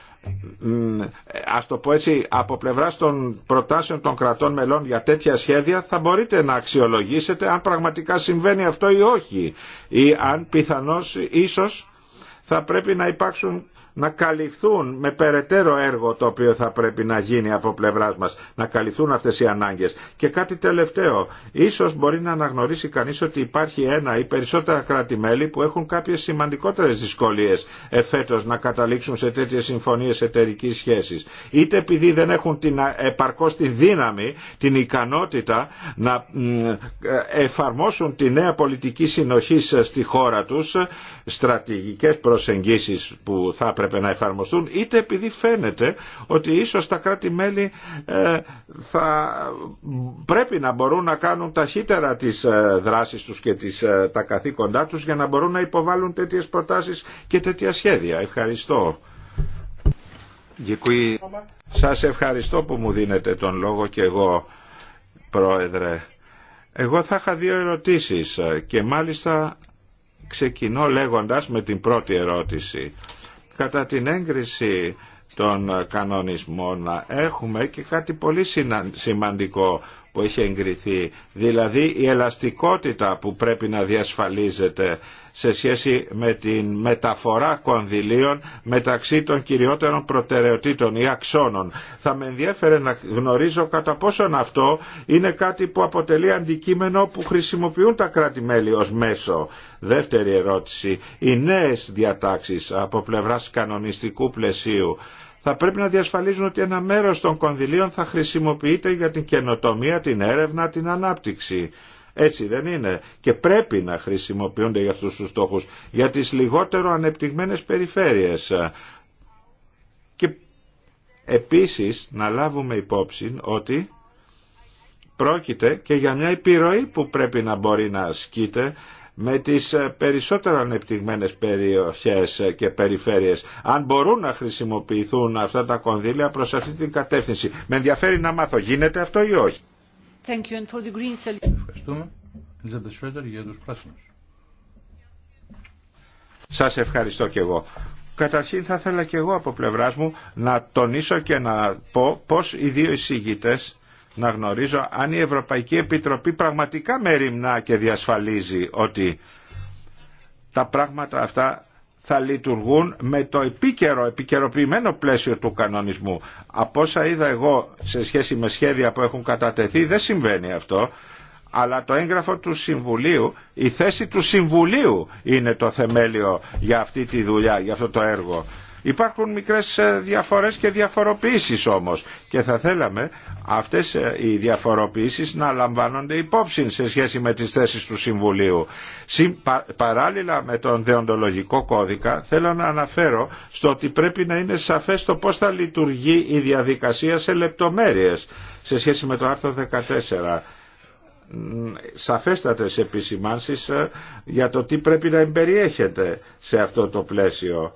Α το πω έτσι, από πλευρά των προτάσεων των κρατών μελών για τέτοια σχέδια θα μπορείτε να αξιολογήσετε αν πραγματικά συμβαίνει αυτό ή όχι ή αν πιθανώς ίσως θα πρέπει να υπάρξουν να καλυφθούν με περαιτέρω έργο το οποίο θα πρέπει να γίνει από πλευρά μα, να καλυφθούν αυτέ οι ανάγκε. Και κάτι τελευταίο, ίσω μπορεί να αναγνωρίσει κανεί ότι υπάρχει ένα ή περισσότερα κράτη-μέλη που έχουν κάποιε σημαντικότερε δυσκολίε εφέτο να καταλήξουν σε τέτοιε συμφωνίε εταιρική σχέση. Είτε επειδή δεν έχουν την επαρκώ τη δύναμη, την ικανότητα να ε, εφαρμόσουν τη νέα πολιτική συνοχή ε, στη χώρα του, ε, στρατηγικέ προσεγγίσει που θα πρέπει έπρεπε να εφαρμοστούν είτε επειδή φαίνεται ότι ίσως τα κράτη-μέλη ε, θα πρέπει να μπορούν να κάνουν ταχύτερα τις ε, δράσεις τους και τις, ε, τα καθήκοντά τους για να μπορούν να υποβάλουν τέτοιες προτάσεις και τέτοια σχέδια. Ευχαριστώ. Σας ευχαριστώ που μου δίνετε τον λόγο και εγώ, Πρόεδρε. Εγώ θα είχα δύο ερωτήσεις και μάλιστα ξεκινώ λέγοντας με την πρώτη ερώτηση κατά την έγκριση των κανονισμών έχουμε και κάτι πολύ σημαντικό που έχει εγκριθεί. Δηλαδή η ελαστικότητα που πρέπει να διασφαλίζεται σε σχέση με την μεταφορά κονδυλίων μεταξύ των κυριότερων προτεραιοτήτων ή αξώνων. Θα με ενδιέφερε να γνωρίζω κατά πόσον αυτό είναι κάτι που αποτελεί αντικείμενο που χρησιμοποιούν τα κράτη-μέλη ως μέσο. Δεύτερη ερώτηση. Οι νέες διατάξεις από πλευράς κανονιστικού πλαισίου θα πρέπει να διασφαλίζουν ότι ένα μέρος των κονδυλίων θα χρησιμοποιείται για την καινοτομία, την έρευνα, την ανάπτυξη. Έτσι δεν είναι. Και πρέπει να χρησιμοποιούνται για αυτούς τους στόχους, για τις λιγότερο ανεπτυγμένες περιφέρειες. Και επίσης να λάβουμε υπόψη ότι πρόκειται και για μια επιρροή που πρέπει να μπορεί να ασκείται με τις ε, περισσότερο ανεπτυγμένες περιοχές και περιφέρειες αν μπορούν να χρησιμοποιηθούν αυτά τα κονδύλια προς αυτή την κατεύθυνση. Με ενδιαφέρει να μάθω γίνεται αυτό ή όχι. Thank you and για τους πράσινους. Σας ευχαριστώ και εγώ. Καταρχήν θα ήθελα και εγώ από πλευράς μου να τονίσω και να πω πως οι δύο εισηγητές να γνωρίζω αν η Ευρωπαϊκή Επιτροπή πραγματικά μεριμνά και διασφαλίζει ότι τα πράγματα αυτά θα λειτουργούν με το επίκαιρο, επικαιροποιημένο πλαίσιο του κανονισμού. Από όσα είδα εγώ σε σχέση με σχέδια που έχουν κατατεθεί δεν συμβαίνει αυτό, αλλά το έγγραφο του Συμβουλίου, η θέση του Συμβουλίου είναι το θεμέλιο για αυτή τη δουλειά, για αυτό το έργο. Υπάρχουν μικρές ε, διαφορές και διαφοροποιήσεις όμως και θα θέλαμε αυτές ε, οι διαφοροποιήσεις να λαμβάνονται υπόψη σε σχέση με τις θέσεις του Συμβουλίου. Παράλληλα με τον δεοντολογικό κώδικα θέλω να αναφέρω στο ότι πρέπει να είναι σαφές το πώς θα λειτουργεί η διαδικασία σε λεπτομέρειες σε σχέση με το άρθρο 14 σαφέστατες επισημάνσεις ε, για το τι πρέπει να εμπεριέχεται σε αυτό το πλαίσιο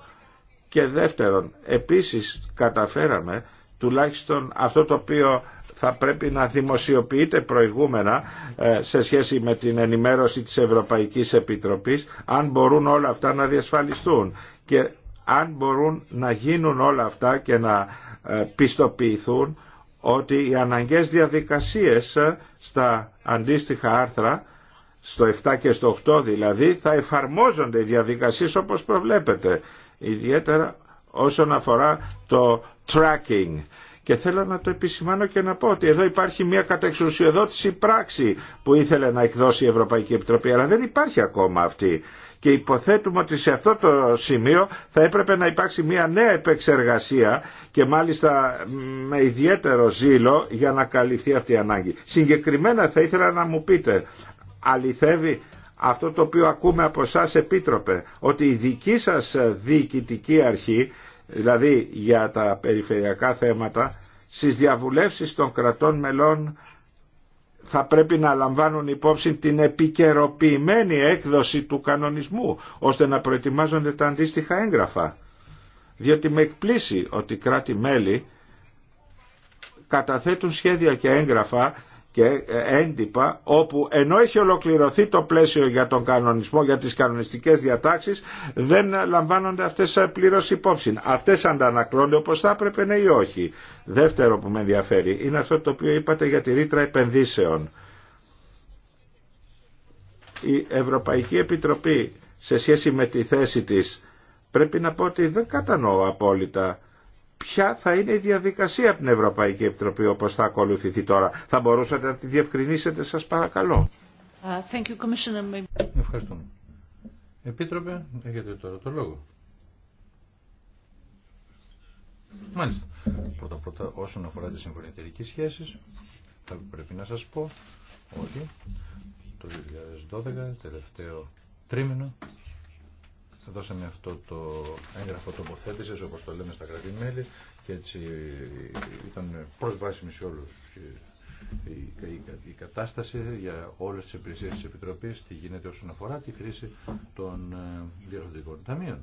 και δεύτερον, επίσης καταφέραμε τουλάχιστον αυτό το οποίο θα πρέπει να δημοσιοποιείται προηγούμενα ε, σε σχέση με την ενημέρωση της Ευρωπαϊκής Επιτροπής αν μπορούν όλα αυτά να διασφαλιστούν και αν μπορούν να γίνουν όλα αυτά και να ε, πιστοποιηθούν ότι οι αναγκαίες διαδικασίες ε, στα αντίστοιχα άρθρα στο 7 και στο 8 δηλαδή θα εφαρμόζονται οι διαδικασίες όπως προβλέπετε ιδιαίτερα όσον αφορά το tracking. Και θέλω να το επισημάνω και να πω ότι εδώ υπάρχει μια κατεξουσιοδότηση πράξη που ήθελε να εκδώσει η Ευρωπαϊκή Επιτροπή, αλλά δεν υπάρχει ακόμα αυτή. Και υποθέτουμε ότι σε αυτό το σημείο θα έπρεπε να υπάρξει μια νέα επεξεργασία και μάλιστα με ιδιαίτερο ζήλο για να καλυφθεί αυτή η ανάγκη. Συγκεκριμένα θα ήθελα να μου πείτε, αληθεύει αυτό το οποίο ακούμε από εσά επίτροπε, ότι η δική σας διοικητική αρχή, δηλαδή για τα περιφερειακά θέματα, στις διαβουλεύσεις των κρατών μελών θα πρέπει να λαμβάνουν υπόψη την επικαιροποιημένη έκδοση του κανονισμού, ώστε να προετοιμάζονται τα αντίστοιχα έγγραφα. Διότι με εκπλήσει ότι κράτη-μέλη καταθέτουν σχέδια και έγγραφα και ε, έντυπα όπου ενώ έχει ολοκληρωθεί το πλαίσιο για τον κανονισμό, για τις κανονιστικές διατάξεις δεν λαμβάνονται αυτές πλήρως υπόψη. Αυτές αντανακλώνται όπως θα έπρεπε ναι ή όχι. Δεύτερο που με ενδιαφέρει είναι αυτό το οποίο είπατε για τη ρήτρα επενδύσεων. Η Ευρωπαϊκή Επιτροπή σε σχέση με τη θέση της πρέπει να πω ότι δεν κατανοώ απόλυτα ποια θα είναι η διαδικασία από την Ευρωπαϊκή Επιτροπή όπως θα ακολουθηθεί τώρα. Θα μπορούσατε να τη διευκρινίσετε σας παρακαλώ. Uh, thank you, Commissioner. Ευχαριστούμε. Επίτροπε, έχετε τώρα το λόγο. Μάλιστα. Πρώτα πρώτα όσον αφορά τις συμφωνητερικές σχέσεις θα πρέπει να σας πω ότι το 2012 τελευταίο τρίμηνο δώσαμε αυτό το έγγραφο τοποθέτηση, όπως το λέμε στα κρατή-μέλη, και έτσι ήταν προσβάσιμη σε όλους η, κατάσταση για όλες τις υπηρεσίες τη επιτροπή τι γίνεται όσον αφορά τη χρήση των ε, διαρθρωτικών ταμείων.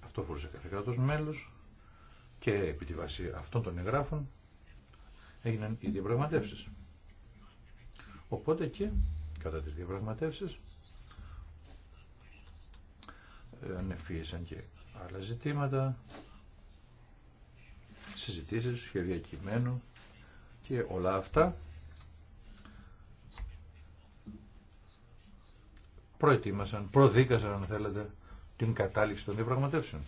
Αυτό φορούσε κάθε κράτο μέλο και επί τη βάση αυτών των εγγράφων έγιναν οι διαπραγματεύσει. Οπότε και κατά τις διαπραγματεύσεις ανεφίεσαν και άλλα ζητήματα, συζητήσεις, σχέδια κειμένου και όλα αυτά προετοίμασαν, προδίκασαν αν θέλετε την κατάληξη των διαπραγματεύσεων.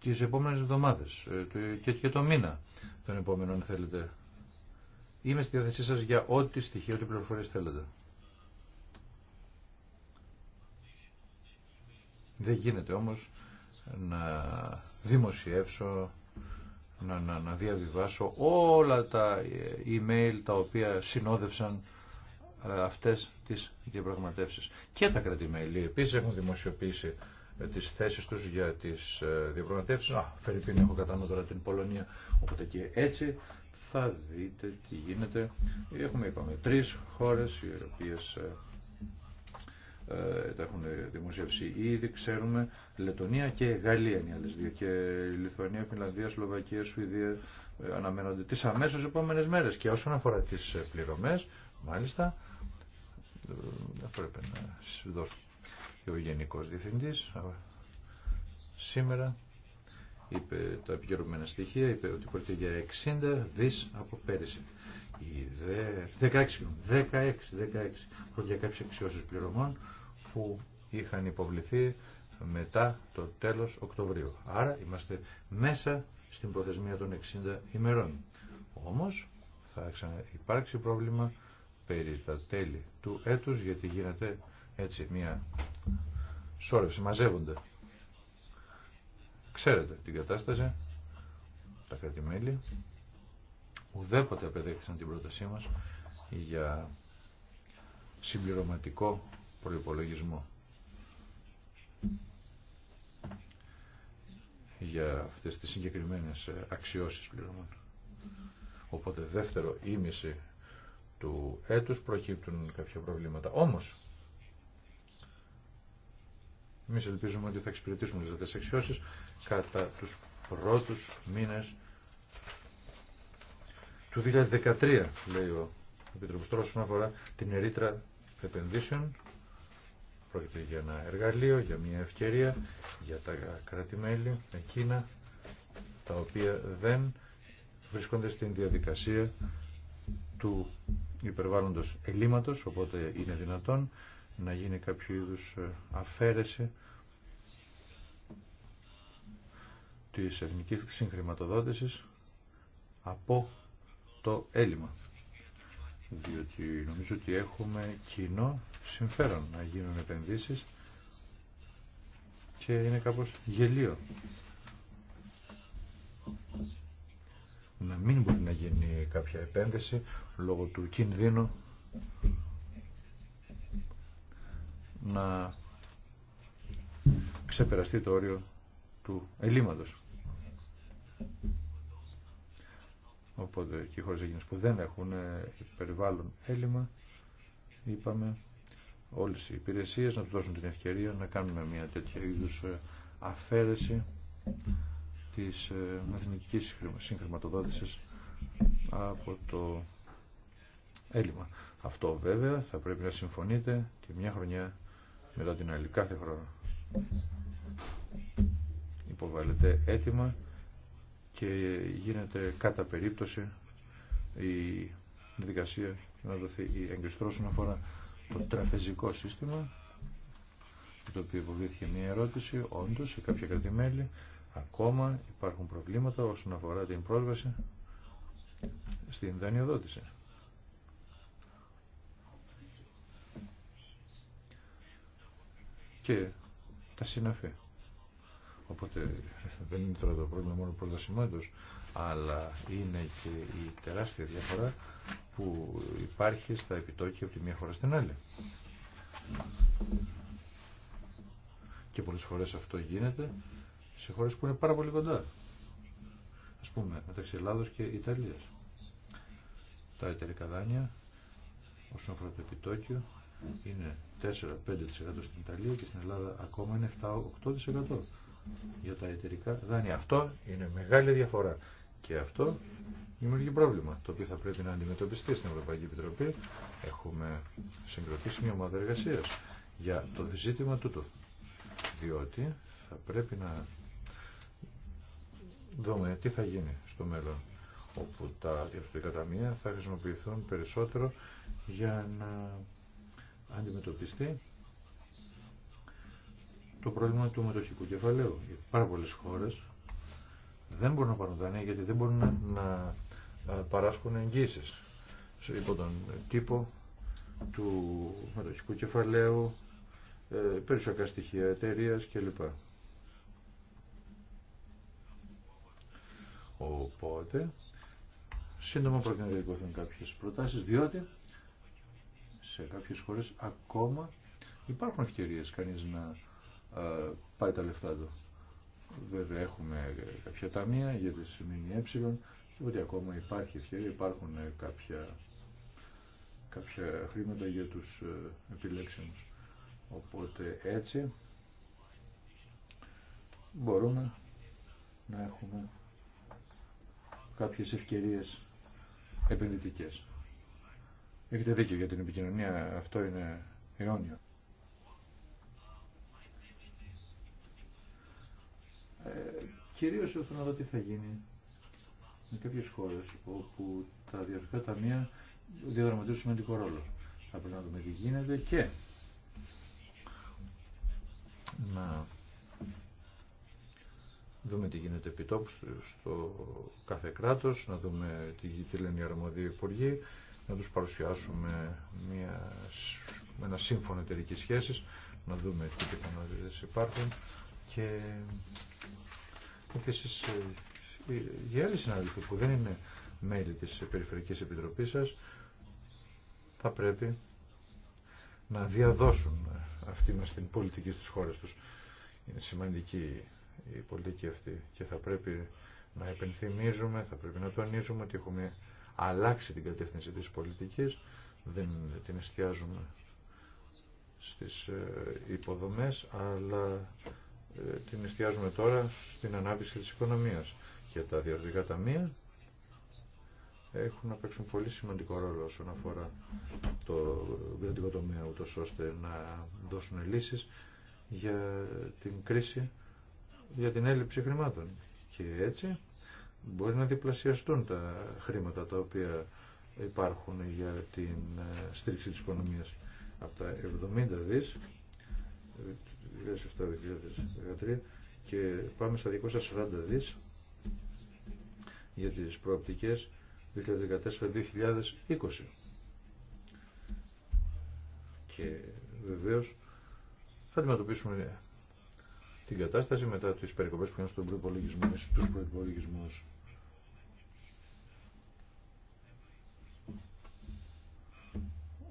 Τις επόμενες εβδομάδες ε, και το μήνα των επόμενων θέλετε Είμαι στη διάθεσή σας για ό,τι στοιχείο, ό,τι πληροφορίες θέλετε. Δεν γίνεται όμως να δημοσιεύσω, να, να, να διαβιβάσω όλα τα email τα οποία συνόδευσαν ε, αυτές τις διαπραγματεύσεις. Και τα κρατημέλη επίσης έχουν δημοσιοποιήσει ε, τις θέσεις τους για τις ε, διαπραγματεύσεις. Α, Φερρυπίν έχω κατά τώρα την Πολωνία, οπότε και έτσι θα δείτε τι γίνεται. Έχουμε, είπαμε, τρεις χώρες οι οποίε ε, ε, τα έχουν δημοσιεύσει ήδη, ξέρουμε, Λετωνία και Γαλλία είναι οι άλλες δύο και Λιθουανία, Φιλανδία, Σλοβακία, Σουηδία ε, αναμένονται τις αμέσως επόμενες μέρες και όσον αφορά τις ε, πληρωμές, μάλιστα, δεν πρέπει να δώσω και ο Γενικός Διευθυντής σήμερα είπε τα επικαιροποιημένα στοιχεία, είπε ότι πρόκειται για 60 δις από πέρυσι. Οι 16, 16, 16, πρόκειται για κάποιες αξιώσεις πληρωμών που είχαν υποβληθεί μετά το τέλος Οκτωβρίου. Άρα είμαστε μέσα στην προθεσμία των 60 ημερών. Όμως θα υπάρξει πρόβλημα περί τα τέλη του έτους γιατί γίνεται έτσι μια σόρευση, μαζεύονται Ξέρετε την κατάσταση, τα κράτη-μέλη ουδέποτε απεδέχθησαν την πρότασή μας για συμπληρωματικό προϋπολογισμό. για αυτές τις συγκεκριμένες αξιώσεις πληρωμών. Οπότε δεύτερο ίμιση του έτους προκύπτουν κάποια προβλήματα. Όμως Εμεί ελπίζουμε ότι θα εξυπηρετήσουμε τι αξιώσει κατά του πρώτου μήνε του 2013, λέει ο Επίτροπο. Τώρα, όσον αφορά την ερήτρα επενδύσεων, πρόκειται για ένα εργαλείο, για μια ευκαιρία για τα κράτη-μέλη, εκείνα τα οποία δεν βρίσκονται στην διαδικασία του υπερβάλλοντος ελλείμματος, οπότε είναι δυνατόν να γίνει κάποιο είδους ε, αφαίρεση της εθνικής συγχρηματοδότησης από το έλλειμμα. Διότι νομίζω ότι έχουμε κοινό συμφέρον να γίνουν επενδύσεις και είναι κάπως γελίο να μην μπορεί να γίνει κάποια επένδυση λόγω του κινδύνου να ξεπεραστεί το όριο του ελλείμματος. Οπότε και οι χώρες εκείνες που δεν έχουν ε, περιβάλλον έλλειμμα, είπαμε, όλες οι υπηρεσίες να του δώσουν την ευκαιρία να κάνουμε μια τέτοια είδους ε, αφαίρεση της ε, εθνικής συγχρηματοδότησης από το έλλειμμα. Αυτό βέβαια θα πρέπει να συμφωνείτε και μια χρονιά μετά την άλλη κάθε χρόνο. Υποβάλλεται έτοιμα και γίνεται κατά περίπτωση η δικασία να δοθεί η έγκριση όσον αφορά το τραπεζικό σύστημα το οποίο υποβλήθηκε μια ερώτηση όντως σε κάποια κρατημέλη ακόμα υπάρχουν προβλήματα όσον αφορά την πρόσβαση στην δανειοδότηση. και τα συναφή. Οπότε δεν είναι τώρα το πρόβλημα μόνο προδοσιμότητος, αλλά είναι και η τεράστια διαφορά που υπάρχει στα επιτόκια από τη μία χώρα στην άλλη. Και πολλές φορές αυτό γίνεται σε χώρες που είναι πάρα πολύ κοντά. Ας πούμε, μεταξύ Ελλάδος και Ιταλίας. Τα εταιρικά δάνεια, όσον αφορά το επιτόκιο, είναι 4-5% στην Ιταλία και στην Ελλάδα ακόμα είναι 7-8% για τα εταιρικά δάνεια. Αυτό είναι μεγάλη διαφορά. Και αυτό δημιουργεί πρόβλημα το οποίο θα πρέπει να αντιμετωπιστεί στην Ευρωπαϊκή Επιτροπή. Έχουμε συγκροτήσει μια ομάδα εργασία για το ζήτημα τούτο. Διότι θα πρέπει να δούμε τι θα γίνει στο μέλλον όπου τα διευθυντικά ταμεία θα χρησιμοποιηθούν περισσότερο για να αντιμετωπιστεί το πρόβλημα του μετοχικού κεφαλαίου. Γιατί πάρα πολλέ χώρε δεν μπορούν να πάρουν γιατί δεν μπορούν να ε, παράσχουν εγγύσει υπό τον τύπο του μετοχικού κεφαλαίου, ε, περιουσιακά στοιχεία εταιρεία κλπ. Οπότε, σύντομα προτείνω να διεκδοθούν κάποιε προτάσει, διότι σε κάποιες χώρες ακόμα υπάρχουν ευκαιρίες κανείς να ε, πάει τα λεφτά του. Βέβαια έχουμε κάποια ταμεία για τις ΜΜΕ και ότι ακόμα υπάρχει ευκαιρία, υπάρχουν κάποια, κάποια χρήματα για τους ε, επιλέξιμους. Οπότε έτσι μπορούμε να έχουμε κάποιες ευκαιρίες επενδυτικές. Έχετε δίκιο για την επικοινωνία. Αυτό είναι αιώνιο. Ε, κυρίως θέλω να δω τι θα γίνει με κάποιες χώρες όπου τα διαρκικά ταμεία διαδραματίζουν σημαντικό ρόλο. Θα πρέπει να δούμε τι γίνεται και να δούμε τι γίνεται επιτόπου στο κάθε κράτος, να δούμε τι, τι λένε οι αρμόδιοι υπουργοί, να τους παρουσιάσουμε μια, ένα σύμφωνο εταιρική σχέση, να δούμε τι πιθανότητες υπάρχουν και επίσης για ε, άλλοι συνάδελφοι που δεν είναι μέλη της Περιφερικής Επιτροπής σας θα πρέπει να διαδώσουν αυτή μας την πολιτική στις χώρες τους. Είναι σημαντική η πολιτική αυτή και θα πρέπει να επενθυμίζουμε, θα πρέπει να τονίζουμε ότι έχουμε αλλάξει την κατεύθυνση της πολιτικής, δεν την εστιάζουμε στις ε, υποδομές, αλλά ε, την εστιάζουμε τώρα στην ανάπτυξη της οικονομίας. Και τα τα ταμεία έχουν να παίξουν πολύ σημαντικό ρόλο όσον αφορά το κρατικό τομέα, ούτως ώστε να δώσουν λύσεις για την κρίση, για την έλλειψη χρημάτων. Και έτσι μπορεί να διπλασιαστούν τα χρήματα τα οποία υπάρχουν για την ε, στήριξη της οικονομίας από τα 70 δις 2007-2013 και πάμε στα 240 δις για τις προοπτικές 2014-2020 και βεβαίως θα αντιμετωπίσουμε την κατάσταση μετά τις περικοπές που είχαν στον προϋπολογισμό, στους προϋπολογισμούς.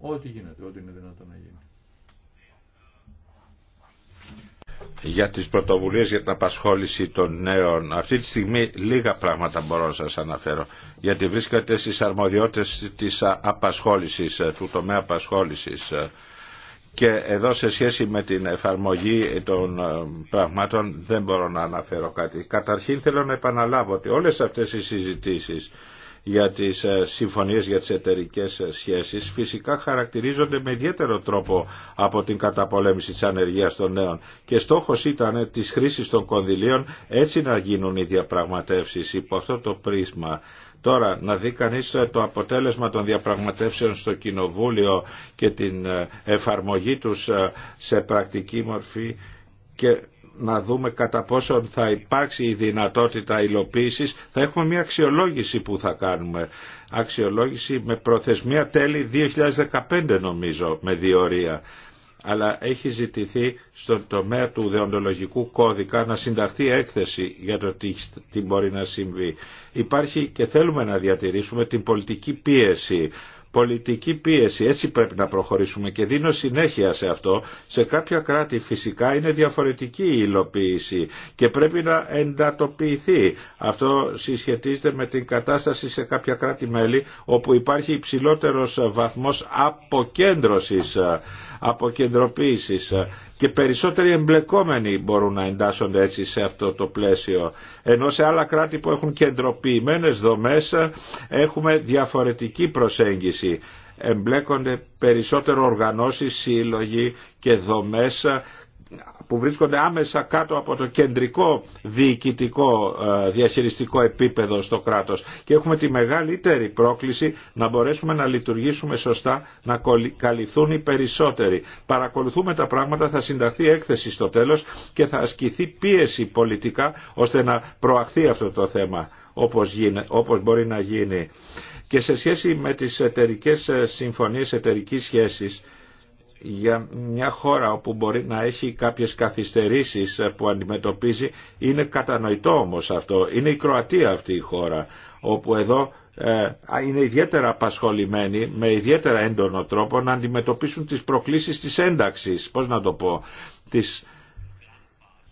Ό,τι γίνεται, ό,τι είναι δυνατόν να γίνει. για τις πρωτοβουλίες για την απασχόληση των νέων. Αυτή τη στιγμή λίγα πράγματα μπορώ να σας αναφέρω, γιατί βρίσκεται στις αρμοδιότητες της απασχόλησης, ε, του τομέα απασχόλησης. Ε, και εδώ σε σχέση με την εφαρμογή των ε, πραγμάτων δεν μπορώ να αναφέρω κάτι. Καταρχήν θέλω να επαναλάβω ότι όλες αυτές οι συζητήσεις για τις ε, συμφωνίες για τις εταιρικές ε, σχέσεις φυσικά χαρακτηρίζονται με ιδιαίτερο τρόπο από την καταπολέμηση της ανεργίας των νέων και στόχος ήταν της χρήσης των κονδυλίων έτσι να γίνουν οι διαπραγματεύσεις υπό αυτό το πρίσμα Τώρα, να δει κανεί ε, το αποτέλεσμα των διαπραγματεύσεων στο Κοινοβούλιο και την ε, εφαρμογή τους ε, σε πρακτική μορφή και να δούμε κατά πόσον θα υπάρξει η δυνατότητα υλοποίησης, θα έχουμε μια αξιολόγηση που θα κάνουμε. Αξιολόγηση με προθεσμία τέλη 2015 νομίζω, με διορία αλλά έχει ζητηθεί στον τομέα του δεοντολογικού κώδικα να συνταχθεί έκθεση για το τι, τι μπορεί να συμβεί. Υπάρχει και θέλουμε να διατηρήσουμε την πολιτική πίεση πολιτική πίεση. Έτσι πρέπει να προχωρήσουμε και δίνω συνέχεια σε αυτό. Σε κάποια κράτη φυσικά είναι διαφορετική η υλοποίηση και πρέπει να εντατοποιηθεί. Αυτό συσχετίζεται με την κατάσταση σε κάποια κράτη-μέλη όπου υπάρχει υψηλότερος βαθμός αποκέντρωσης αποκεντροποίησης και περισσότεροι εμπλεκόμενοι μπορούν να εντάσσονται έτσι σε αυτό το πλαίσιο. Ενώ σε άλλα κράτη που έχουν κεντροποιημένες δομές έχουμε διαφορετική προσέγγιση. Εμπλέκονται περισσότερο οργανώσεις, σύλλογοι και δομές που βρίσκονται άμεσα κάτω από το κεντρικό διοικητικό ε, διαχειριστικό επίπεδο στο κράτος και έχουμε τη μεγαλύτερη πρόκληση να μπορέσουμε να λειτουργήσουμε σωστά, να καλυφθούν οι περισσότεροι. Παρακολουθούμε τα πράγματα, θα συνταχθεί έκθεση στο τέλος και θα ασκηθεί πίεση πολιτικά ώστε να προαχθεί αυτό το θέμα όπως, όπως μπορεί να γίνει. Και σε σχέση με τις εταιρικές ε, συμφωνίες, εταιρικής σχέσης, για μια χώρα όπου μπορεί να έχει κάποιες καθυστερήσεις που αντιμετωπίζει είναι κατανοητό όμως αυτό. Είναι η Κροατία αυτή η χώρα όπου εδώ ε, είναι ιδιαίτερα απασχολημένοι με ιδιαίτερα έντονο τρόπο να αντιμετωπίσουν τις προκλήσεις της ένταξης, πώς να το πω, τις,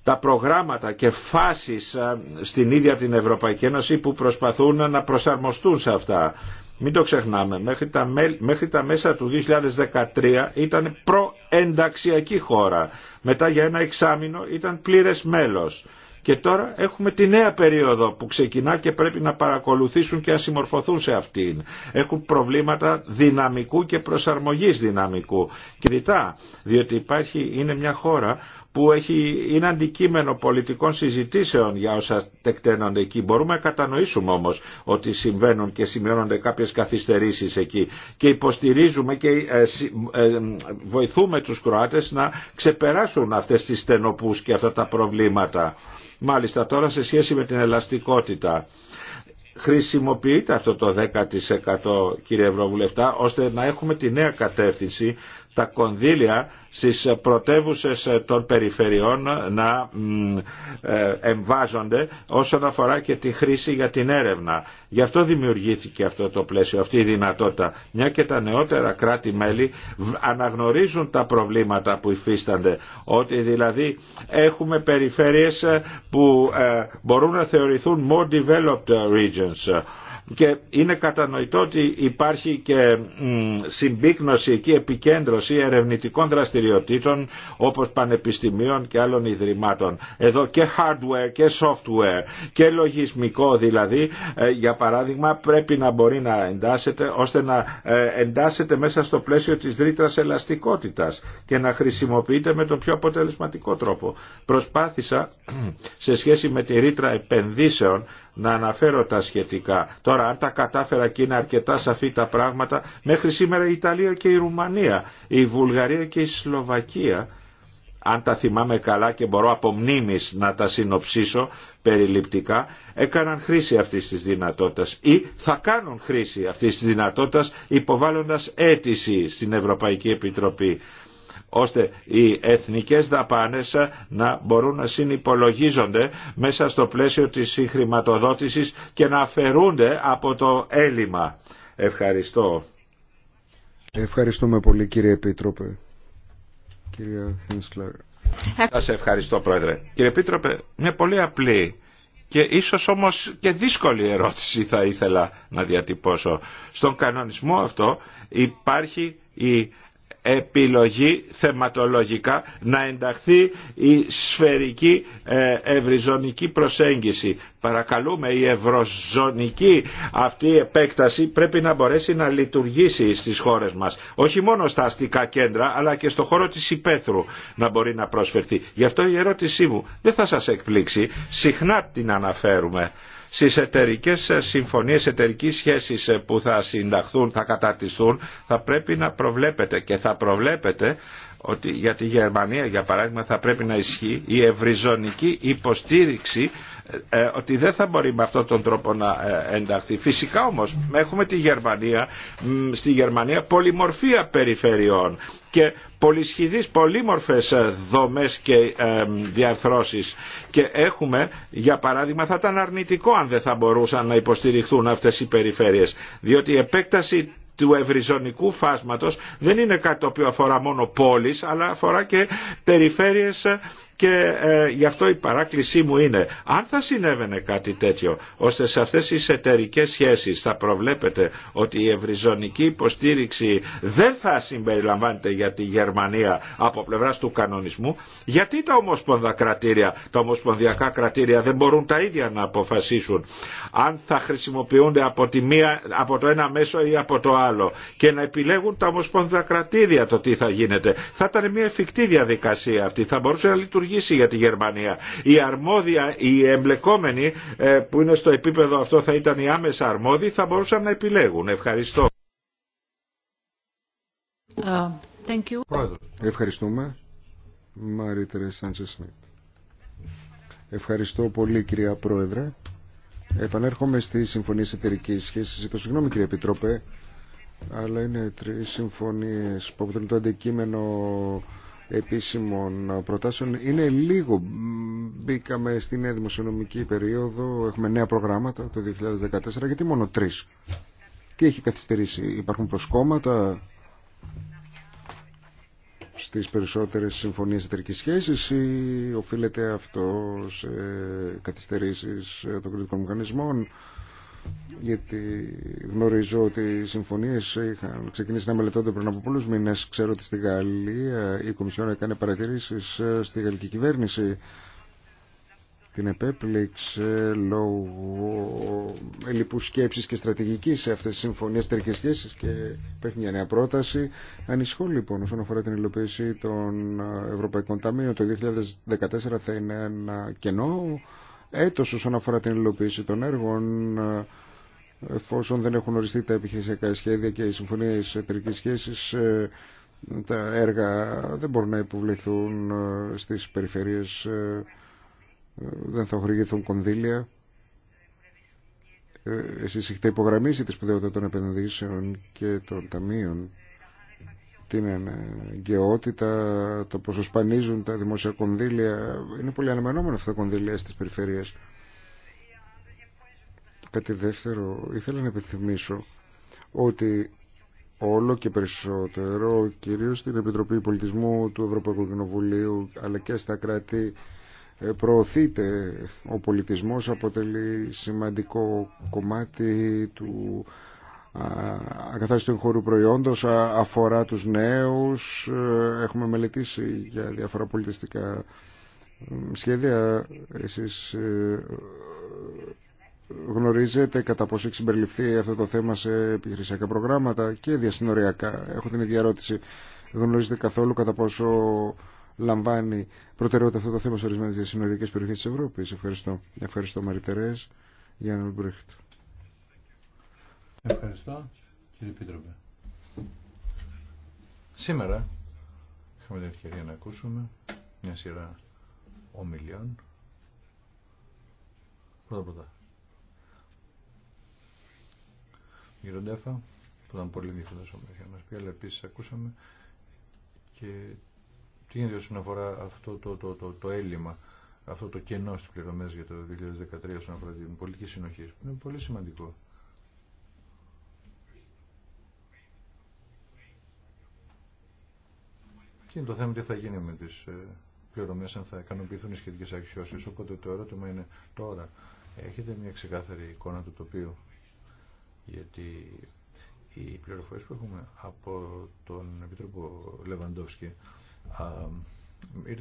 τα προγράμματα και φάσεις ε, στην ίδια την Ευρωπαϊκή Ένωση που προσπαθούν να προσαρμοστούν σε αυτά. Μην το ξεχνάμε, μέχρι τα, μέχρι τα μέσα του 2013 ήταν προενταξιακή χώρα. Μετά για ένα εξάμεινο ήταν πλήρες μέλος. Και τώρα έχουμε τη νέα περίοδο που ξεκινά και πρέπει να παρακολουθήσουν και να συμμορφωθούν σε αυτήν. Έχουν προβλήματα δυναμικού και προσαρμογής δυναμικού. Και διτά, διότι υπάρχει, είναι μια χώρα που έχει, είναι αντικείμενο πολιτικών συζητήσεων για όσα τεκταίνονται εκεί. Μπορούμε να κατανοήσουμε όμως ότι συμβαίνουν και σημειώνονται κάποιες καθυστερήσεις εκεί και υποστηρίζουμε και ε, ε, βοηθούμε τους Κροάτες να ξεπεράσουν αυτές τις στενοπούς και αυτά τα προβλήματα. Μάλιστα τώρα σε σχέση με την ελαστικότητα χρησιμοποιείται αυτό το 10% κύριε Ευρωβουλευτά ώστε να έχουμε τη νέα κατεύθυνση τα κονδύλια στις πρωτεύουσες των περιφερειών να ε, εμβάζονται όσον αφορά και τη χρήση για την έρευνα. Γι' αυτό δημιουργήθηκε αυτό το πλαίσιο, αυτή η δυνατότητα. Μια και τα νεότερα κράτη-μέλη αναγνωρίζουν τα προβλήματα που υφίστανται. Ότι δηλαδή έχουμε περιφέρειες που ε, μπορούν να θεωρηθούν more developed regions και είναι κατανοητό ότι υπάρχει και συμπίκνωση εκεί επικέντρωση ερευνητικών δραστηριοτήτων όπως πανεπιστημίων και άλλων ιδρυμάτων. Εδώ και hardware και software και λογισμικό δηλαδή ε, για παράδειγμα πρέπει να μπορεί να εντάσσεται ώστε να ε, εντάσσεται μέσα στο πλαίσιο της ρήτρας ελαστικότητας και να χρησιμοποιείται με τον πιο αποτελεσματικό τρόπο. Προσπάθησα σε σχέση με τη ρήτρα επενδύσεων να αναφέρω τα σχετικά. Τώρα αν τα κατάφερα και είναι αρκετά σαφή τα πράγματα, μέχρι σήμερα η Ιταλία και η Ρουμανία, η Βουλγαρία και η Σλοβακία, αν τα θυμάμαι καλά και μπορώ από μνήμης να τα συνοψίσω περιληπτικά, έκαναν χρήση αυτής της δυνατότητας ή θα κάνουν χρήση αυτής της δυνατότητας υποβάλλοντας αίτηση στην Ευρωπαϊκή Επιτροπή ώστε οι εθνικές δαπάνες να μπορούν να συνυπολογίζονται μέσα στο πλαίσιο της συγχρηματοδότησης και να αφαιρούνται από το έλλειμμα. Ευχαριστώ. Ευχαριστούμε πολύ κύριε Επίτροπε. Κυρία Θα Σας ευχαριστώ πρόεδρε. Κύριε Επίτροπε, μια πολύ απλή και ίσως όμως και δύσκολη ερώτηση θα ήθελα να διατυπώσω. Στον κανονισμό αυτό υπάρχει η επιλογή θεματολογικά να ενταχθεί η σφαιρική ε, ευρυζωνική προσέγγιση. Παρακαλούμε η ευρωζωνική αυτή επέκταση πρέπει να μπορέσει να λειτουργήσει στις χώρες μας. Όχι μόνο στα αστικά κέντρα αλλά και στο χώρο της υπαίθρου να μπορεί να προσφερθεί. Γι' αυτό η ερώτησή μου δεν θα σας εκπλήξει. Συχνά την αναφέρουμε στις εταιρικές συμφωνίες εταιρικέ σχέσης που θα συνταχθούν, θα καταρτιστούν, θα πρέπει να προβλέπετε και θα προβλέπετε ότι για τη Γερμανία, για παράδειγμα, θα πρέπει να ισχύει η ευρυζωνική υποστήριξη ε, ότι δεν θα μπορεί με αυτόν τον τρόπο να ε, ενταχθεί. Φυσικά όμως έχουμε τη Γερμανία, στη Γερμανία πολυμορφία περιφερειών και πολυσχηδείς, πολύμορφες ε, δομές και διαρθρώσεις και έχουμε, για παράδειγμα, θα ήταν αρνητικό αν δεν θα μπορούσαν να υποστηριχθούν αυτές οι περιφέρειες, διότι η επέκταση του ευρυζωνικού φάσματος δεν είναι κάτι το οποίο αφορά μόνο πόλεις αλλά αφορά και περιφέρειες και ε, γι' αυτό η παράκλησή μου είναι, αν θα συνέβαινε κάτι τέτοιο, ώστε σε αυτές τις εταιρικέ σχέσεις θα προβλέπετε ότι η ευρυζωνική υποστήριξη δεν θα συμπεριλαμβάνεται για τη Γερμανία από πλευράς του κανονισμού, γιατί τα ομοσπονδα κρατήρια, τα ομοσπονδιακά κρατήρια δεν μπορούν τα ίδια να αποφασίσουν αν θα χρησιμοποιούνται από, από το ένα μέσο ή από το άλλο και να επιλέγουν τα ομοσπονδιακά κρατήρια το τι θα γίνεται. Θα ήταν μια εφικτή διαδικασία αυτή, θα μπορούσε να λειτουργήσει λειτουργήσει για τη Γερμανία. Η αρμόδια, οι εμπλεκόμενοι ε, που είναι στο επίπεδο αυτό θα ήταν οι άμεσα αρμόδιοι θα μπορούσαν να επιλέγουν. Ευχαριστώ. Uh, thank you. Ευχαριστούμε. Μαρίτερε Σάντσε Σμιτ. Ευχαριστώ πολύ κυρία Πρόεδρε. Επανέρχομαι στη Συμφωνία Εταιρική Σχέση. Ζητώ συγγνώμη κύριε Επιτρόπε, αλλά είναι τρει συμφωνίε που αποτελούν το αντικείμενο επίσημων προτάσεων είναι λίγο. Μπήκαμε στην νέα δημοσιονομική περίοδο, έχουμε νέα προγράμματα το 2014, γιατί μόνο τρει. Τι έχει καθυστερήσει, υπάρχουν προσκόμματα στις περισσότερες συμφωνίες εταιρικής σχέσης ή οφείλεται αυτό σε καθυστερήσεις των κριτικών μηχανισμών γιατί γνωρίζω ότι οι συμφωνίες είχαν ξεκινήσει να μελετώνται πριν από πολλούς μήνες. Ξέρω ότι στη Γαλλία η Κομισιόν έκανε παρατηρήσεις στη γαλλική κυβέρνηση. Την επέπληξε λόγω λοιπού σκέψης και στρατηγικής σε αυτές τις συμφωνίες τερικές σχέσεις και υπάρχει μια νέα πρόταση. Ανισχώ λοιπόν όσον αφορά την υλοποίηση των Ευρωπαϊκών Ταμείων το 2014 θα είναι ένα κενό έτος όσον αφορά την υλοποίηση των έργων εφόσον δεν έχουν οριστεί τα επιχειρησιακά σχέδια και οι συμφωνίες εταιρικής σχέσης ε, τα έργα δεν μπορούν να υποβληθούν ε, στις περιφερειές ε, δεν θα χορηγηθούν κονδύλια εσείς έχετε υπογραμμίσει τη σπουδαιότητα των επενδύσεων και των ταμείων την αγκαιότητα, το πόσο σπανίζουν τα δημόσια κονδύλια. Είναι πολύ αναμενόμενο αυτά τα κονδύλια στις περιφέρειες. Κάτι δεύτερο, ήθελα να επιθυμίσω ότι όλο και περισσότερο, κυρίως στην Επιτροπή Πολιτισμού του Ευρωπαϊκού Κοινοβουλίου, αλλά και στα κράτη, ε, προωθείται ο πολιτισμός, αποτελεί σημαντικό κομμάτι του του χώρου προϊόντος αφορά τους νέους ε, έχουμε μελετήσει για διάφορα πολιτιστικά σχέδια εσείς ε, γνωρίζετε κατά πόσο έχει συμπεριληφθεί αυτό το θέμα σε επιχειρησιακά προγράμματα και διασυνοριακά έχω την ίδια ερώτηση γνωρίζετε καθόλου κατά πόσο λαμβάνει προτεραιότητα αυτό το θέμα σε ορισμένες διασυνοριακές περιοχές της Ευρώπης ευχαριστώ, ευχαριστώ Μαριτερές Γιάννη Μπρέχτ Ευχαριστώ κύριε Πίτροπε. Σήμερα είχαμε την ευκαιρία να ακούσουμε μια σειρά ομιλιών. Πρώτα πρώτα. Γύρω Ντέφα, που ήταν πολύ ενδιαφέροντα ομιλία μα πει, αλλά επίση ακούσαμε και τι γίνεται όσον αφορά αυτό το, το, το, το έλλειμμα, αυτό το κενό στι πληρωμέ για το 2013 όσον αφορά την πολιτική συνοχή, που είναι πολύ σημαντικό. Και είναι το θέμα τι θα γίνει με τι ε, πληρωμέ, αν θα ικανοποιηθούν οι σχετικέ αξιώσει. Οπότε το ερώτημα είναι τώρα. Έχετε μια ξεκάθαρη εικόνα του τοπίου. Γιατί οι πληροφορίε που έχουμε από τον Επιτρόπο Λεβαντόφσκι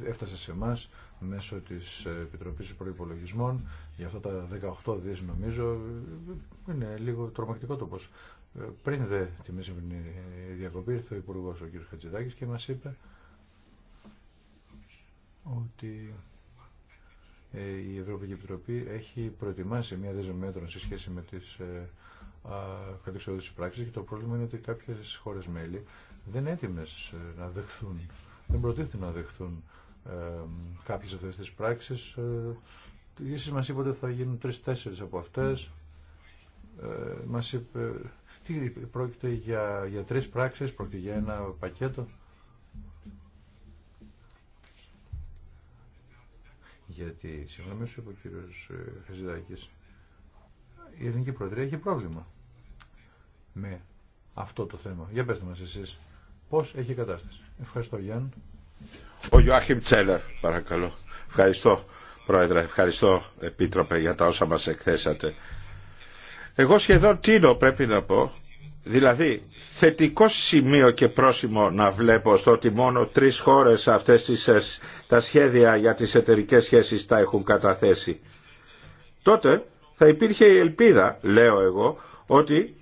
έφτασε σε εμά μέσω τη ε, επιτροπή προπολογισμών για αυτά τα 18 δι, νομίζω είναι λίγο τρομακτικό το πώ. Ε, πριν δε τη μεσημερινή διακοπή ήρθε ο Υπουργό ο κ. Χατζηδάκη και μα είπε ότι ε, η Ευρωπαϊκή Επιτροπή έχει προετοιμάσει μια δέσμευση μέτρων σε σχέση με τις ε, κατεξοδότητες πράξεις και το πρόβλημα είναι ότι κάποιες χώρες μέλη δεν είναι έτοιμες ε, να δεχθούν, δεν προτίθεται να δεχθούν κάποιες αυτές τις πράξεις. Ίσως μας είπε ότι θα γίνουν τρεις-τέσσερις από αυτές. Μας είπε τι πρόκειται για, για τρεις πράξεις, πρόκειται για ένα πακέτο. Γιατί, συγγνώμη, σου, είπε ο κύριο ε, Χαζηδάκη, η ελληνική προεδρία έχει πρόβλημα με αυτό το θέμα. Για πέστε μα εσεί πώ έχει η κατάσταση. Ευχαριστώ, Γιάννη. Ο Ιωάχιμ Τσέλερ, παρακαλώ. Ευχαριστώ, Πρόεδρε. Ευχαριστώ, Επίτροπε, για τα όσα μας εκθέσατε. Εγώ σχεδόν τίνω, πρέπει να πω, Δηλαδή, θετικό σημείο και πρόσημο να βλέπω στο ότι μόνο τρεις χώρες αυτές τις, ε, τα σχέδια για τις εταιρικές σχέσεις τα έχουν καταθέσει. Τότε θα υπήρχε η ελπίδα, λέω εγώ, ότι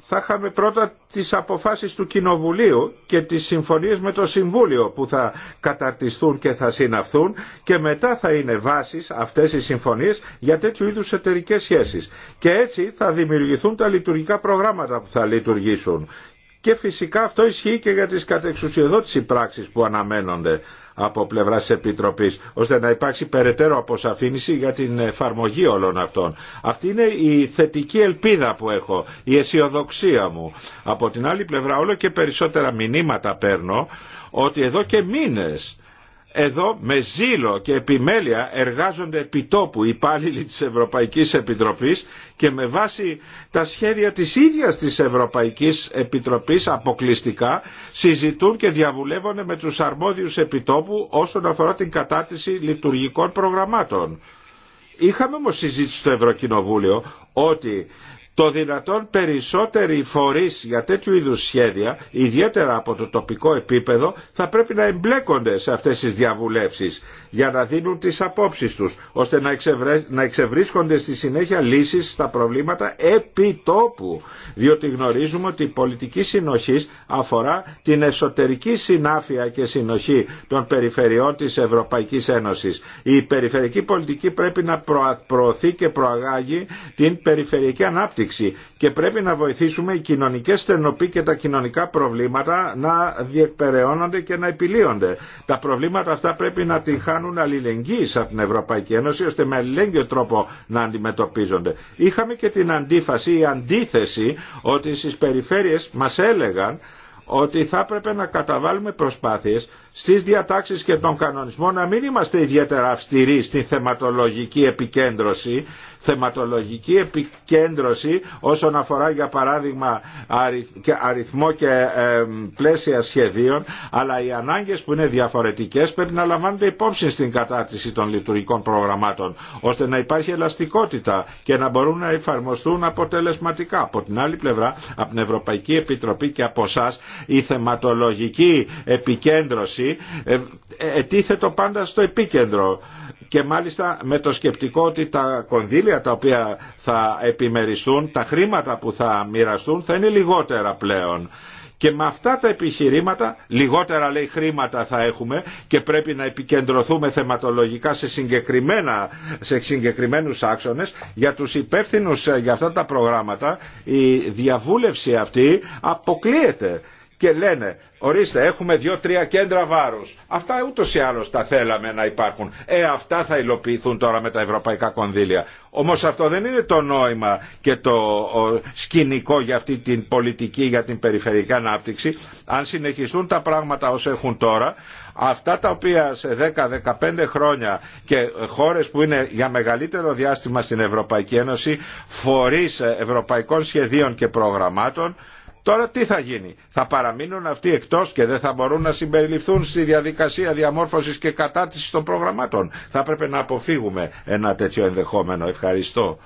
θα είχαμε πρώτα τις αποφάσεις του Κοινοβουλίου και τις συμφωνίες με το Συμβούλιο που θα καταρτιστούν και θα συναυθούν και μετά θα είναι βάσεις αυτές οι συμφωνίες για τέτοιου είδους εταιρικέ σχέσεις. Και έτσι θα δημιουργηθούν τα λειτουργικά προγράμματα που θα λειτουργήσουν και φυσικά αυτό ισχύει και για τις κατεξουσιοδότηση πράξεις που αναμένονται από πλευράς της Επιτροπής, ώστε να υπάρξει περαιτέρω αποσαφήνιση για την εφαρμογή όλων αυτών. Αυτή είναι η θετική ελπίδα που έχω, η αισιοδοξία μου. Από την άλλη πλευρά όλο και περισσότερα μηνύματα παίρνω ότι εδώ και μήνες εδώ με ζήλο και επιμέλεια εργάζονται επιτόπου οι υπάλληλοι της Ευρωπαϊκής Επιτροπής και με βάση τα σχέδια της ίδιας της Ευρωπαϊκής Επιτροπής αποκλειστικά συζητούν και διαβουλεύονται με τους αρμόδιους επιτόπου όσον αφορά την κατάρτιση λειτουργικών προγραμμάτων. Είχαμε όμως συζήτηση στο Ευρωκοινοβούλιο ότι το δυνατόν περισσότεροι φορείς για τέτοιου είδους σχέδια, ιδιαίτερα από το τοπικό επίπεδο, θα πρέπει να εμπλέκονται σε αυτές τις διαβουλεύσεις για να δίνουν τις απόψεις τους, ώστε να εξευρίσκονται στη συνέχεια λύσεις στα προβλήματα επί τόπου. Διότι γνωρίζουμε ότι η πολιτική συνοχή αφορά την εσωτερική συνάφεια και συνοχή των περιφερειών της Ευρωπαϊκής Ένωσης. Η περιφερειακή πολιτική πρέπει να προωθεί και προαγάγει την περιφερειακή ανάπτυξη και πρέπει να βοηθήσουμε οι κοινωνικές στενοποί και τα κοινωνικά προβλήματα να διεκπεραιώνονται και να επιλύονται. Τα προβλήματα αυτά πρέπει να τη χάνουν αλληλεγγύης από την Ευρωπαϊκή Ένωση ώστε με αλληλέγγυο τρόπο να αντιμετωπίζονται. Είχαμε και την αντίφαση, η αντίθεση ότι στις περιφέρειες μας έλεγαν ότι θα έπρεπε να καταβάλουμε προσπάθειες στις διατάξεις και τον κανονισμό να μην είμαστε ιδιαίτερα αυστηροί στην θεματολογική επικέντρωση θεματολογική επικέντρωση όσον αφορά για παράδειγμα αριθμό και πλαίσια σχεδίων αλλά οι ανάγκες που είναι διαφορετικές πρέπει να λαμβάνονται υπόψη στην κατάρτιση των λειτουργικών προγραμμάτων ώστε να υπάρχει ελαστικότητα και να μπορούν να εφαρμοστούν αποτελεσματικά. Από την άλλη πλευρά, από την Ευρωπαϊκή Επιτροπή και από εσά, η θεματολογική επικέντρωση ετίθετο πάντα στο επίκεντρο και μάλιστα με το σκεπτικό ότι τα κονδύλια τα οποία θα επιμεριστούν, τα χρήματα που θα μοιραστούν θα είναι λιγότερα πλέον. Και με αυτά τα επιχειρήματα, λιγότερα λέει χρήματα θα έχουμε και πρέπει να επικεντρωθούμε θεματολογικά σε, συγκεκριμένα, σε συγκεκριμένους άξονες για τους υπεύθυνους ε, για αυτά τα προγράμματα η διαβούλευση αυτή αποκλείεται και λένε ορίστε έχουμε δύο-τρία κέντρα βάρους. Αυτά ούτως ή άλλως τα θέλαμε να υπάρχουν. Ε, αυτά θα υλοποιηθούν τώρα με τα ευρωπαϊκά κονδύλια. Όμως αυτό δεν είναι το νόημα και το σκηνικό για αυτή την πολιτική για την περιφερειακή ανάπτυξη. Αν συνεχιστούν τα πράγματα όσο έχουν τώρα, αυτά τα οποία σε 10-15 χρόνια και χώρες που είναι για μεγαλύτερο διάστημα στην Ευρωπαϊκή Ένωση, φορείς ευρωπαϊκών σχεδίων και προγραμμάτων, Τώρα τι θα γίνει. Θα παραμείνουν αυτοί εκτός και δεν θα μπορούν να συμπεριληφθούν στη διαδικασία διαμόρφωσης και κατάτησης των προγραμμάτων. Θα έπρεπε να αποφύγουμε ένα τέτοιο ενδεχόμενο. Ευχαριστώ.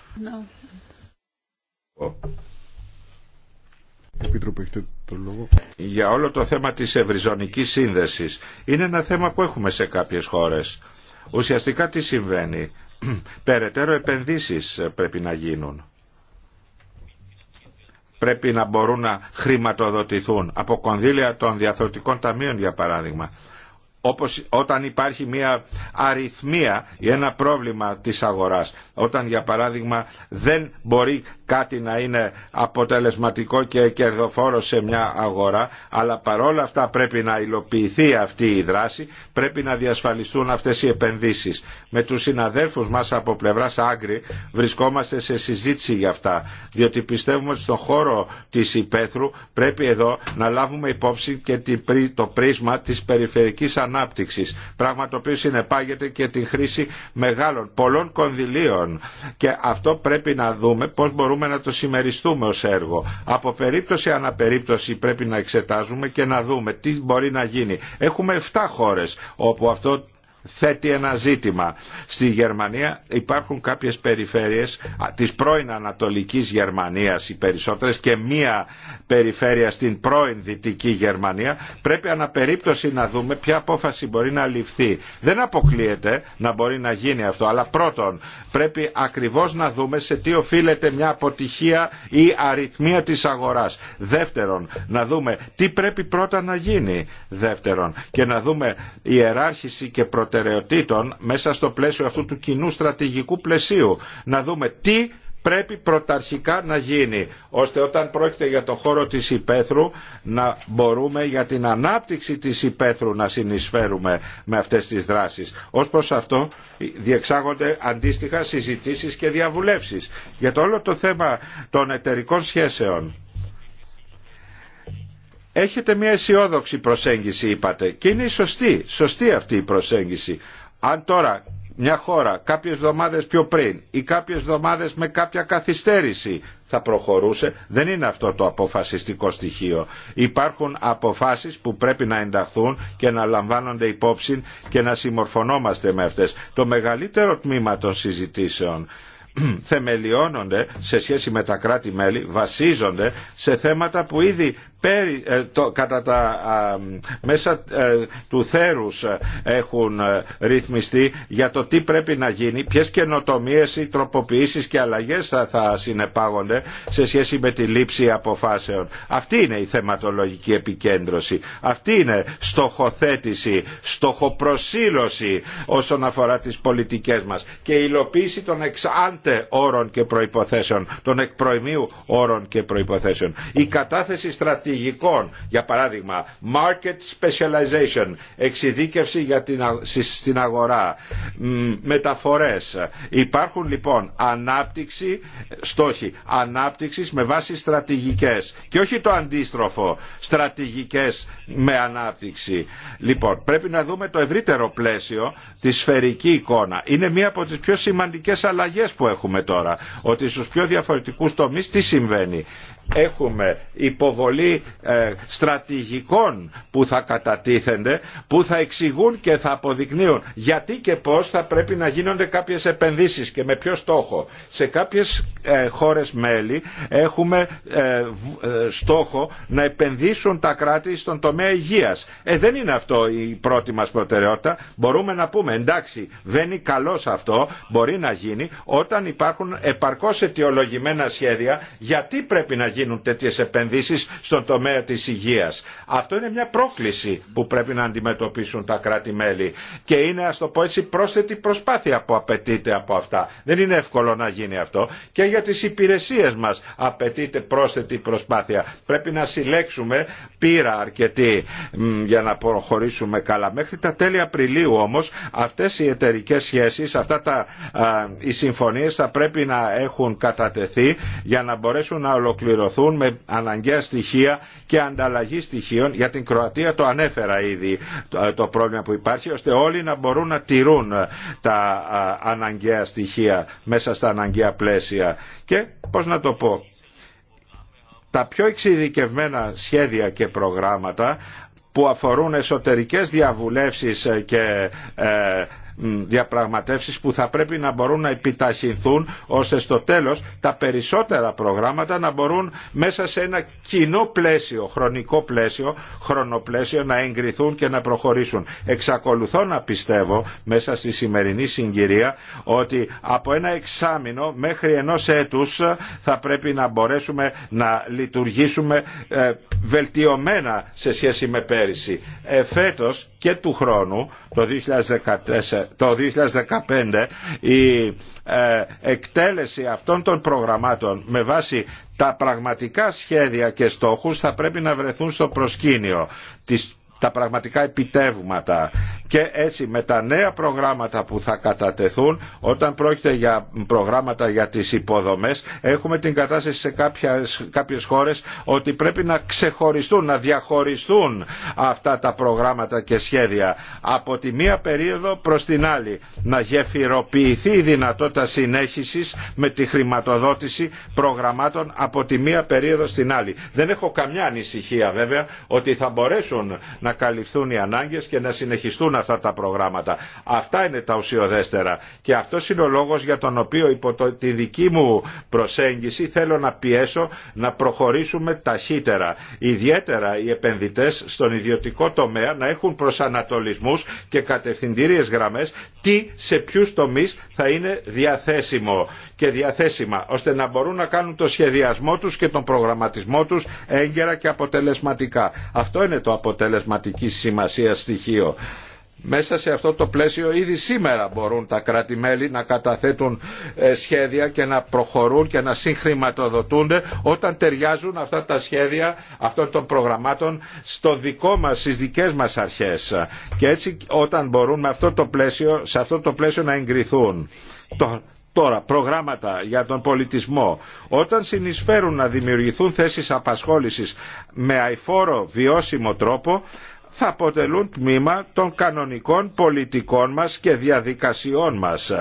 το Για όλο το θέμα της ευρυζωνικής σύνδεσης. Είναι ένα θέμα που έχουμε σε κάποιες χώρες. Ουσιαστικά τι συμβαίνει. Περαιτέρω επενδύσεις πρέπει να γίνουν πρέπει να μπορούν να χρηματοδοτηθούν από κονδύλια των διαθροτικών ταμείων για παράδειγμα. Όπως όταν υπάρχει μια αριθμία ή ένα πρόβλημα της αγοράς, όταν για παράδειγμα δεν μπορεί κάτι να είναι αποτελεσματικό και κερδοφόρο σε μια αγορά, αλλά παρόλα αυτά πρέπει να υλοποιηθεί αυτή η δράση, πρέπει να διασφαλιστούν αυτές οι επενδύσεις. Με τους συναδέλφους μας από πλευράς Άγκρη βρισκόμαστε σε συζήτηση για αυτά, διότι πιστεύουμε ότι στον χώρο της υπαίθρου πρέπει εδώ να λάβουμε υπόψη και το πρίσμα της περιφερικής ανάπτυξης, πράγμα το οποίο συνεπάγεται και την χρήση μεγάλων, πολλών κονδυλίων και αυτό πρέπει να δούμε πώς μπορούμε μπορούμε να το συμμεριστούμε ως έργο. Από περίπτωση αναπερίπτωση πρέπει να εξετάζουμε και να δούμε τι μπορεί να γίνει. Έχουμε 7 χώρες όπου αυτό θέτει ένα ζήτημα. Στη Γερμανία υπάρχουν κάποιες περιφέρειες της πρώην Ανατολικής Γερμανίας οι περισσότερες και μία περιφέρεια στην πρώην Δυτική Γερμανία. Πρέπει αναπερίπτωση να δούμε ποια απόφαση μπορεί να ληφθεί. Δεν αποκλείεται να μπορεί να γίνει αυτό, αλλά πρώτον πρέπει ακριβώς να δούμε σε τι οφείλεται μια αποτυχία ή αριθμία της αγοράς. Δεύτερον, να δούμε τι πρέπει πρώτα να γίνει. Δεύτερον, και να δούμε η ιεράρχηση και προτεραιοτήτων μέσα στο πλαίσιο αυτού του κοινού στρατηγικού πλαισίου. Να δούμε τι πρέπει πρωταρχικά να γίνει ώστε όταν πρόκειται για το χώρο της υπαίθρου να μπορούμε για την ανάπτυξη της υπαίθρου να συνεισφέρουμε με αυτές τις δράσεις. Ως προς αυτό διεξάγονται αντίστοιχα συζητήσεις και διαβουλεύσεις για το όλο το θέμα των εταιρικών σχέσεων έχετε μια αισιόδοξη προσέγγιση είπατε και είναι σωστή, σωστή αυτή η προσέγγιση. Αν τώρα μια χώρα κάποιες εβδομάδες πιο πριν ή κάποιες εβδομάδες με κάποια καθυστέρηση θα προχωρούσε, δεν είναι αυτό το αποφασιστικό στοιχείο. Υπάρχουν αποφάσεις που πρέπει να ενταχθούν και να λαμβάνονται υπόψη και να συμμορφωνόμαστε με αυτές. Το μεγαλύτερο τμήμα των συζητήσεων θεμελιώνονται σε σχέση με τα κράτη-μέλη, βασίζονται σε θέματα που ήδη πέρι, ε, το, κατά τα μέσα ε, του θέρους ε, έχουν ρυθμιστεί για το τι πρέπει να γίνει, ποιες καινοτομίες ή τροποποιήσεις και αλλαγές θα, θα συνεπάγονται σε σχέση με τη λήψη αποφάσεων. Αυτή είναι η θεματολογική επικέντρωση. Αυτή είναι στοχοθέτηση, στοχοπροσύλωση όσον αφορά τις πολιτικές μας και η υλοποίηση των εξάντε όρων και προϋποθέσεων, των εκπροημίου όρων και προϋποθέσεων. Η κατάθεση στρατηγικής στρατηγικών, για παράδειγμα market specialization, εξειδίκευση για την, στην αγορά, μεταφορές. Υπάρχουν λοιπόν ανάπτυξη, στόχοι ανάπτυξης με βάση στρατηγικές και όχι το αντίστροφο, στρατηγικές με ανάπτυξη. Λοιπόν, πρέπει να δούμε το ευρύτερο πλαίσιο, τη σφαιρική εικόνα. Είναι μία από τις πιο σημαντικές αλλαγές που έχουμε τώρα, ότι στους πιο διαφορετικούς τομείς τι συμβαίνει έχουμε υποβολή ε, στρατηγικών που θα κατατίθενται, που θα εξηγούν και θα αποδεικνύουν γιατί και πώς θα πρέπει να γίνονται κάποιες επενδύσεις και με ποιο στόχο. Σε κάποιες ε, χώρες μέλη έχουμε ε, στόχο να επενδύσουν τα κράτη στον τομέα υγείας. Ε, δεν είναι αυτό η πρώτη μας προτεραιότητα. Μπορούμε να πούμε εντάξει, βαίνει καλό αυτό, μπορεί να γίνει, όταν υπάρχουν επαρκώς αιτιολογημένα σχέδια γιατί πρέπει να γίνουν τέτοιες επενδύσεις στον τομέα της υγείας. Αυτό είναι μια πρόκληση που πρέπει να αντιμετωπίσουν τα κράτη-μέλη και είναι ας το πω έτσι πρόσθετη προσπάθεια που απαιτείται από αυτά. Δεν είναι εύκολο να γίνει αυτό και για τις υπηρεσίες μας απαιτείται πρόσθετη προσπάθεια. Πρέπει να συλλέξουμε πείρα αρκετή για να προχωρήσουμε καλά. Μέχρι τα τέλη Απριλίου όμως αυτές οι εταιρικέ σχέσεις, αυτά τα, οι συμφωνίες θα πρέπει να έχουν κατατεθεί για να μπορέσουν να ολοκληρωθούν ολοκληρωθούν με αναγκαία στοιχεία και ανταλλαγή στοιχείων. Για την Κροατία το ανέφερα ήδη το πρόβλημα που υπάρχει, ώστε όλοι να μπορούν να τηρούν τα αναγκαία στοιχεία μέσα στα αναγκαία πλαίσια. Και πώς να το πω, τα πιο εξειδικευμένα σχέδια και προγράμματα που αφορούν εσωτερικές διαβουλεύσεις και ε, διαπραγματεύσεις που θα πρέπει να μπορούν να επιταχυνθούν ώστε στο τέλος τα περισσότερα προγράμματα να μπορούν μέσα σε ένα κοινό πλαίσιο, χρονικό πλαίσιο, χρονοπλαίσιο να εγκριθούν και να προχωρήσουν. Εξακολουθώ να πιστεύω μέσα στη σημερινή συγκυρία ότι από ένα εξάμεινο μέχρι ενός έτους θα πρέπει να μπορέσουμε να λειτουργήσουμε ε, βελτιωμένα σε σχέση με πέρυσι. Εφέτος και του χρόνου, το 2014, το 2015 η ε, εκτέλεση αυτών των προγραμμάτων με βάση τα πραγματικά σχέδια και στόχους θα πρέπει να βρεθούν στο προσκήνιο της τα πραγματικά επιτεύγματα. Και έτσι με τα νέα προγράμματα που θα κατατεθούν, όταν πρόκειται για προγράμματα για τις υποδομές, έχουμε την κατάσταση σε κάποιες, κάποιες χώρες ότι πρέπει να ξεχωριστούν, να διαχωριστούν αυτά τα προγράμματα και σχέδια από τη μία περίοδο προς την άλλη. Να γεφυροποιηθεί η δυνατότητα συνέχισης με τη χρηματοδότηση προγραμμάτων από τη μία περίοδο στην άλλη. Δεν έχω καμιά ανησυχία βέβαια ότι θα μπορέσουν να να καλυφθούν οι ανάγκες και να συνεχιστούν αυτά τα προγράμματα. Αυτά είναι τα ουσιοδέστερα και αυτό είναι ο λόγος για τον οποίο υπό τη δική μου προσέγγιση θέλω να πιέσω να προχωρήσουμε ταχύτερα. Ιδιαίτερα οι επενδυτές στον ιδιωτικό τομέα να έχουν προσανατολισμούς και κατευθυντήριες γραμμές τι σε ποιου τομεί θα είναι διαθέσιμο και διαθέσιμα ώστε να μπορούν να κάνουν το σχεδιασμό τους και τον προγραμματισμό τους έγκαιρα και αποτελεσματικά. Αυτό είναι το αποτελεσματική σημασία στοιχείο. Μέσα σε αυτό το πλαίσιο ήδη σήμερα μπορούν τα κράτη-μέλη να καταθέτουν ε, σχέδια και να προχωρούν και να συγχρηματοδοτούνται όταν ταιριάζουν αυτά τα σχέδια αυτών των προγραμμάτων στο δικό μας, στις δικές μας αρχές. Και έτσι όταν μπορούν με αυτό το πλαίσιο, σε αυτό το πλαίσιο να εγκριθούν. Τώρα, προγράμματα για τον πολιτισμό. Όταν συνεισφέρουν να δημιουργηθούν θέσεις απασχόλησης με αηφόρο βιώσιμο τρόπο, θα αποτελούν τμήμα των κανονικών πολιτικών μας και διαδικασιών μας.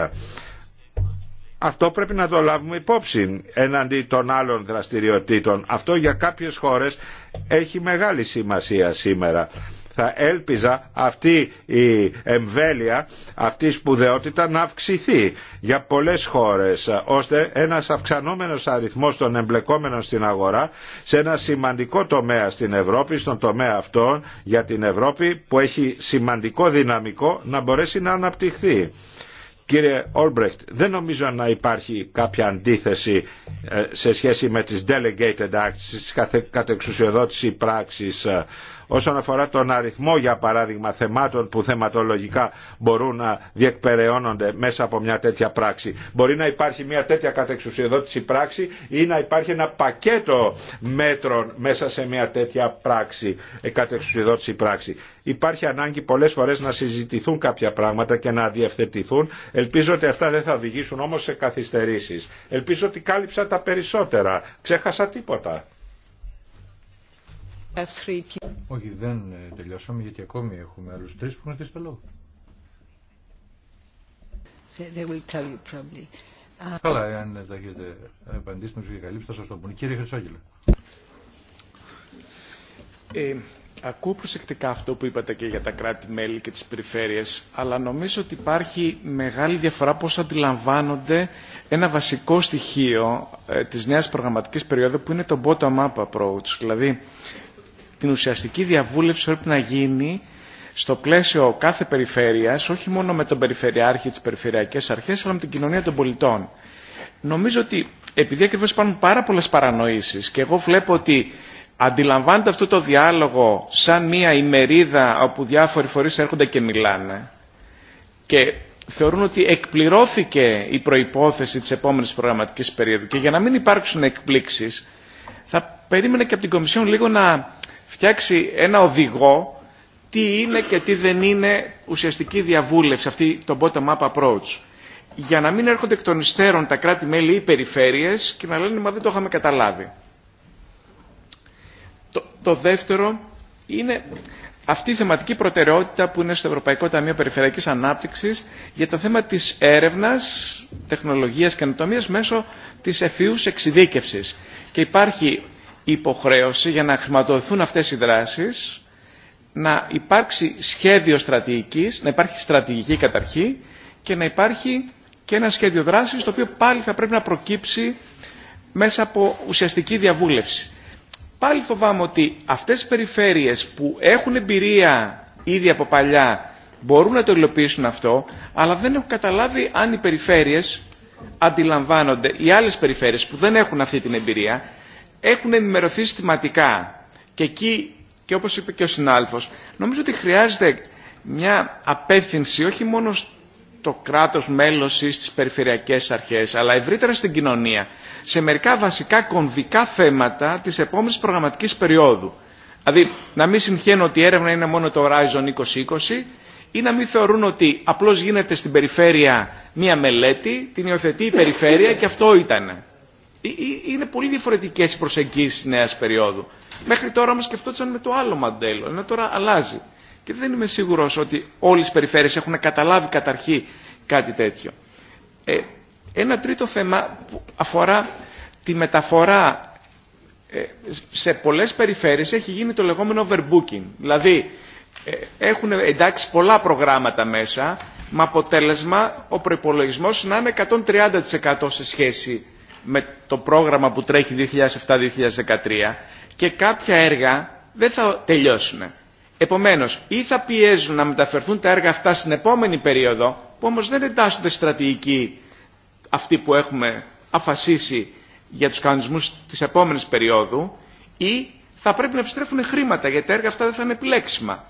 Αυτό πρέπει να το λάβουμε υπόψη εναντί των άλλων δραστηριοτήτων. Αυτό για κάποιες χώρες έχει μεγάλη σημασία σήμερα θα έλπιζα αυτή η εμβέλεια, αυτή η σπουδαιότητα να αυξηθεί για πολλές χώρες, ώστε ένας αυξανόμενος αριθμός των εμπλεκόμενων στην αγορά, σε ένα σημαντικό τομέα στην Ευρώπη, στον τομέα αυτόν για την Ευρώπη, που έχει σημαντικό δυναμικό, να μπορέσει να αναπτυχθεί. Κύριε Όλμπρεχτ, δεν νομίζω να υπάρχει κάποια αντίθεση ε, σε σχέση με τις delegated acts, τις κατεξουσιοδότηση πράξης ε, όσον αφορά τον αριθμό για παράδειγμα θεμάτων που θεματολογικά μπορούν να διεκπεραιώνονται μέσα από μια τέτοια πράξη. Μπορεί να υπάρχει μια τέτοια κατεξουσιοδότηση πράξη ή να υπάρχει ένα πακέτο μέτρων μέσα σε μια τέτοια πράξη, ε, κατεξουσιοδότηση πράξη. Υπάρχει ανάγκη πολλές φορές να συζητηθούν κάποια πράγματα και να διευθετηθούν. Ελπίζω ότι αυτά δεν θα οδηγήσουν όμως σε καθυστερήσεις. Ελπίζω ότι κάλυψα τα περισσότερα. Ξέχασα τίποτα. Όχι, δεν ε, τελειώσαμε γιατί ακόμη έχουμε άλλους τρεις που μας τις το uh, Καλά, εάν τα έχετε απαντήσει με καλύψει, θα σας το πούνε. Κύριε Χρυσόγελε. Ε, ακούω προσεκτικά αυτό που είπατε και για τα κράτη-μέλη και τις περιφέρειες, αλλά νομίζω ότι υπάρχει μεγάλη διαφορά πώς αντιλαμβάνονται ένα βασικό στοιχείο ε, της νέας προγραμματικής περίοδου που είναι το bottom-up approach. Δηλαδή, την ουσιαστική διαβούλευση πρέπει να γίνει στο πλαίσιο κάθε περιφέρειας, όχι μόνο με τον Περιφερειάρχη, τις Περιφερειακές Αρχές, αλλά με την κοινωνία των πολιτών. Νομίζω ότι επειδή ακριβώ υπάρχουν πάρα πολλές παρανοήσεις και εγώ βλέπω ότι αντιλαμβάνεται αυτό το διάλογο σαν μια ημερίδα όπου διάφοροι φορείς έρχονται και μιλάνε και θεωρούν ότι εκπληρώθηκε η προϋπόθεση της επόμενης προγραμματικής περίοδου και για να μην υπάρξουν εκπλήξεις θα περίμενα και από την Κομισιόν λίγο να φτιάξει ένα οδηγό τι είναι και τι δεν είναι ουσιαστική διαβούλευση, αυτή το bottom-up approach. Για να μην έρχονται εκ των υστέρων τα κράτη-μέλη ή περιφέρειες και να λένε «Μα δεν το είχαμε καταλάβει». Το, δεύτερο είναι αυτή η θεματική προτεραιότητα που είναι στο Ευρωπαϊκό Ταμείο Περιφερειακής Ανάπτυξης για το θέμα της έρευνας, τεχνολογίας και μέσω της εφίους εξειδίκευσης. Και υπάρχει υποχρέωση για να χρηματοδοθούν αυτές οι δράσεις να υπάρξει σχέδιο στρατηγικής, να υπάρχει στρατηγική καταρχή και να υπάρχει και ένα σχέδιο δράσης το οποίο πάλι θα πρέπει να προκύψει μέσα από ουσιαστική διαβούλευση. Πάλι φοβάμαι ότι αυτές οι περιφέρειες που έχουν εμπειρία ήδη από παλιά μπορούν να το υλοποιήσουν αυτό, αλλά δεν έχουν καταλάβει αν οι περιφέρειες αντιλαμβάνονται, οι άλλες περιφέρειες που δεν έχουν αυτή την εμπειρία, έχουν ενημερωθεί συστηματικά. Και εκεί, και όπως είπε και ο συνάλφος, νομίζω ότι χρειάζεται μια απεύθυνση όχι μόνο στο κράτος μέλος ή στις περιφερειακές αρχές, αλλά ευρύτερα στην κοινωνία, σε μερικά βασικά κομβικά θέματα της επόμενης προγραμματικής περίοδου. Δηλαδή, να μην συγχαίνω ότι η έρευνα είναι μόνο το Horizon 2020 ή να μην θεωρούν ότι απλώς γίνεται στην περιφέρεια μία μελέτη, την υιοθετεί η περιφέρεια και αυτό ήτανε. Ε, ε, είναι πολύ διαφορετικέ οι προσεγγίσει νέα περίοδου. Μέχρι τώρα όμω σκεφτόταν με το άλλο μοντέλο, ενώ τώρα αλλάζει. Και δεν είμαι σίγουρο ότι όλε οι περιφέρειες έχουν καταλάβει καταρχή κάτι τέτοιο. Ε, ένα τρίτο θέμα που αφορά τη μεταφορά σε πολλές περιφέρειες έχει γίνει το λεγόμενο overbooking. Δηλαδή έχουν εντάξει πολλά προγράμματα μέσα με αποτέλεσμα ο προπολογισμό να είναι 130% σε σχέση με το πρόγραμμα που τρέχει 2007-2013 και κάποια έργα δεν θα τελειώσουν. Επομένως, ή θα πιέζουν να μεταφερθούν τα έργα αυτά στην επόμενη περίοδο, που όμως δεν εντάσσονται στρατηγική αυτή που έχουμε αφασίσει για τους κανονισμούς της επόμενης περίοδου, ή θα πρέπει να επιστρέφουν χρήματα, γιατί τα έργα αυτά δεν θα είναι επιλέξιμα.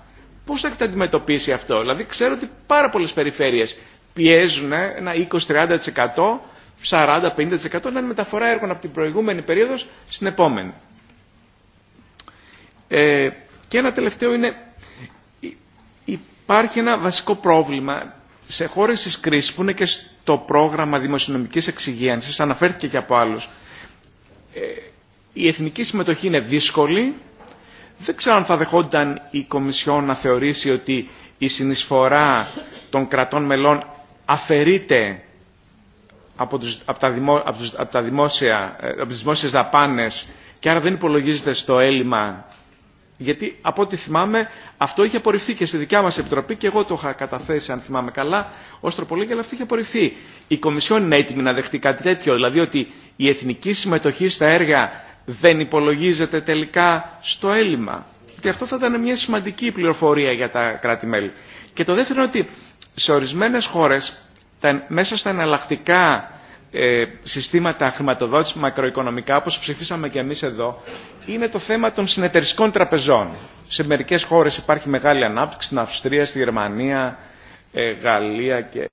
Πώς θα έχετε αντιμετωπίσει αυτό. Δηλαδή, ξέρω ότι πάρα πολλές περιφέρειες πιέζουν ένα 20-30% 40-50% είναι μεταφορά έργων από την προηγούμενη περίοδο στην επόμενη. Ε, και ένα τελευταίο είναι, υπάρχει ένα βασικό πρόβλημα σε χώρες της κρίση που είναι και στο πρόγραμμα δημοσιονομικής εξυγίανσης, αναφέρθηκε και από άλλους, ε, η εθνική συμμετοχή είναι δύσκολη, δεν ξέρω αν θα δεχόνταν η Κομισιόν να θεωρήσει ότι η συνεισφορά των κρατών μελών αφαιρείται από, τους, από, τα, δημο, ε, τις δημόσιες δαπάνες και άρα δεν υπολογίζεται στο έλλειμμα. Γιατί από ό,τι θυμάμαι αυτό είχε απορριφθεί και στη δικιά μας επιτροπή και εγώ το είχα καταθέσει αν θυμάμαι καλά ως τροπολίγια αλλά αυτό είχε απορριφθεί. Η Κομισιόν είναι έτοιμη να δεχτεί κάτι τέτοιο, δηλαδή ότι η εθνική συμμετοχή στα έργα δεν υπολογίζεται τελικά στο έλλειμμα. Και αυτό θα ήταν μια σημαντική πληροφορία για τα κράτη-μέλη. Και το δεύτερο είναι ότι σε ορισμένες χώρες τα, μέσα στα εναλλακτικά ε, συστήματα χρηματοδότηση μακροοικονομικά, όπως ψηφίσαμε και εμείς εδώ, είναι το θέμα των συνεταιριστικών τραπεζών. Σε μερικές χώρες υπάρχει μεγάλη ανάπτυξη, στην Αυστρία, στη Γερμανία, ε, Γαλλία και...